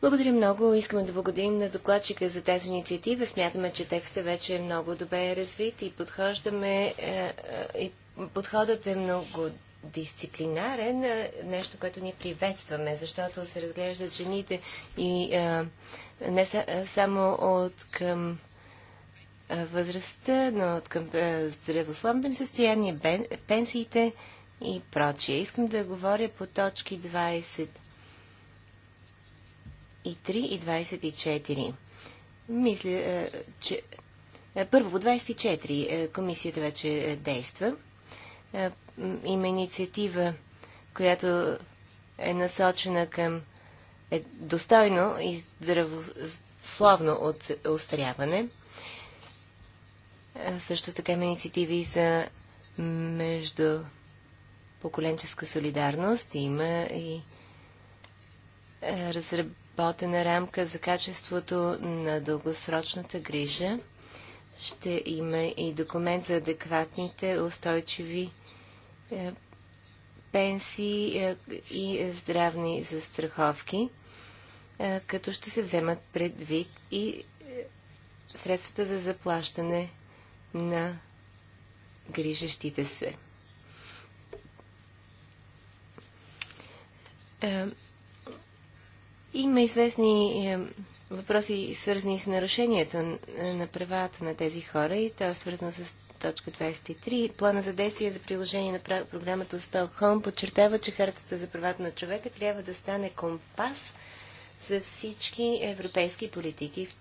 Благодаря много. Искаме да благодарим на докладчика за тази инициатива. Смятаме, че текстът вече е много добре развит и подхождаме е, е, и подходът е много дисциплинарен, е, нещо, което ние приветстваме, защото се разглеждат жените и не са, само от към възрастта, но от към е, здравословното ми състояние, пенсиите и прочие. Искам да говоря по точки 23 и 24. Мисля, е, че... Е, първо, по 24 комисията вече действа. Има инициатива, която е насочена към е достойно и здравословно устаряване. От също така има инициативи за между поколенческа солидарност. Има и е, разработена рамка за качеството на дългосрочната грижа. Ще има и документ за адекватните, устойчиви е, пенсии е, и здравни застраховки, като ще се вземат предвид и средствата за заплащане на грижащите се. Е, има известни е, въпроси, свързани с нарушението на правата на тези хора и то е свързано с точка 23. Плана за действие за приложение на програмата Stockholm подчертава, че хартата за правата на човека трябва да стане компас за всички европейски политики в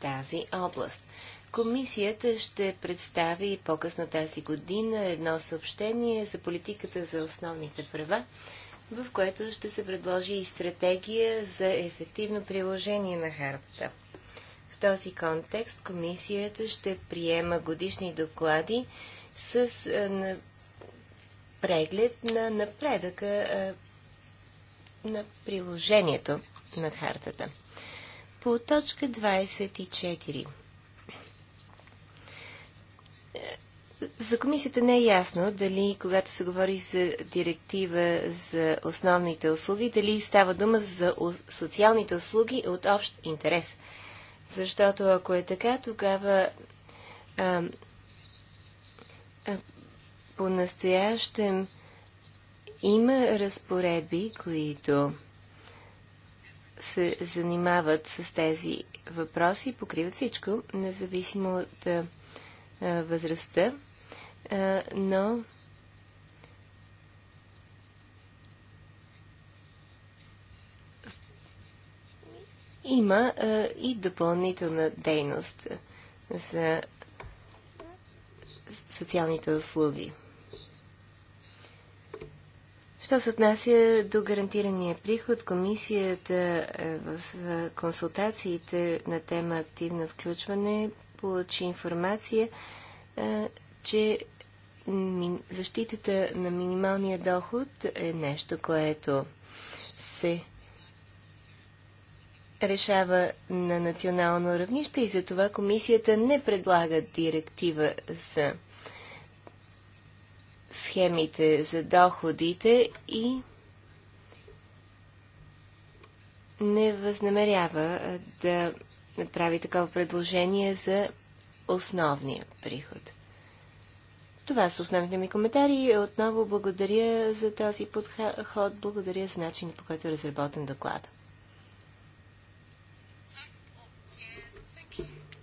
тази област. Комисията ще представи по-късно тази година едно съобщение за политиката за основните права, в което ще се предложи и стратегия за ефективно приложение на хартата. В този контекст комисията ще приема годишни доклади с на, преглед на напредъка на приложението на хартата. По точка 24 за комисията не е ясно дали, когато се говори за директива за основните услуги, дали става дума за социалните услуги от общ интерес. Защото ако е така, тогава а, а, по-настоящем има разпоредби, които се занимават с тези въпроси покриват всичко, независимо от възрастта, но има и допълнителна дейност за социалните услуги. Що се отнася до гарантирания приход, комисията в консултациите на тема активно включване получи информация, е, че защитата на минималния доход е нещо, което се решава на национално равнище и затова комисията не предлага директива за схемите за доходите и не възнамерява да направи такова предложение за основния приход. Това са основните ми коментари. Отново благодаря за този подход, благодаря за начин, по който е разработен доклада.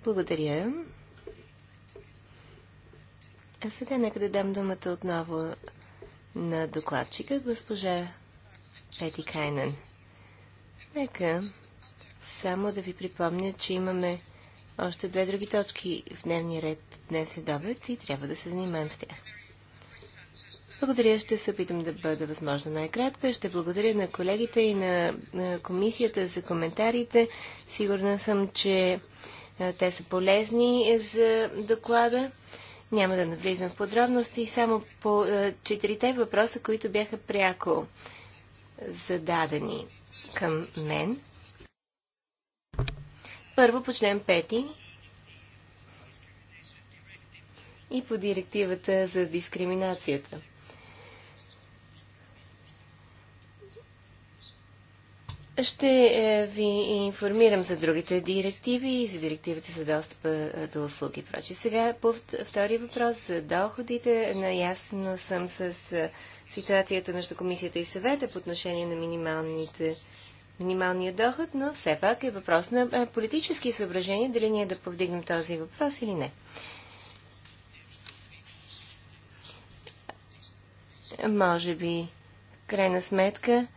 Благодаря. А сега нека да дам думата отново на докладчика, госпожа Пети Кайнен. Нека само да ви припомня, че имаме още две други точки в дневния ред днес след обед и трябва да се занимаем с тях. Благодаря, ще се опитам да бъда възможно най-кратка. Ще благодаря на колегите и на, комисията за коментарите. Сигурна съм, че те са полезни за доклада. Няма да навлизам в подробности, само по четирите въпроса, които бяха пряко зададени към мен. Първо по член 5 и по директивата за дискриминацията. Ще е, ви информирам за другите директиви и за директивите за достъпа е, до услуги и прочие. Сега по втори въпрос за доходите. Наясно съм с е, ситуацията между комисията и съвета по отношение на минималните минималния доход, но все пак е въпрос на е, политически съображения, дали ние да повдигнем този въпрос или не. Може би, крайна сметка,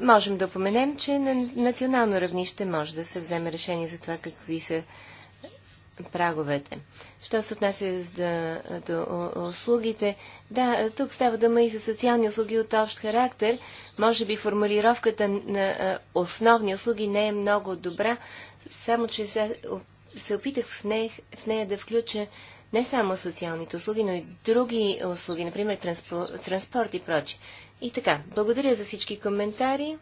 можем да упоменем, че на национално равнище може да се вземе решение за това какви са праговете. Що се отнася до, до услугите? Да, тук става дума и за социални услуги от общ характер. Може би формулировката на основни услуги не е много добра, само че се, се опитах в нея, в нея да включа не само социалните услуги, но и други услуги, например транспорт и прочи. И така, благодаря за всички коментари.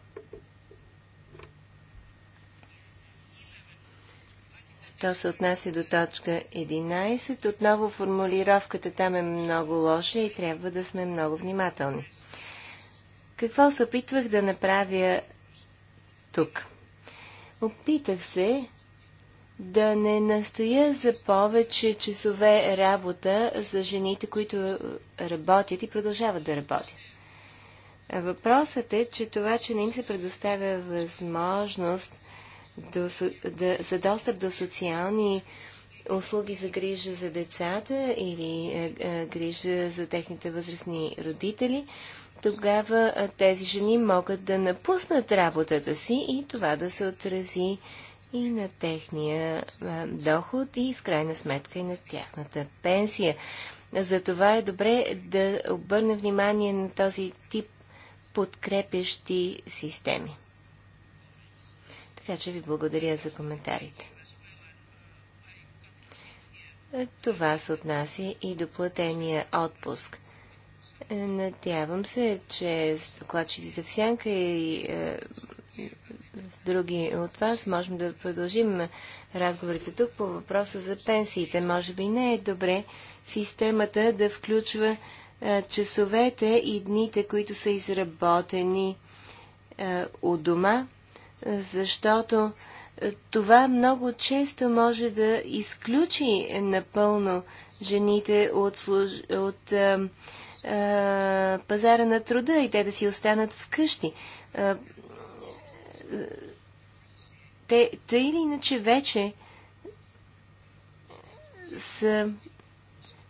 що се отнася до точка 11, отново формулировката там е много лоша и трябва да сме много внимателни. Какво се опитвах да направя тук? Опитах се да не настоя за повече часове работа за жените, които работят и продължават да работят. Въпросът е, че това, че не им се предоставя възможност до, да, за достъп до социални услуги за грижа за децата или е, е грижа за техните възрастни родители, тогава е, тези жени могат да напуснат работата си и това да се отрази и на техния е, доход и в крайна сметка и на тяхната пенсия. Затова е добре да обърнем внимание на този тип подкрепещи системи. Така че ви благодаря за коментарите. Е, това се отнася и до платения отпуск. Е, надявам се, че с докладчите за Сянка и е, с други от вас можем да продължим разговорите тук по въпроса за пенсиите. Може би не е добре системата да включва часовете и дните, които са изработени у дома защото е, това много често може да изключи напълно жените от, служ... от а, е, а, е, пазара на труда и те да си останат вкъщи. А, те, те или иначе вече са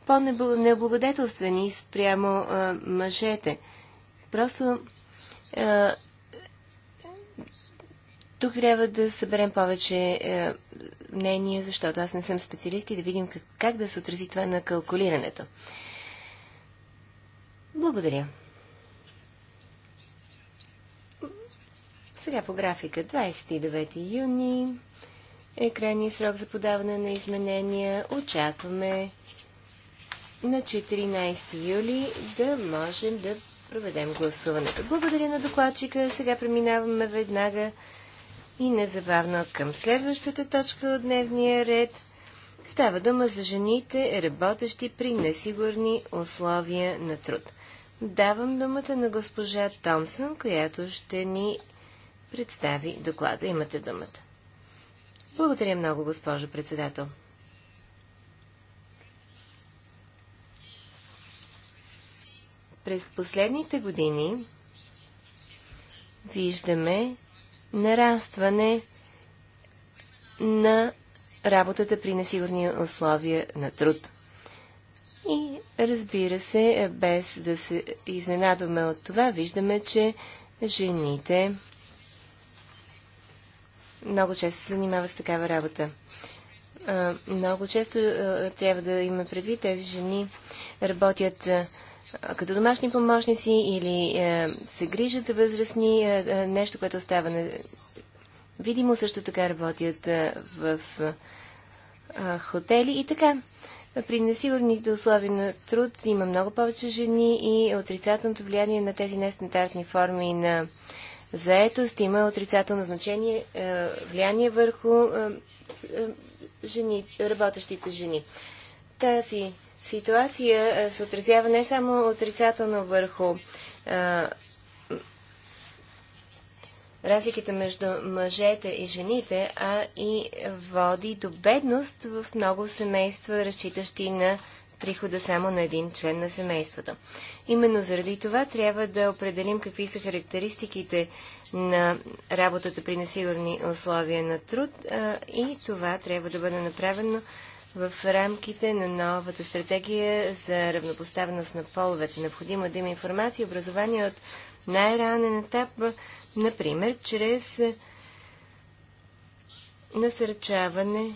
по-неблагодетелствени спрямо а, мъжете. Просто а, тук трябва да съберем повече е, мнения, защото аз не съм специалист и да видим как, как да се отрази това на калкулирането. Благодаря. Сега по графика 29 юни е крайният срок за подаване на изменения. Очакваме на 14 юли да можем да проведем гласуването. Благодаря на докладчика. Сега преминаваме веднага и незабавно към следващата точка от дневния ред става дума за жените, работещи при несигурни условия на труд. Давам думата на госпожа Томсън, която ще ни представи доклада. Имате думата. Благодаря много, госпожо председател. През последните години виждаме, нарастване на работата при несигурни условия на труд. И разбира се, без да се изненадваме от това, виждаме, че жените много често се занимават с такава работа. Много често трябва да има предвид, тези жени работят като домашни помощници или е, се грижат за възрастни, е, е, нещо, което остава Не... Видимо също така работят е, в е, хотели и така. При несигурните условия на труд има много повече жени и отрицателното влияние на тези нестандартни форми на заетост има отрицателно значение, е, влияние върху е, е жени, работещите жени тази ситуация се отразява не само отрицателно върху а, разликите между мъжете и жените, а и води до бедност в много семейства, разчитащи на прихода само на един член на семейството. Именно заради това трябва да определим какви са характеристиките на работата при несигурни условия на труд а, и това трябва да бъде направено в рамките на новата стратегия за равнопоставеност на половете. Необходимо е да има информация и образование от най-ранен етап, например, чрез насърчаване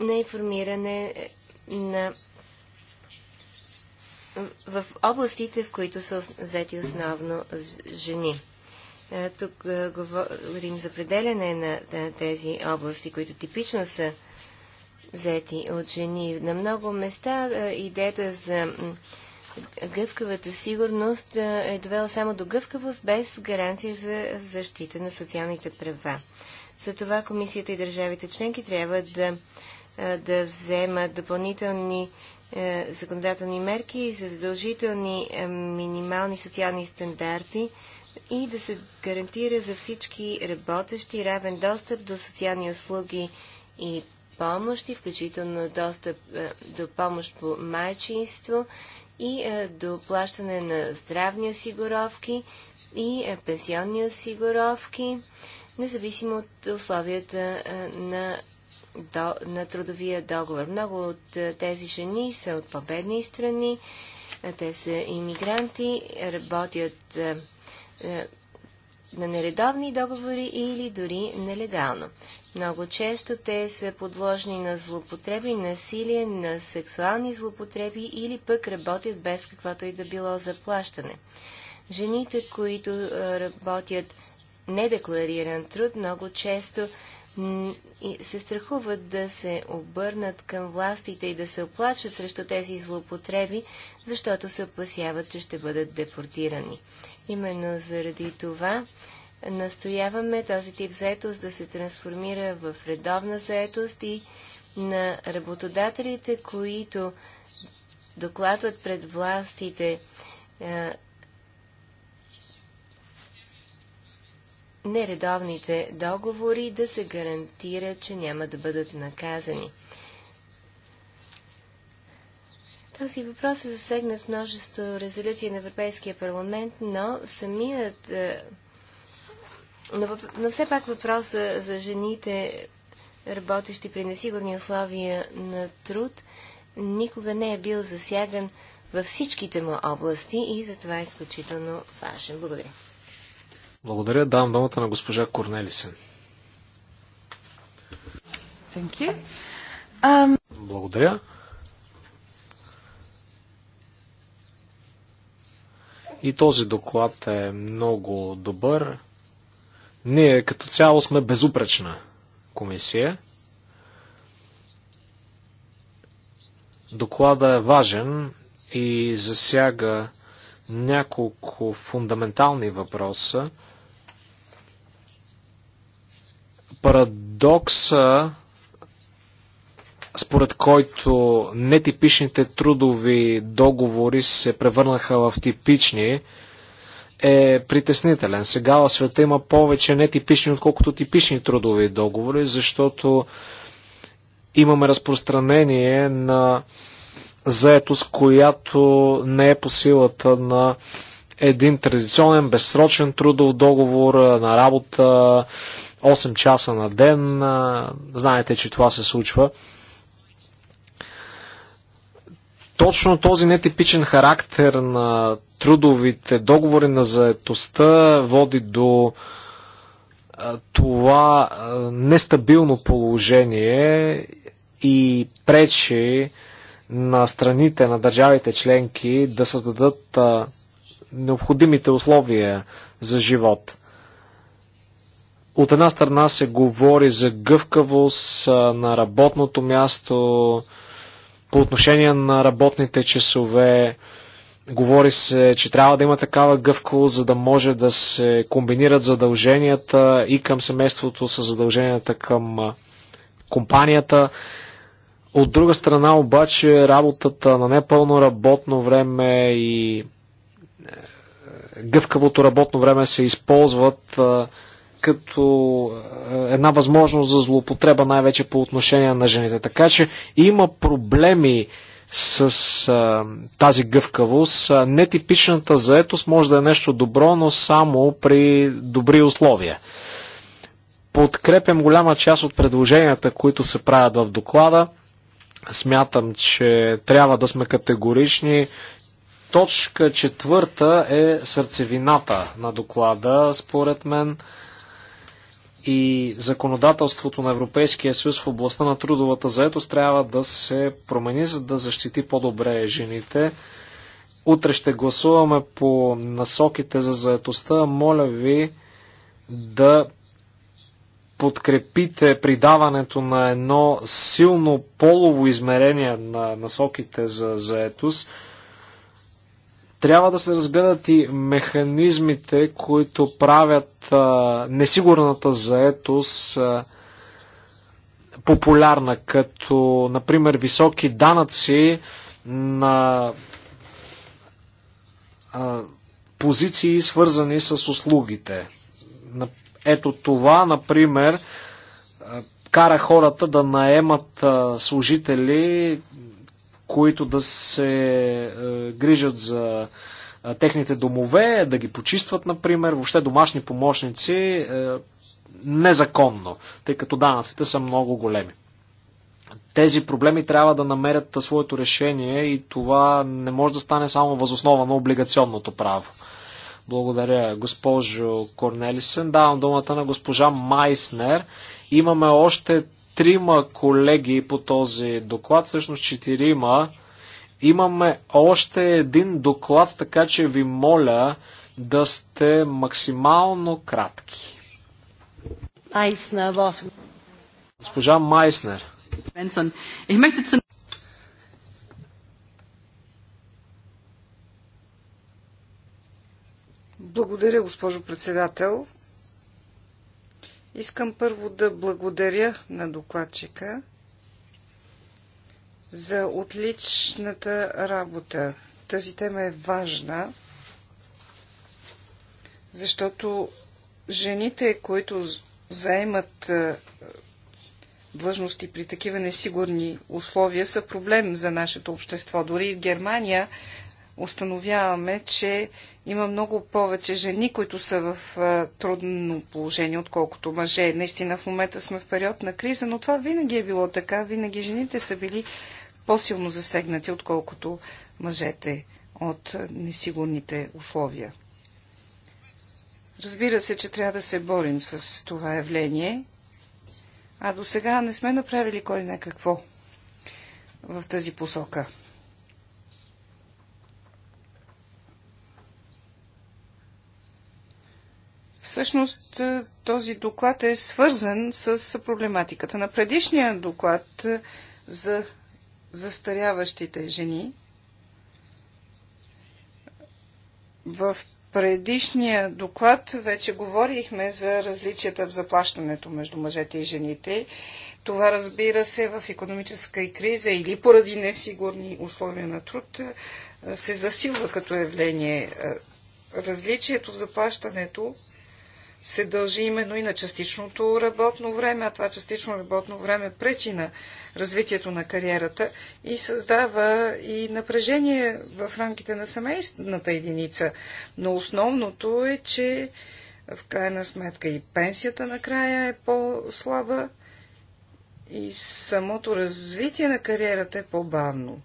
на информиране на в областите, в които са взети основно жени. Е, тук е, говорим за определене на тези области, които типично са взети от жени. На много места е, идеята за гъвкавата сигурност е довела само до гъвкавост, без гаранция за защита на социалните права. Затова комисията и държавите членки трябва да, да вземат допълнителни законодателни мерки за задължителни минимални социални стандарти и да се гарантира за всички работещи равен достъп до социални услуги и помощи, включително достъп е, до помощ по майчинство и е, до плащане на здравни осигуровки и е, пенсионни осигуровки, независимо от условията на, до, на трудовия договор. Много от тези жени са от победни страни, те са иммигранти, работят е, на нередовни договори или дори нелегално. Много често те са подложени на злопотреби, насилие, на сексуални злопотреби или пък работят без каквото и да било заплащане. Жените, които е, работят недеклариран труд много често се страхуват да се обърнат към властите и да се оплачат срещу тези злоупотреби, защото се опасяват, че ще бъдат депортирани. Именно заради това настояваме този тип заетост да се трансформира в редовна заетост и на работодателите, които докладват пред властите нередовните договори да се гарантира, че няма да бъдат наказани. Този въпрос е засегнат множество резолюции на Европейския парламент, но самият. Е, но, но все пак въпроса за жените, работещи при несигурни условия на труд, никога не е бил засяган във всичките му области и за това е изключително важен. Благодаря. Благодаря. Давам думата на госпожа Корнелисен. Um... Благодаря. И този доклад е много добър. Ние като цяло сме безупречна комисия. Доклада е важен и засяга няколко фундаментални въпроса. Парадокса, според който нетипичните трудови договори се превърнаха в типични, е притеснителен. Сега в света има повече нетипични, отколкото типични трудови договори, защото имаме разпространение на заетост, която не е по силата на един традиционен, безсрочен трудов договор на работа 8 часа на ден. Знаете, че това се случва. Точно този нетипичен характер на трудовите договори на заетостта води до това нестабилно положение и пречи на страните, на държавите членки да създадат необходимите условия за живот. От една страна се говори за гъвкавост на работното място, по отношение на работните часове, говори се, че трябва да има такава гъвкавост, за да може да се комбинират задълженията и към семейството с задълженията към компанията. От друга страна обаче работата на непълно работно време и е, гъвкавото работно време се използват като е, една възможност за злоупотреба, най-вече по отношение на жените. Така че има проблеми с а, е, тази гъвкавост. Е, нетипичната заетост може да е нещо добро, но само при добри условия. Подкрепям голяма част от предложенията, които се правят в доклада. Смятам, че трябва да сме категорични, Точка четвърта е сърцевината на доклада, според мен и законодателството на Европейския съюз в областта на трудовата заетост трябва да се промени, за да защити по-добре жените. Утре ще гласуваме по насоките за заетостта. Моля ви да подкрепите придаването на едно силно полово измерение на насоките за заетост. Трябва да се разгледат и механизмите, които правят а, несигурната заетост а, популярна, като, например, високи данъци на а, позиции, свързани с услугите. Ето това, например, кара хората да наемат служители които да се е, грижат за е, техните домове, да ги почистват, например, въобще домашни помощници е, незаконно, тъй като данъците са много големи. Тези проблеми трябва да намерят своето решение и това не може да стане само възоснова на облигационното право. Благодаря, госпожо Корнелисен. Давам думата на госпожа Майснер. Имаме още трима колеги по този доклад, всъщност четирима. Имаме още един доклад, така че ви моля да сте максимално кратки. Госпожа Майснер. Благодаря, госпожо председател. Искам първо да благодаря на докладчика за отличната работа. Тази тема е важна, защото жените, които заемат длъжности при такива несигурни условия, са проблем за нашето общество. Дори в Германия установяваме, че има много повече жени, които са в трудно положение, отколкото мъже. Наистина в момента сме в период на криза, но това винаги е било така. Винаги жените са били по-силно засегнати, отколкото мъжете от несигурните условия. Разбира се, че трябва да се борим с това явление, а до сега не сме направили кой не какво в тази посока. Всъщност е, този доклад е свързан с проблематиката на предишния доклад е, за застаряващите жени. В предишния доклад вече говорихме за различията в заплащането между мъжете и жените. Това разбира се в економическа и криза или поради несигурни условия на труд е, се засилва като явление. Различието в заплащането се дължи именно и на частичното работно време, а това частично работно време пречи на развитието на кариерата и създава и напрежение в рамките на семейната единица. Но основното е, че в крайна сметка и пенсията накрая е по-слаба и самото развитие на кариерата е по-бавно.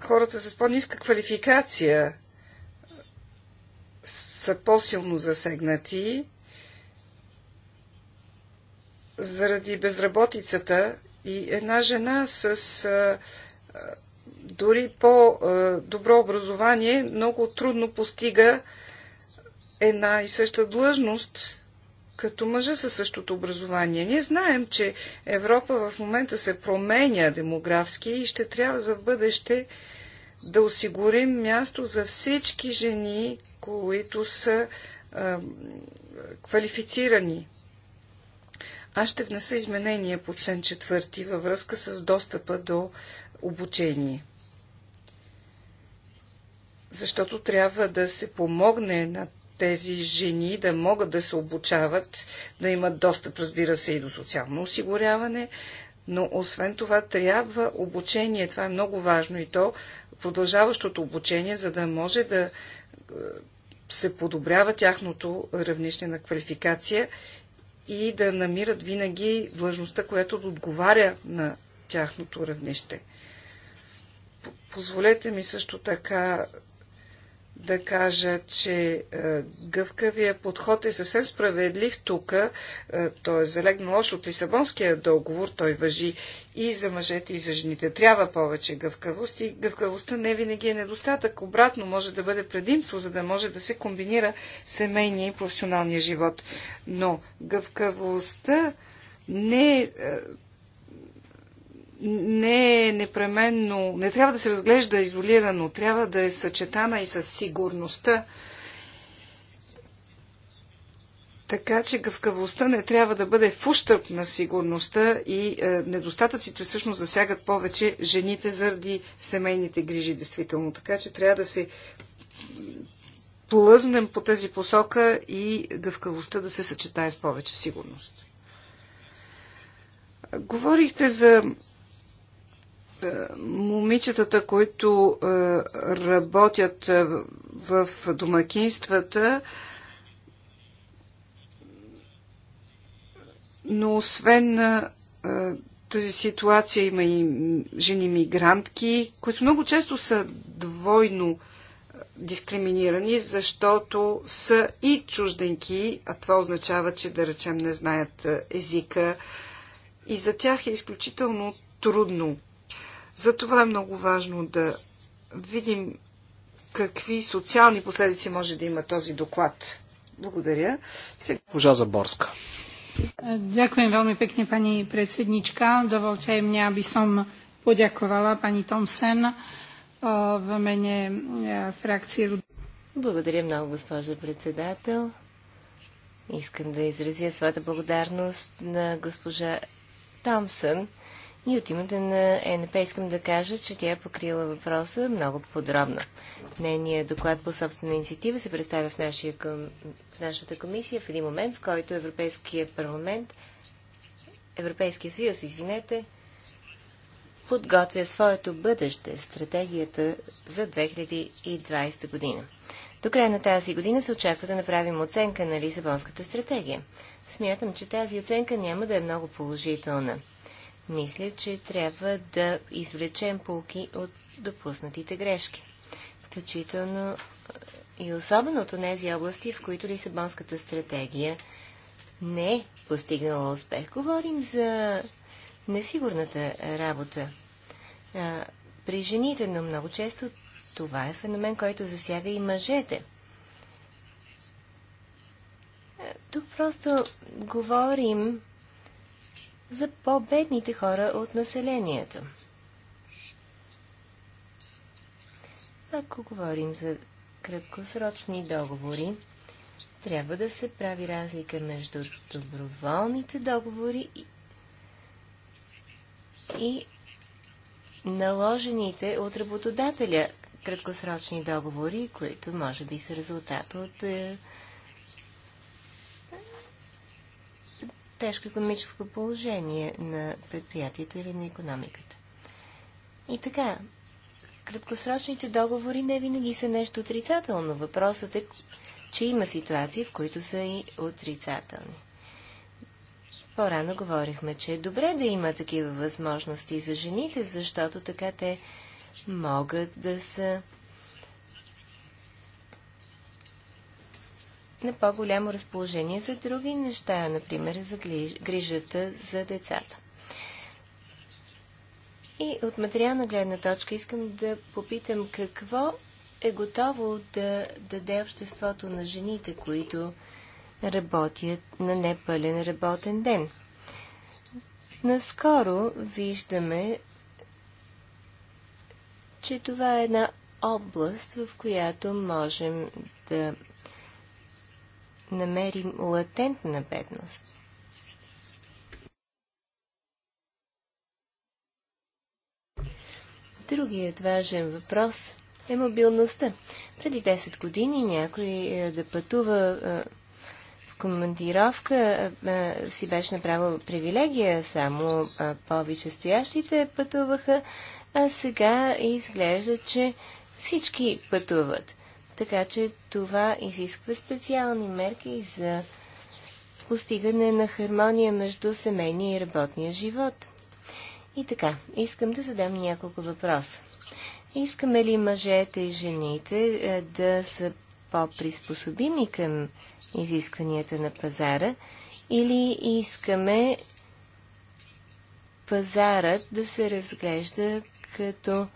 Хората с по-ниска квалификация са по-силно засегнати заради безработицата и една жена с дори по-добро образование много трудно постига една и съща длъжност като мъжа със същото образование. Ние знаем, че Европа в момента се променя демографски и ще трябва за бъдеще да осигурим място за всички жени, които са а, квалифицирани. Аз ще внеса изменения по член 4 във връзка с достъпа до обучение. Защото трябва да се помогне на тези жени да могат да се обучават, да имат достъп, разбира се, и до социално осигуряване, но освен това трябва обучение, това е много важно и то продължаващото обучение, за да може да се подобрява тяхното равнище на квалификация и да намират винаги длъжността, която да отговаря на тяхното равнище. Позволете ми също така да кажа, че е, гъвкавия подход е съвсем справедлив тук. Е, той е залегнал още от Лисабонския договор. Той въжи и за мъжете, и за жените. Трябва повече гъвкавост и гъвкавостта не винаги е недостатък. Обратно може да бъде предимство, за да може да се комбинира семейния и професионалния живот. Но гъвкавостта не е, е не е непременно, не трябва да се разглежда изолирано, трябва да е съчетана и с сигурността. Така че гъвкавостта не трябва да бъде в ущърп на сигурността и е, недостатъците всъщност засягат повече жените заради семейните грижи, действително. Така че трябва да се плъзнем по тази посока и гъвкавостта да се съчетае с повече сигурност. Говорихте за е, момичетата, които е, работят е, в домакинствата, но освен тази ситуация има и жени мигрантки, които много често са двойно дискриминирани, защото са и чужденки, а това означава, че да речем не знаят езика. И за тях е изключително трудно затова е много важно да видим какви социални последици може да има този доклад. Благодаря. Сега... Пожа Заборска. Ďakujem veľmi pekne, pani predsednička. Dovolte aj mňa, aby som poďakovala pani Tomsen v mene frakcie. Благодаря много, госпожа председател. Искам да изразя своята благодарност на госпожа Томсън и от името на ЕНП искам да кажа, че тя е покрила въпроса много подробно. Нейният доклад по собствена инициатива се представя в, нашия, в нашата комисия в един момент, в който Европейския парламент, Европейския съюз, извинете, подготвя своето бъдеще, стратегията за 2020 година. До края на тази година се очаква да направим оценка на Лисабонската стратегия. Смятам, че тази оценка няма да е много положителна. Мисля, че трябва да извлечем полки от допуснатите грешки, включително и особено от тези области, в които Лисабонската стратегия не е постигнала успех. Говорим за несигурната работа а, при жените, но много често това е феномен, който засяга и мъжете. Тук просто говорим за по-бедните хора от населението. Ако говорим за краткосрочни договори, трябва да се прави разлика между доброволните договори и, и наложените от работодателя краткосрочни договори, които може би са резултат от е, тежко економическо положение на предприятието или на економиката. И така, краткосрочните договори не винаги са нещо отрицателно. Въпросът е, че има ситуации, в които са и отрицателни. По-рано говорихме, че е добре да има такива възможности за жените, защото така те могат да са на по-голямо разположение за други неща, например за грижата за децата. И от материална гледна точка искам да попитам какво е готово да даде обществото на жените, които работят на непълен работен ден. Наскоро виждаме, че това е една област, в която можем да намерим латентна бедност. Другият важен въпрос е мобилността. Преди 10 години някой е, да пътува е, в командировка е, си беше направил привилегия, само повече стоящите пътуваха, а сега изглежда, че всички пътуват. Така че това изисква специални мерки за постигане на хармония между семейния и работния живот. И така, искам да задам няколко въпроса. Искаме ли мъжете и жените е, да са по-приспособими към изискванията на пазара или искаме пазарът да се разглежда като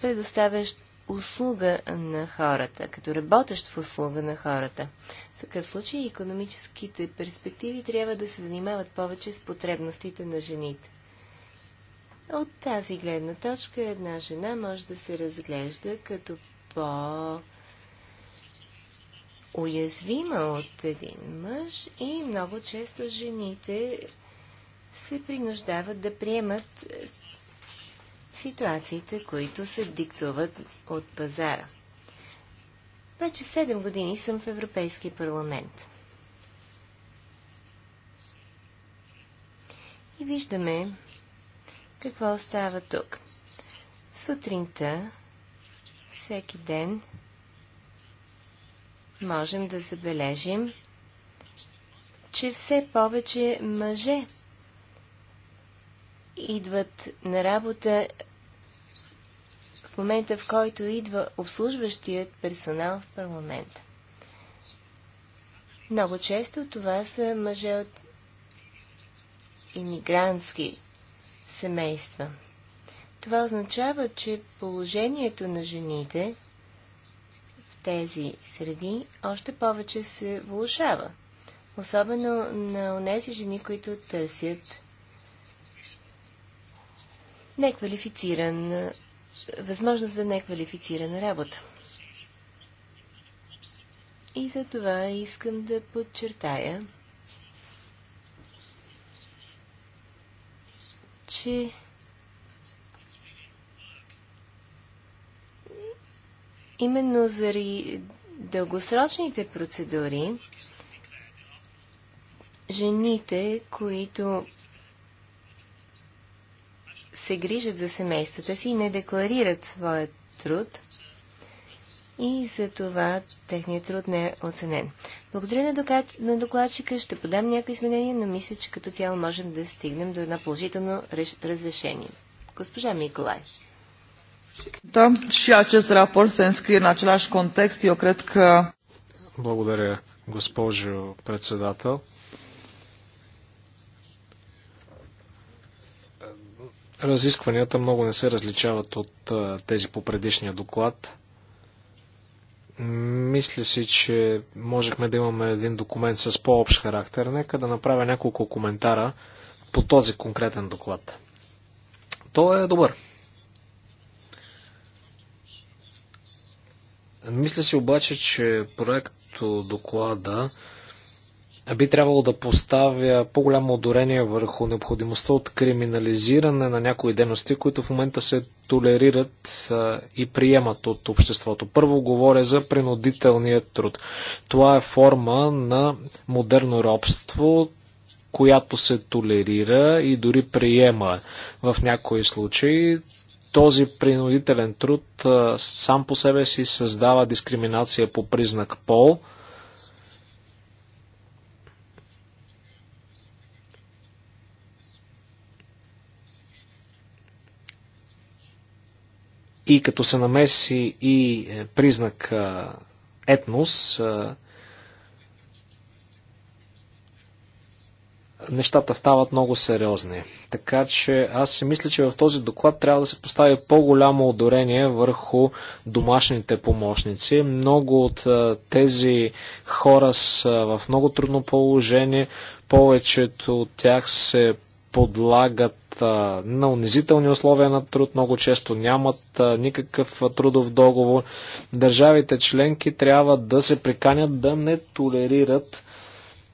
предоставящ услуга на хората, като работещ в услуга на хората. В такъв случай економическите перспективи трябва да се занимават повече с потребностите на жените. От тази гледна точка една жена може да се разглежда като по уязвима от един мъж и много често жените се принуждават да приемат ситуациите, които се диктуват от пазара. Вече 7 години съм в Европейски парламент. И виждаме какво става тук. Сутринта, всеки ден, можем да забележим, че все повече мъже идват на работа в момента, в който идва обслужващият персонал в парламента. Много често това са мъже от иммигрантски семейства. Това означава, че положението на жените в тези среди още повече се влушава. Особено на тези жени, които търсят неквалифициран, възможност за неквалифицирана работа. И за това искам да подчертая, че именно заради дългосрочните процедури, жените, които се грижат за семействата си и не декларират своят труд и за това техният труд не е оценен. Благодаря на, на докладчика, ще подам някои изменения, но мисля, че като цяло можем да стигнем до едно положително реш... разрешение. Госпожа Миколай. Да, și acest се înscrie în același Eu cred că... Благодаря, госпожо председател. Разискванията много не се различават от тези по предишния доклад. Мисля си, че можехме да имаме един документ с по-общ характер. Нека да направя няколко коментара по този конкретен доклад. Той е добър. Мисля си обаче, че проекто доклада би трябвало да поставя по-голямо ударение върху необходимостта от криминализиране на някои дейности, които в момента се толерират и приемат от обществото. Първо говоря за принудителния труд. Това е форма на модерно робство, която се толерира и дори приема в някои случаи. Този принудителен труд сам по себе си създава дискриминация по признак пол – И като се намеси и е, признак е, етнос, е, нещата стават много сериозни. Така че аз си мисля, че в този доклад трябва да се постави по-голямо ударение върху домашните помощници. Много от тези хора са в много трудно положение. Повечето от тях се подлагат на унизителни условия на труд, много често нямат никакъв трудов договор. Държавите членки трябва да се приканят да не толерират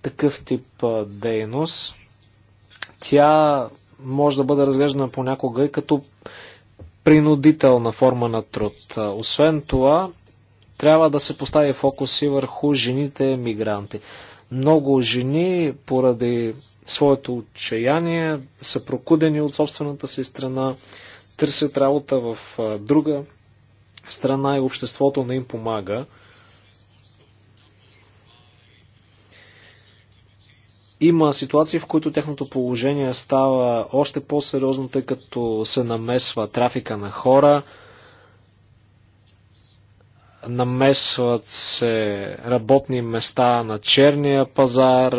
такъв тип дейност. Тя може да бъде разглеждана понякога и като принудителна форма на труд. Освен това, трябва да се постави фокус и върху жените мигранти. Много жени, поради своето отчаяние, са прокудени от собствената си страна, търсят работа в друга страна и обществото не им помага. Има ситуации, в които тяхното положение става още по-сериозно, тъй като се намесва трафика на хора, намесват се работни места на черния пазар,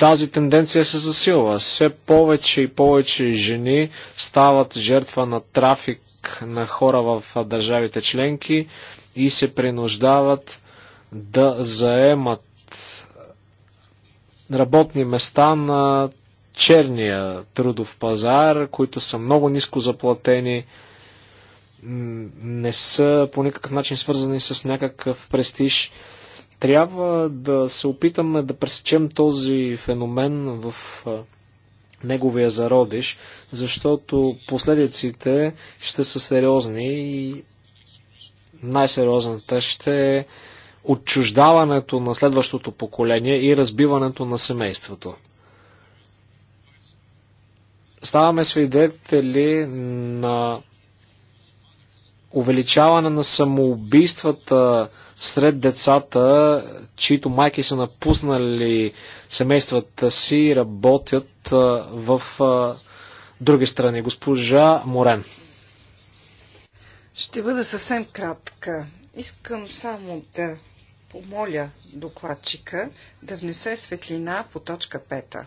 тази тенденция се засилва. Все повече и повече жени стават жертва на трафик на хора в държавите членки и се принуждават да заемат работни места на черния трудов пазар, които са много ниско заплатени, не са по никакъв начин свързани с някакъв престиж. Трябва да се опитаме да пресечем този феномен в неговия зародиш, защото последиците ще са сериозни и най-сериозната ще е отчуждаването на следващото поколение и разбиването на семейството. Ставаме свидетели на увеличаване на самоубийствата сред децата, чието майки са напуснали семействата си и работят в други страни. Госпожа Морен. Ще бъда съвсем кратка. Искам само да помоля докладчика да внесе светлина по точка 5.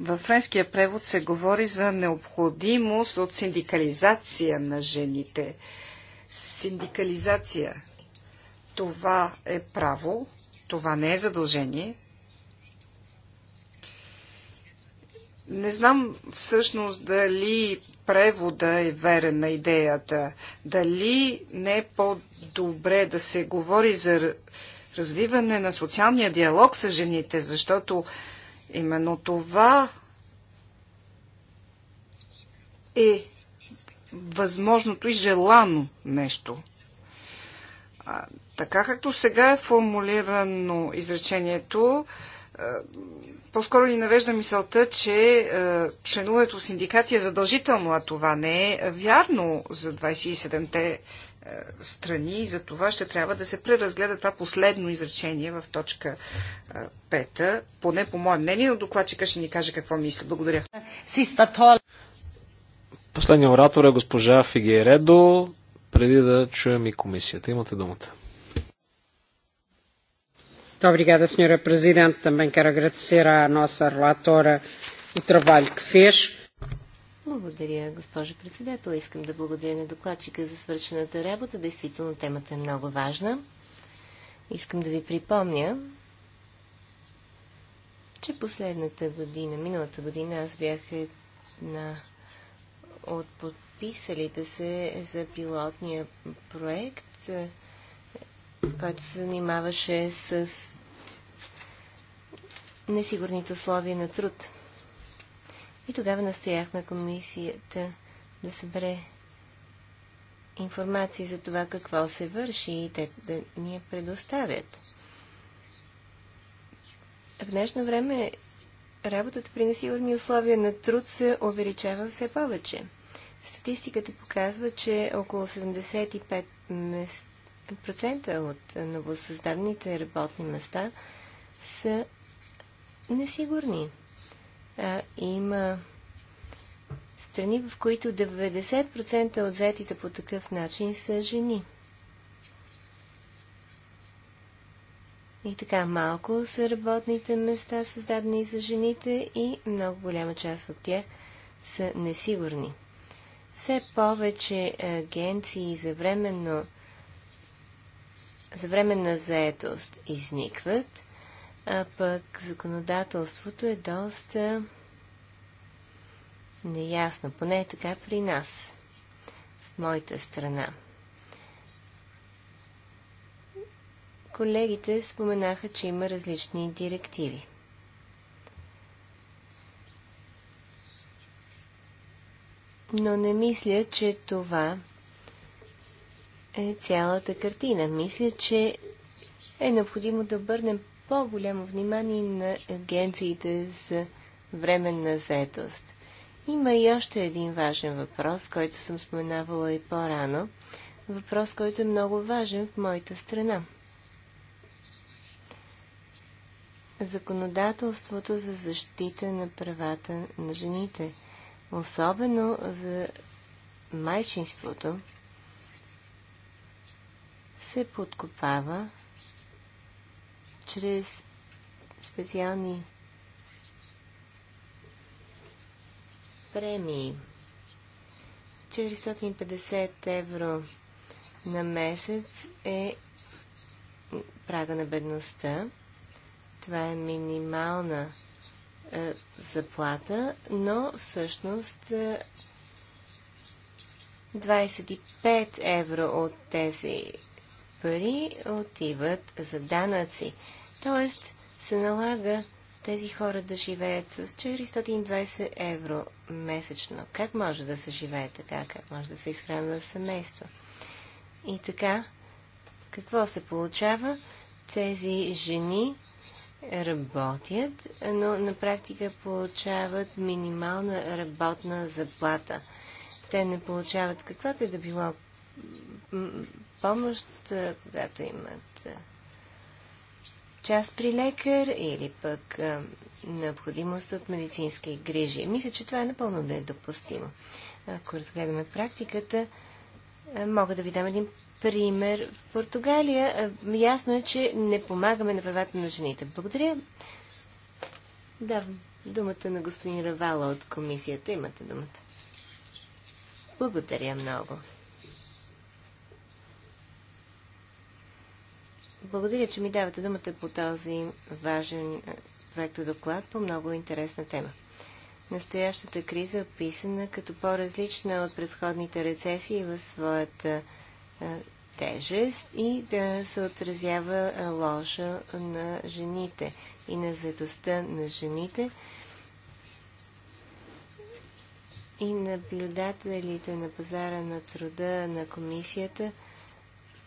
Във френския превод се говори за необходимост от синдикализация на жените. Синдикализация. Това е право, това не е задължение. Не знам всъщност дали превода е верен на идеята, дали не е по-добре да се говори за развиване на социалния диалог с жените, защото Именно това е възможното и желано нещо. А, така както сега е формулирано изречението, по-скоро ни навежда мисълта, че членуването в синдикати е задължително, а това не е вярно за 27-те е, страни и за това ще трябва да се преразгледа това последно изречение в точка 5, е, поне по мое мнение, но докладчика ще ни каже какво мисля. Благодаря. Последният оратор е госпожа Фигередо, преди да чуем и комисията. Имате думата. Obrigada, Sra. Presidente. Também quero agradecer à nossa relatora o trabalho que fez. Благодаря, госпожо председател. Искам да благодаря на докладчика за свършената работа. Действително темата е много важна. Искам да ви припомня, че последната година, миналата година, аз бях една от подписалите се за пилотния проект, който се занимаваше с несигурните условия на труд. И тогава настояхме комисията да събере информация за това какво се върши и те да ни я предоставят. В днешно време работата при несигурни условия на труд се увеличава все повече. Статистиката показва, че около 75% от новосъздадените работни места са несигурни а, има страни, в които 90% от заетите по такъв начин са жени. И така малко са работните места, създадени за жените и много голяма част от тях са несигурни. Все повече агенции за временно за временна заетост изникват а пък законодателството е доста неясно, поне е така при нас, в моята страна. Колегите споменаха, че има различни директиви. Но не мисля, че това е цялата картина. Мисля, че е необходимо да обърнем по-голямо внимание на агенциите за временна заетост. Има и още един важен въпрос, който съм споменавала и по-рано. Въпрос, който е много важен в моята страна. Законодателството за защита на правата на жените, особено за майчинството, се подкопава чрез специални премии. 450 евро на месец е прага на бедността. Това е минимална е, заплата, но всъщност е, 25 евро от тези пари отиват за данъци. Тоест, се налага тези хора да живеят с 420 евро месечно. Как може да се живее така? Как може да се изхранва семейство? И така, какво се получава? Тези жени работят, но на практика получават минимална работна заплата. Те не получават каквато и да било помощ, когато имат час при лекар или пък а, необходимост от медицински грижи. Мисля, че това е напълно недопустимо. Ако разгледаме практиката, а, мога да ви дам един пример. В Португалия а, ясно е, че не помагаме на правата на жените. Благодаря. Да, думата на господин Равала от комисията. Имате думата. Благодаря много. Благодаря, че ми давате думата по този важен е, проектодоклад по много интересна тема. Настоящата криза е описана като по-различна от предходните рецесии в своята е, тежест и да се отразява е, лоша на жените и на заедостта на жените. И наблюдателите на пазара на труда на комисията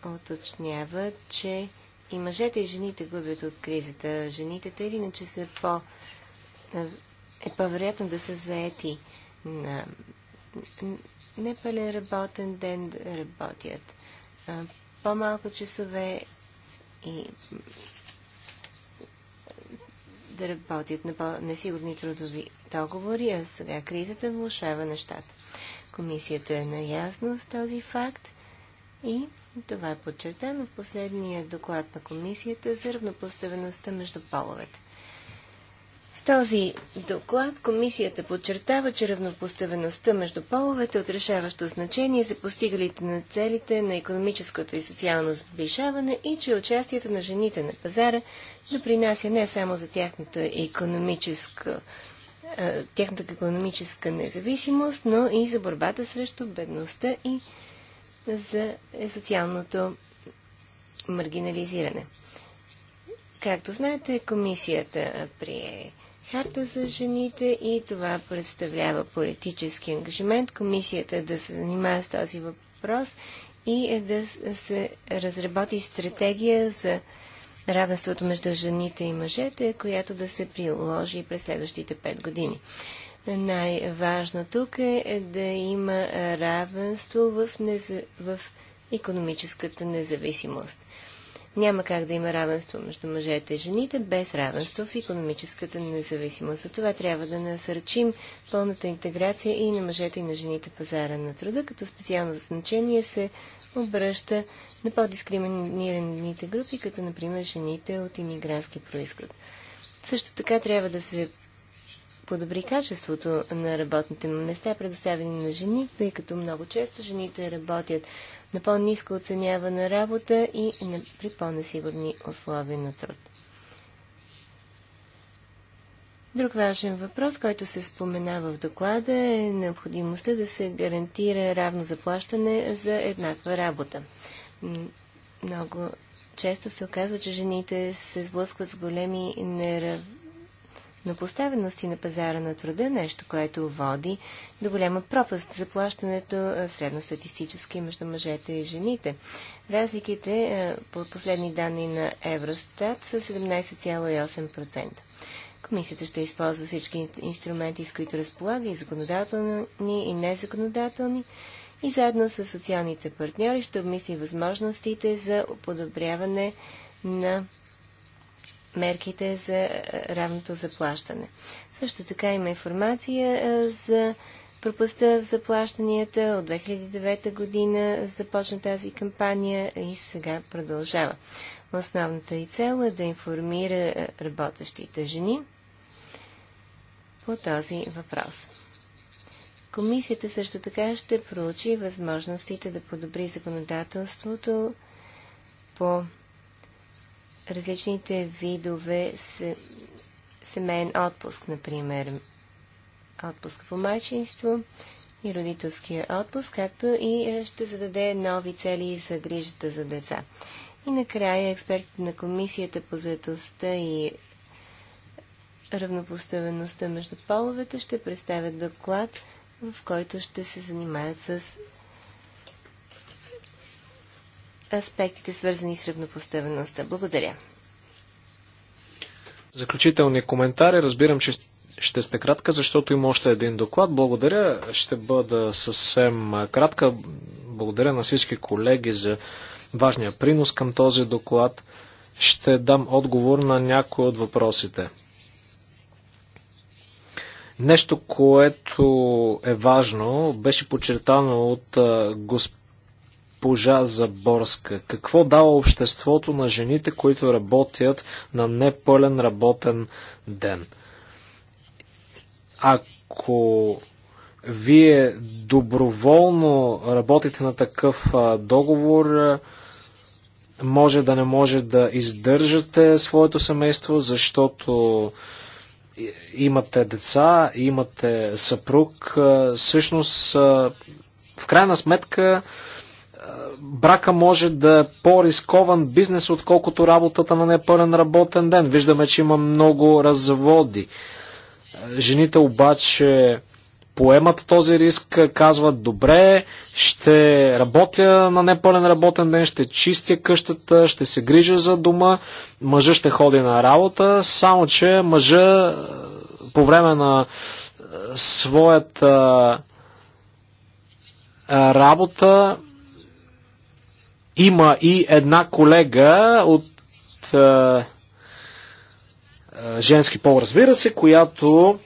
уточняват, че и мъжете и жените губят от кризата. Жените те или иначе са по... е по-вероятно да са заети на непълен работен ден да работят. По-малко часове и да работят на по-несигурни трудови договори, а сега кризата влушава нещата. Комисията е наясно с този факт и това е подчертано в последния доклад на Комисията за равнопоставеността между половете. В този доклад Комисията подчертава, че равнопоставеността между половете е от решаващо значение за постигалите на целите на економическото и социално сближаване и че участието на жените на пазара допринася не само за тяхната економическа е, тяхната економическа независимост, но и за борбата срещу бедността и за социалното маргинализиране. Както знаете, комисията прие харта за жените и това представлява политически ангажимент. Комисията да се занимава с този въпрос и е да се разработи стратегия за равенството между жените и мъжете, която да се приложи през следващите пет години най-важно тук е, е да има равенство в, неза... в економическата независимост. Няма как да има равенство между мъжете и жените без равенство в економическата независимост. За това трябва да насърчим пълната интеграция и на мъжете и на жените пазара на труда, като специално значение се обръща на по-дискриминираните групи, като например жените от иммигрантски происход. Също така трябва да се подобри качеството на работните места, предоставени на жени, тъй като много често жените работят на по-низко оценявана работа и при по-несигурни условия на труд. Друг важен въпрос, който се споменава в доклада е необходимостта да се гарантира равно заплащане за еднаква работа. Много често се оказва, че жените се сблъскват с големи нерав на поставености на пазара на труда, нещо, което води до голяма пропаст в заплащането средностатистически между мъжете и жените. Разликите по последни данни на Евростат са 17,8%. Комисията ще използва всички инструменти, с които разполага, и законодателни, и незаконодателни, и заедно с социалните партньори ще обмисли възможностите за подобряване на мерките за е, равното заплащане. Също така има информация е, за пропаста в заплащанията. От 2009 година започна тази кампания и сега продължава. Основната и цел е да информира е, работещите жени по този въпрос. Комисията също така ще проучи възможностите да подобри законодателството по различните видове семейен отпуск, например отпуск по майчинство и родителския отпуск, както и е, ще зададе нови цели за грижата за деца. И накрая експертите на Комисията по заедостта и равнопоставеността между половете ще представят доклад, в който ще се занимаят с аспектите, свързани с равнопоставеността. Благодаря. Заключителни коментари. Е, разбирам, че ще сте кратка, защото има още един доклад. Благодаря. Ще бъда съвсем кратка. Благодаря на всички колеги за важния принос към този доклад. Ще дам отговор на някои от въпросите. Нещо, което е важно, беше подчертано от господин госпожа Заборска. Какво дава обществото на жените, които работят на непълен работен ден? Ако вие доброволно работите на такъв договор, може да не може да издържате своето семейство, защото имате деца, имате съпруг. Всъщност, в крайна сметка, брака може да е по-рискован бизнес, отколкото работата на непълен работен ден. Виждаме, че има много разводи. Жените обаче поемат този риск, казват добре, ще работя на непълен работен ден, ще чистя къщата, ще се грижа за дома, мъжа ще ходи на работа, само че мъжа по време на своята работа има и една колега от а, женски пол, разбира се, която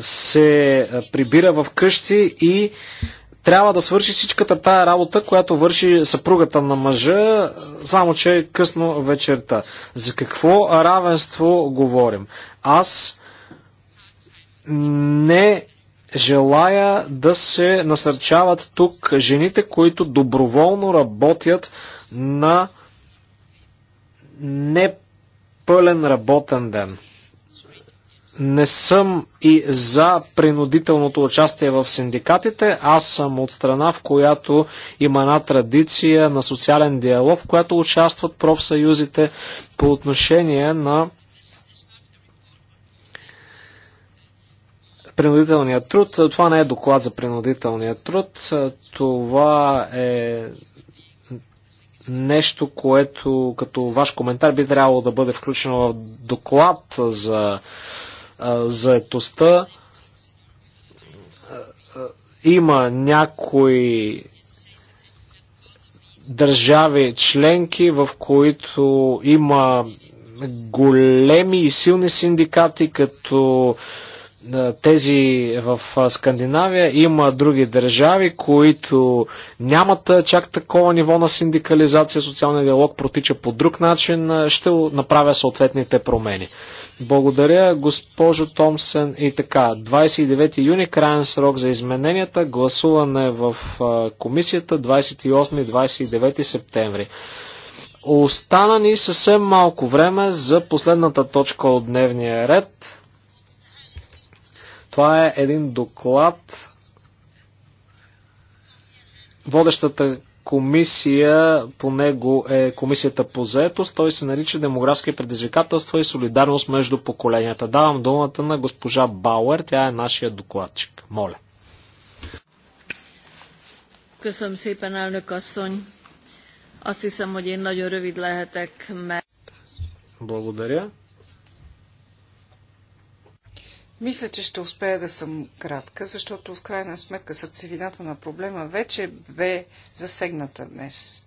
се прибира в къщи и трябва да свърши всичката тая работа, която върши съпругата на мъжа, само че е късно вечерта. За какво равенство говорим? Аз не Желая да се насърчават тук жените, които доброволно работят на непълен работен ден. Не съм и за принудителното участие в синдикатите. Аз съм от страна, в която има една традиция на социален диалог, в която участват профсъюзите по отношение на принудителният труд. Това не е доклад за принудителния труд. Това е нещо, което като ваш коментар би трябвало да бъде включено в доклад за заетостта. Има някои държави членки, в които има големи и силни синдикати, като тези в Скандинавия, има други държави, които нямат чак такова ниво на синдикализация, социалния диалог протича по друг начин, ще направя съответните промени. Благодаря, госпожо Томсен И така, 29 юни, крайен срок за измененията, гласуване в комисията 28-29 септември. Остана ни съвсем малко време за последната точка от дневния ред това е един доклад. Водещата комисия по него е комисията по заетост. Той се нарича Демографски предизвикателства и солидарност между поколенията. Давам думата на госпожа Бауер. Тя е нашия докладчик. Моля. Köszönöm szépen, elnök asszony. Azt hiszem, hogy én nagyon rövid lehetek, mert... Благодаря. Мисля, че ще успея да съм кратка, защото в крайна сметка сърцевината на проблема вече бе засегната днес.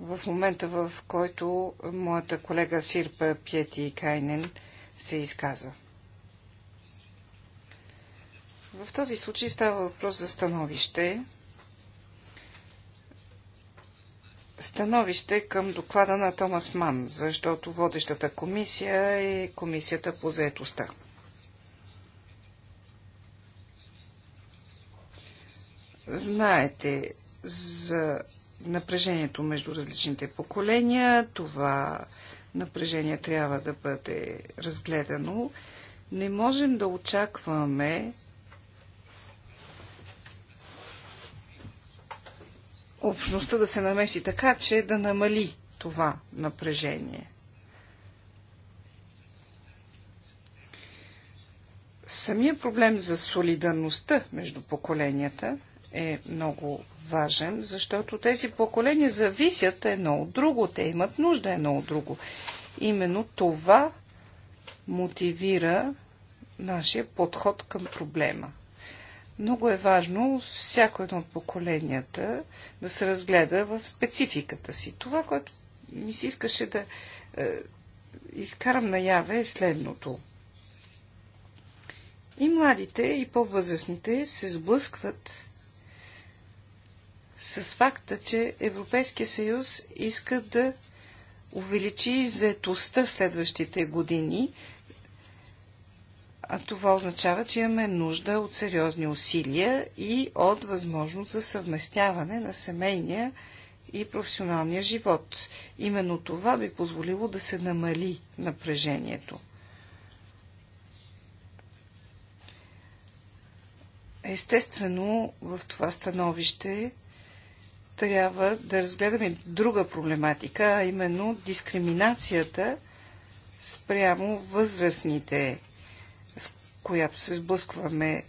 В момента, в който моята колега Сирпа Пьети Кайнен се изказа. В този случай става въпрос за становище. Становище към доклада на Томас Ман, защото водещата комисия е комисията по заетостта. Знаете за напрежението между различните поколения. Това напрежение трябва да бъде разгледано. Не можем да очакваме общността да се намеси така, че да намали това напрежение. Самия проблем за солидарността между поколенията – е много важен, защото тези поколения зависят едно от друго, те имат нужда едно от друго. Именно това мотивира нашия подход към проблема. Много е важно всяко едно от поколенията да се разгледа в спецификата си. Това, което ми се искаше да е, изкарам наяве е следното. И младите, и по-възрастните се сблъскват с факта, че Европейския съюз иска да увеличи заетостта в следващите години, а това означава, че имаме нужда от сериозни усилия и от възможност за съвместяване на семейния и професионалния живот. Именно това би позволило да се намали напрежението. Естествено, в това становище трябва да разгледаме друга проблематика, а именно дискриминацията спрямо възрастните, с която се сблъскваме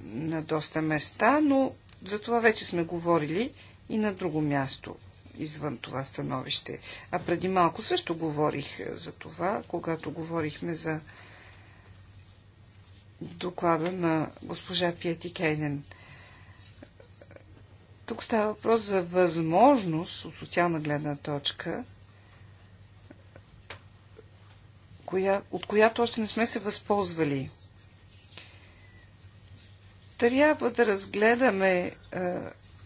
на доста места, но за това вече сме говорили и на друго място извън това становище. А преди малко също говорих за това, когато говорихме за доклада на госпожа Пиети Кейнен. Тук става въпрос за възможност от социална гледна точка, коя, от която още не сме се възползвали. Трябва да разгледаме а, е,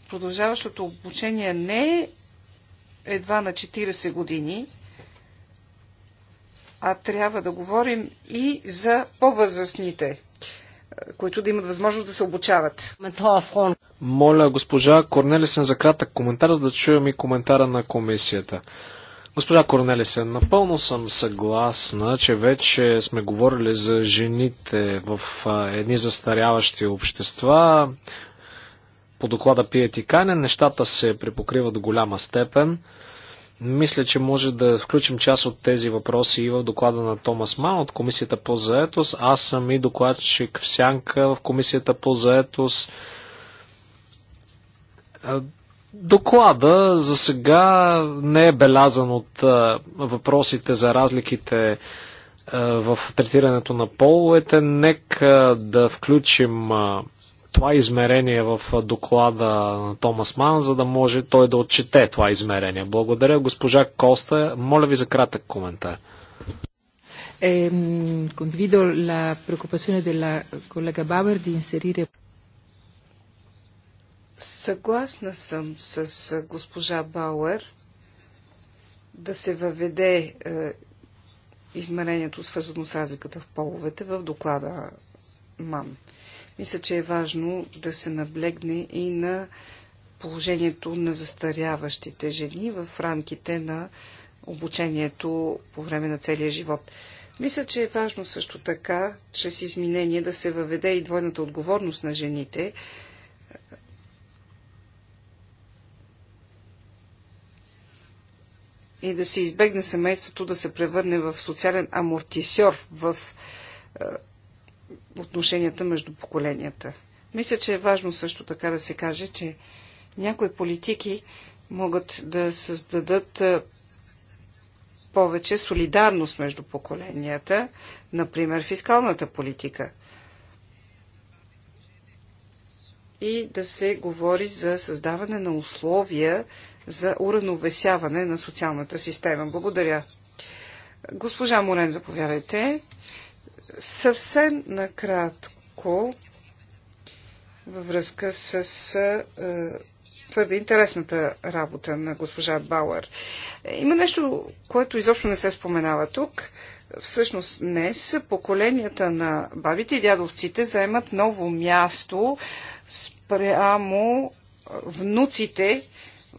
продължаващото обучение не едва на 40 години, а трябва да говорим и за по-възрастните които да имат възможност да се обучават. Моля госпожа Корнелисен за кратък коментар, за да чуем и коментара на комисията. Госпожа Корнелисен, напълно съм съгласна, че вече сме говорили за жените в едни застаряващи общества. По доклада Пиети Канен нещата се припокриват до голяма степен. Мисля, че може да включим част от тези въпроси и в доклада на Томас Ман от Комисията по заетост. Аз съм и докладчик в Сянка в Комисията по заетост. Доклада за сега не е белязан от въпросите за разликите в третирането на половете. Нека да включим това измерение в доклада на Томас Ман, за да може той да отчете това измерение. Благодаря, госпожа Коста. Моля ви за кратък коментар. condivido la preoccupazione della collega Bauer di inserire. Съгласна съм с госпожа Бауер да се въведе е, измерението свързано с разликата в половете в доклада МАН. Мисля, че е важно да се наблегне и на положението на застаряващите жени в рамките на обучението по време на целия живот. Мисля, че е важно също така, чрез изменение да се въведе и двойната отговорност на жените. И да се избегне семейството да се превърне в социален амортисьор, в е, отношенията между поколенията. Мисля, че е важно също така да се каже, че някои политики могат да създадат повече солидарност между поколенията, например фискалната политика. И да се говори за създаване на условия за уравновесяване на социалната система. Благодаря. Госпожа Морен, заповядайте. Съвсем накратко, във връзка с твърде интересната работа на госпожа Бауер. Има нещо, което изобщо не се споменава тук. Всъщност днес поколенията на бабите и дядовците заемат ново място спрямо внуците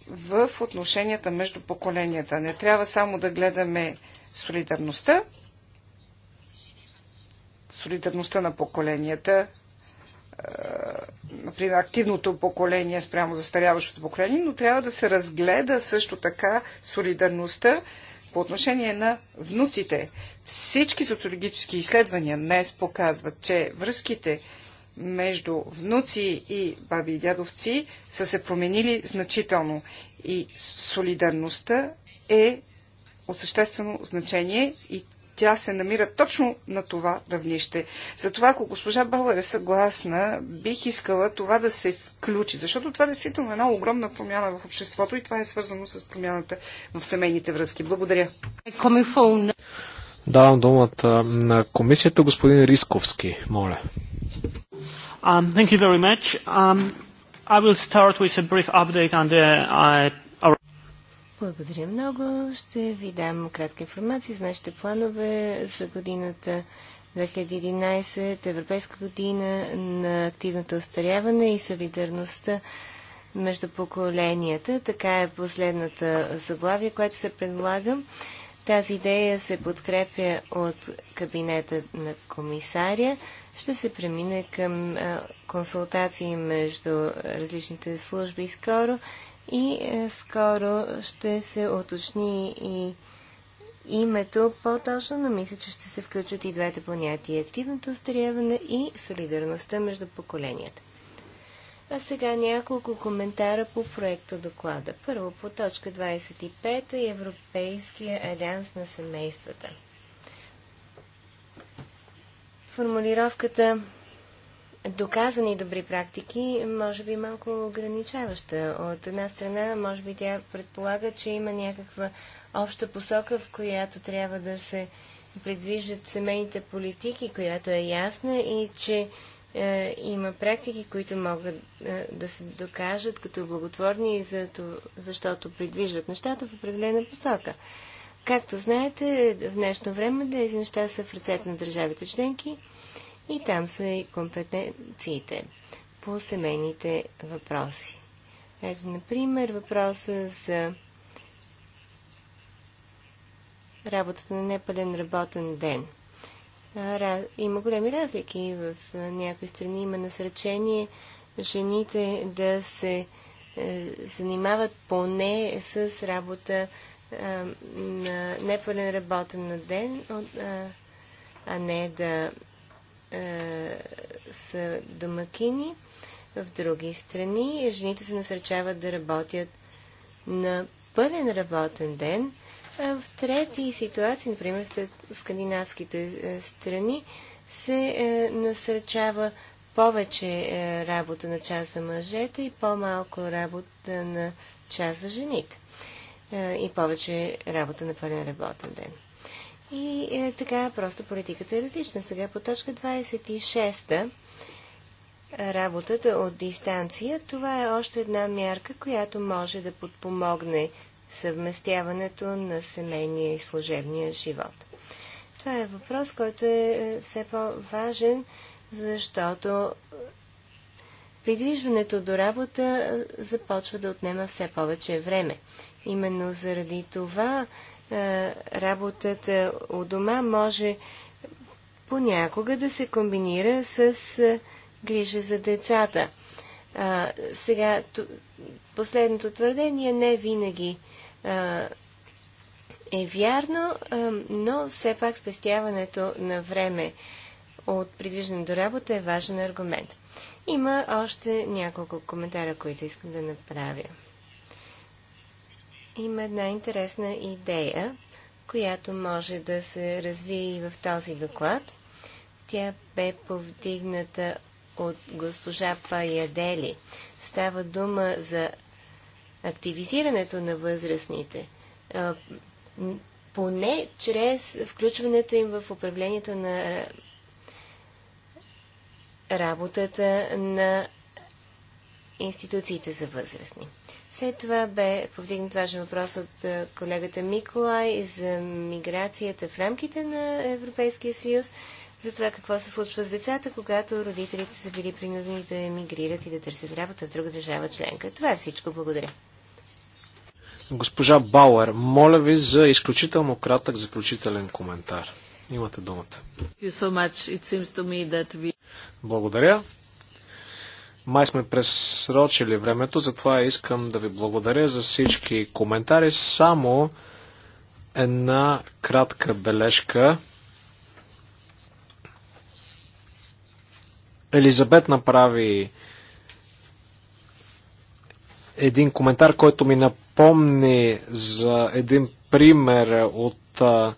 в отношенията между поколенията. Не трябва само да гледаме солидарността, солидарността на поколенията, е, например, активното поколение спрямо застаряващото поколение, но трябва да се разгледа също така солидарността по отношение на внуците. Всички социологически изследвания днес показват, че връзките между внуци и баби и дядовци са се променили значително и солидарността е от съществено значение и тя се намира точно на това равнище. Затова, ако госпожа Бауер е съгласна, бих искала това да се включи, защото това действително е една огромна промяна в обществото и това е свързано с промяната в семейните връзки. Благодаря. Давам думата на комисията господин Рисковски, моля. Um, thank you very much. Um, I will start with a brief update on the uh, благодаря много. Ще ви дам кратка информация за нашите планове за годината 2011, Европейска година на активното остаряване и солидарността между поколенията. Така е последната заглавие, което се предлага. Тази идея се подкрепя от кабинета на комисаря. Ще се премине към консултации между различните служби скоро и е, скоро ще се уточни и името по-точно, но мисля, че ще се включат и двете понятия активното остаряване и солидарността между поколенията. А сега няколко коментара по проекта доклада. Първо по точка 25 е Европейския алианс на семействата. Формулировката доказани добри практики, може би малко ограничаваща. От една страна, може би тя предполага, че има някаква обща посока, в която трябва да се предвижат семейните политики, която е ясна и че е, има практики, които могат е, да се докажат като благотворни, за то, защото предвижват нещата в определена посока. Както знаете, в днешно време тези неща са в ръцете на държавите членки и там са и компетенциите по семейните въпроси. Ето, например, въпроса за работата на непълен работен ден. Има големи разлики. В някои страни има насречение жените да се е, занимават поне с работа на непълен работен на ден, а не да е, са домакини в други страни. Жените се насърчават да работят на пълен работен ден. В трети ситуации, например, в скандинавските е, страни, се е, насърчава повече работа на час за мъжете и по-малко работа на час за жените. и повече работа на пълен работен ден. И е, така просто политиката е различна. Сега по точка 26 работата от дистанция, това е още една мярка, която може да подпомогне съвместяването на семейния и служебния живот. Това е въпрос, който е, е все по-важен, защото придвижването до работа е, започва да отнема все повече време. Именно заради това е, работата у дома може понякога да се комбинира с е, грижа за децата. А, сега, последното твърдение не винаги а, е вярно, а, но все пак спестяването на време от придвижване до работа е важен аргумент. Има още няколко коментара, които искам да направя има една интересна идея, която може да се развие и в този доклад. Тя бе повдигната от госпожа Паядели. Става дума за активизирането на възрастните, поне чрез включването им в управлението на работата на институциите за възрастни. След това бе повдигнат важен въпрос от колегата Миколай за миграцията в рамките на Европейския съюз, за това какво се случва с децата, когато родителите са били принудени да емигрират и да търсят работа в друга държава членка. Това е всичко. Благодаря. Госпожа Бауер, моля ви за изключително кратък заключителен коментар. Имате думата. Благодаря. Май сме пресрочили времето, затова искам да ви благодаря за всички коментари. Само една кратка бележка. Елизабет направи един коментар, който ми напомни за един пример от а,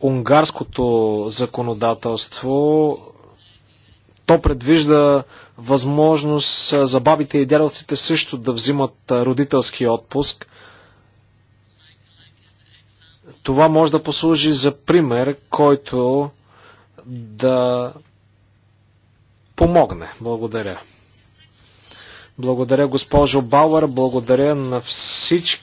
унгарското законодателство. То предвижда възможност за бабите и дядовците също да взимат родителски отпуск. Това може да послужи за пример, който да помогне. Благодаря. Благодаря, госпожо Бауър. Благодаря на всички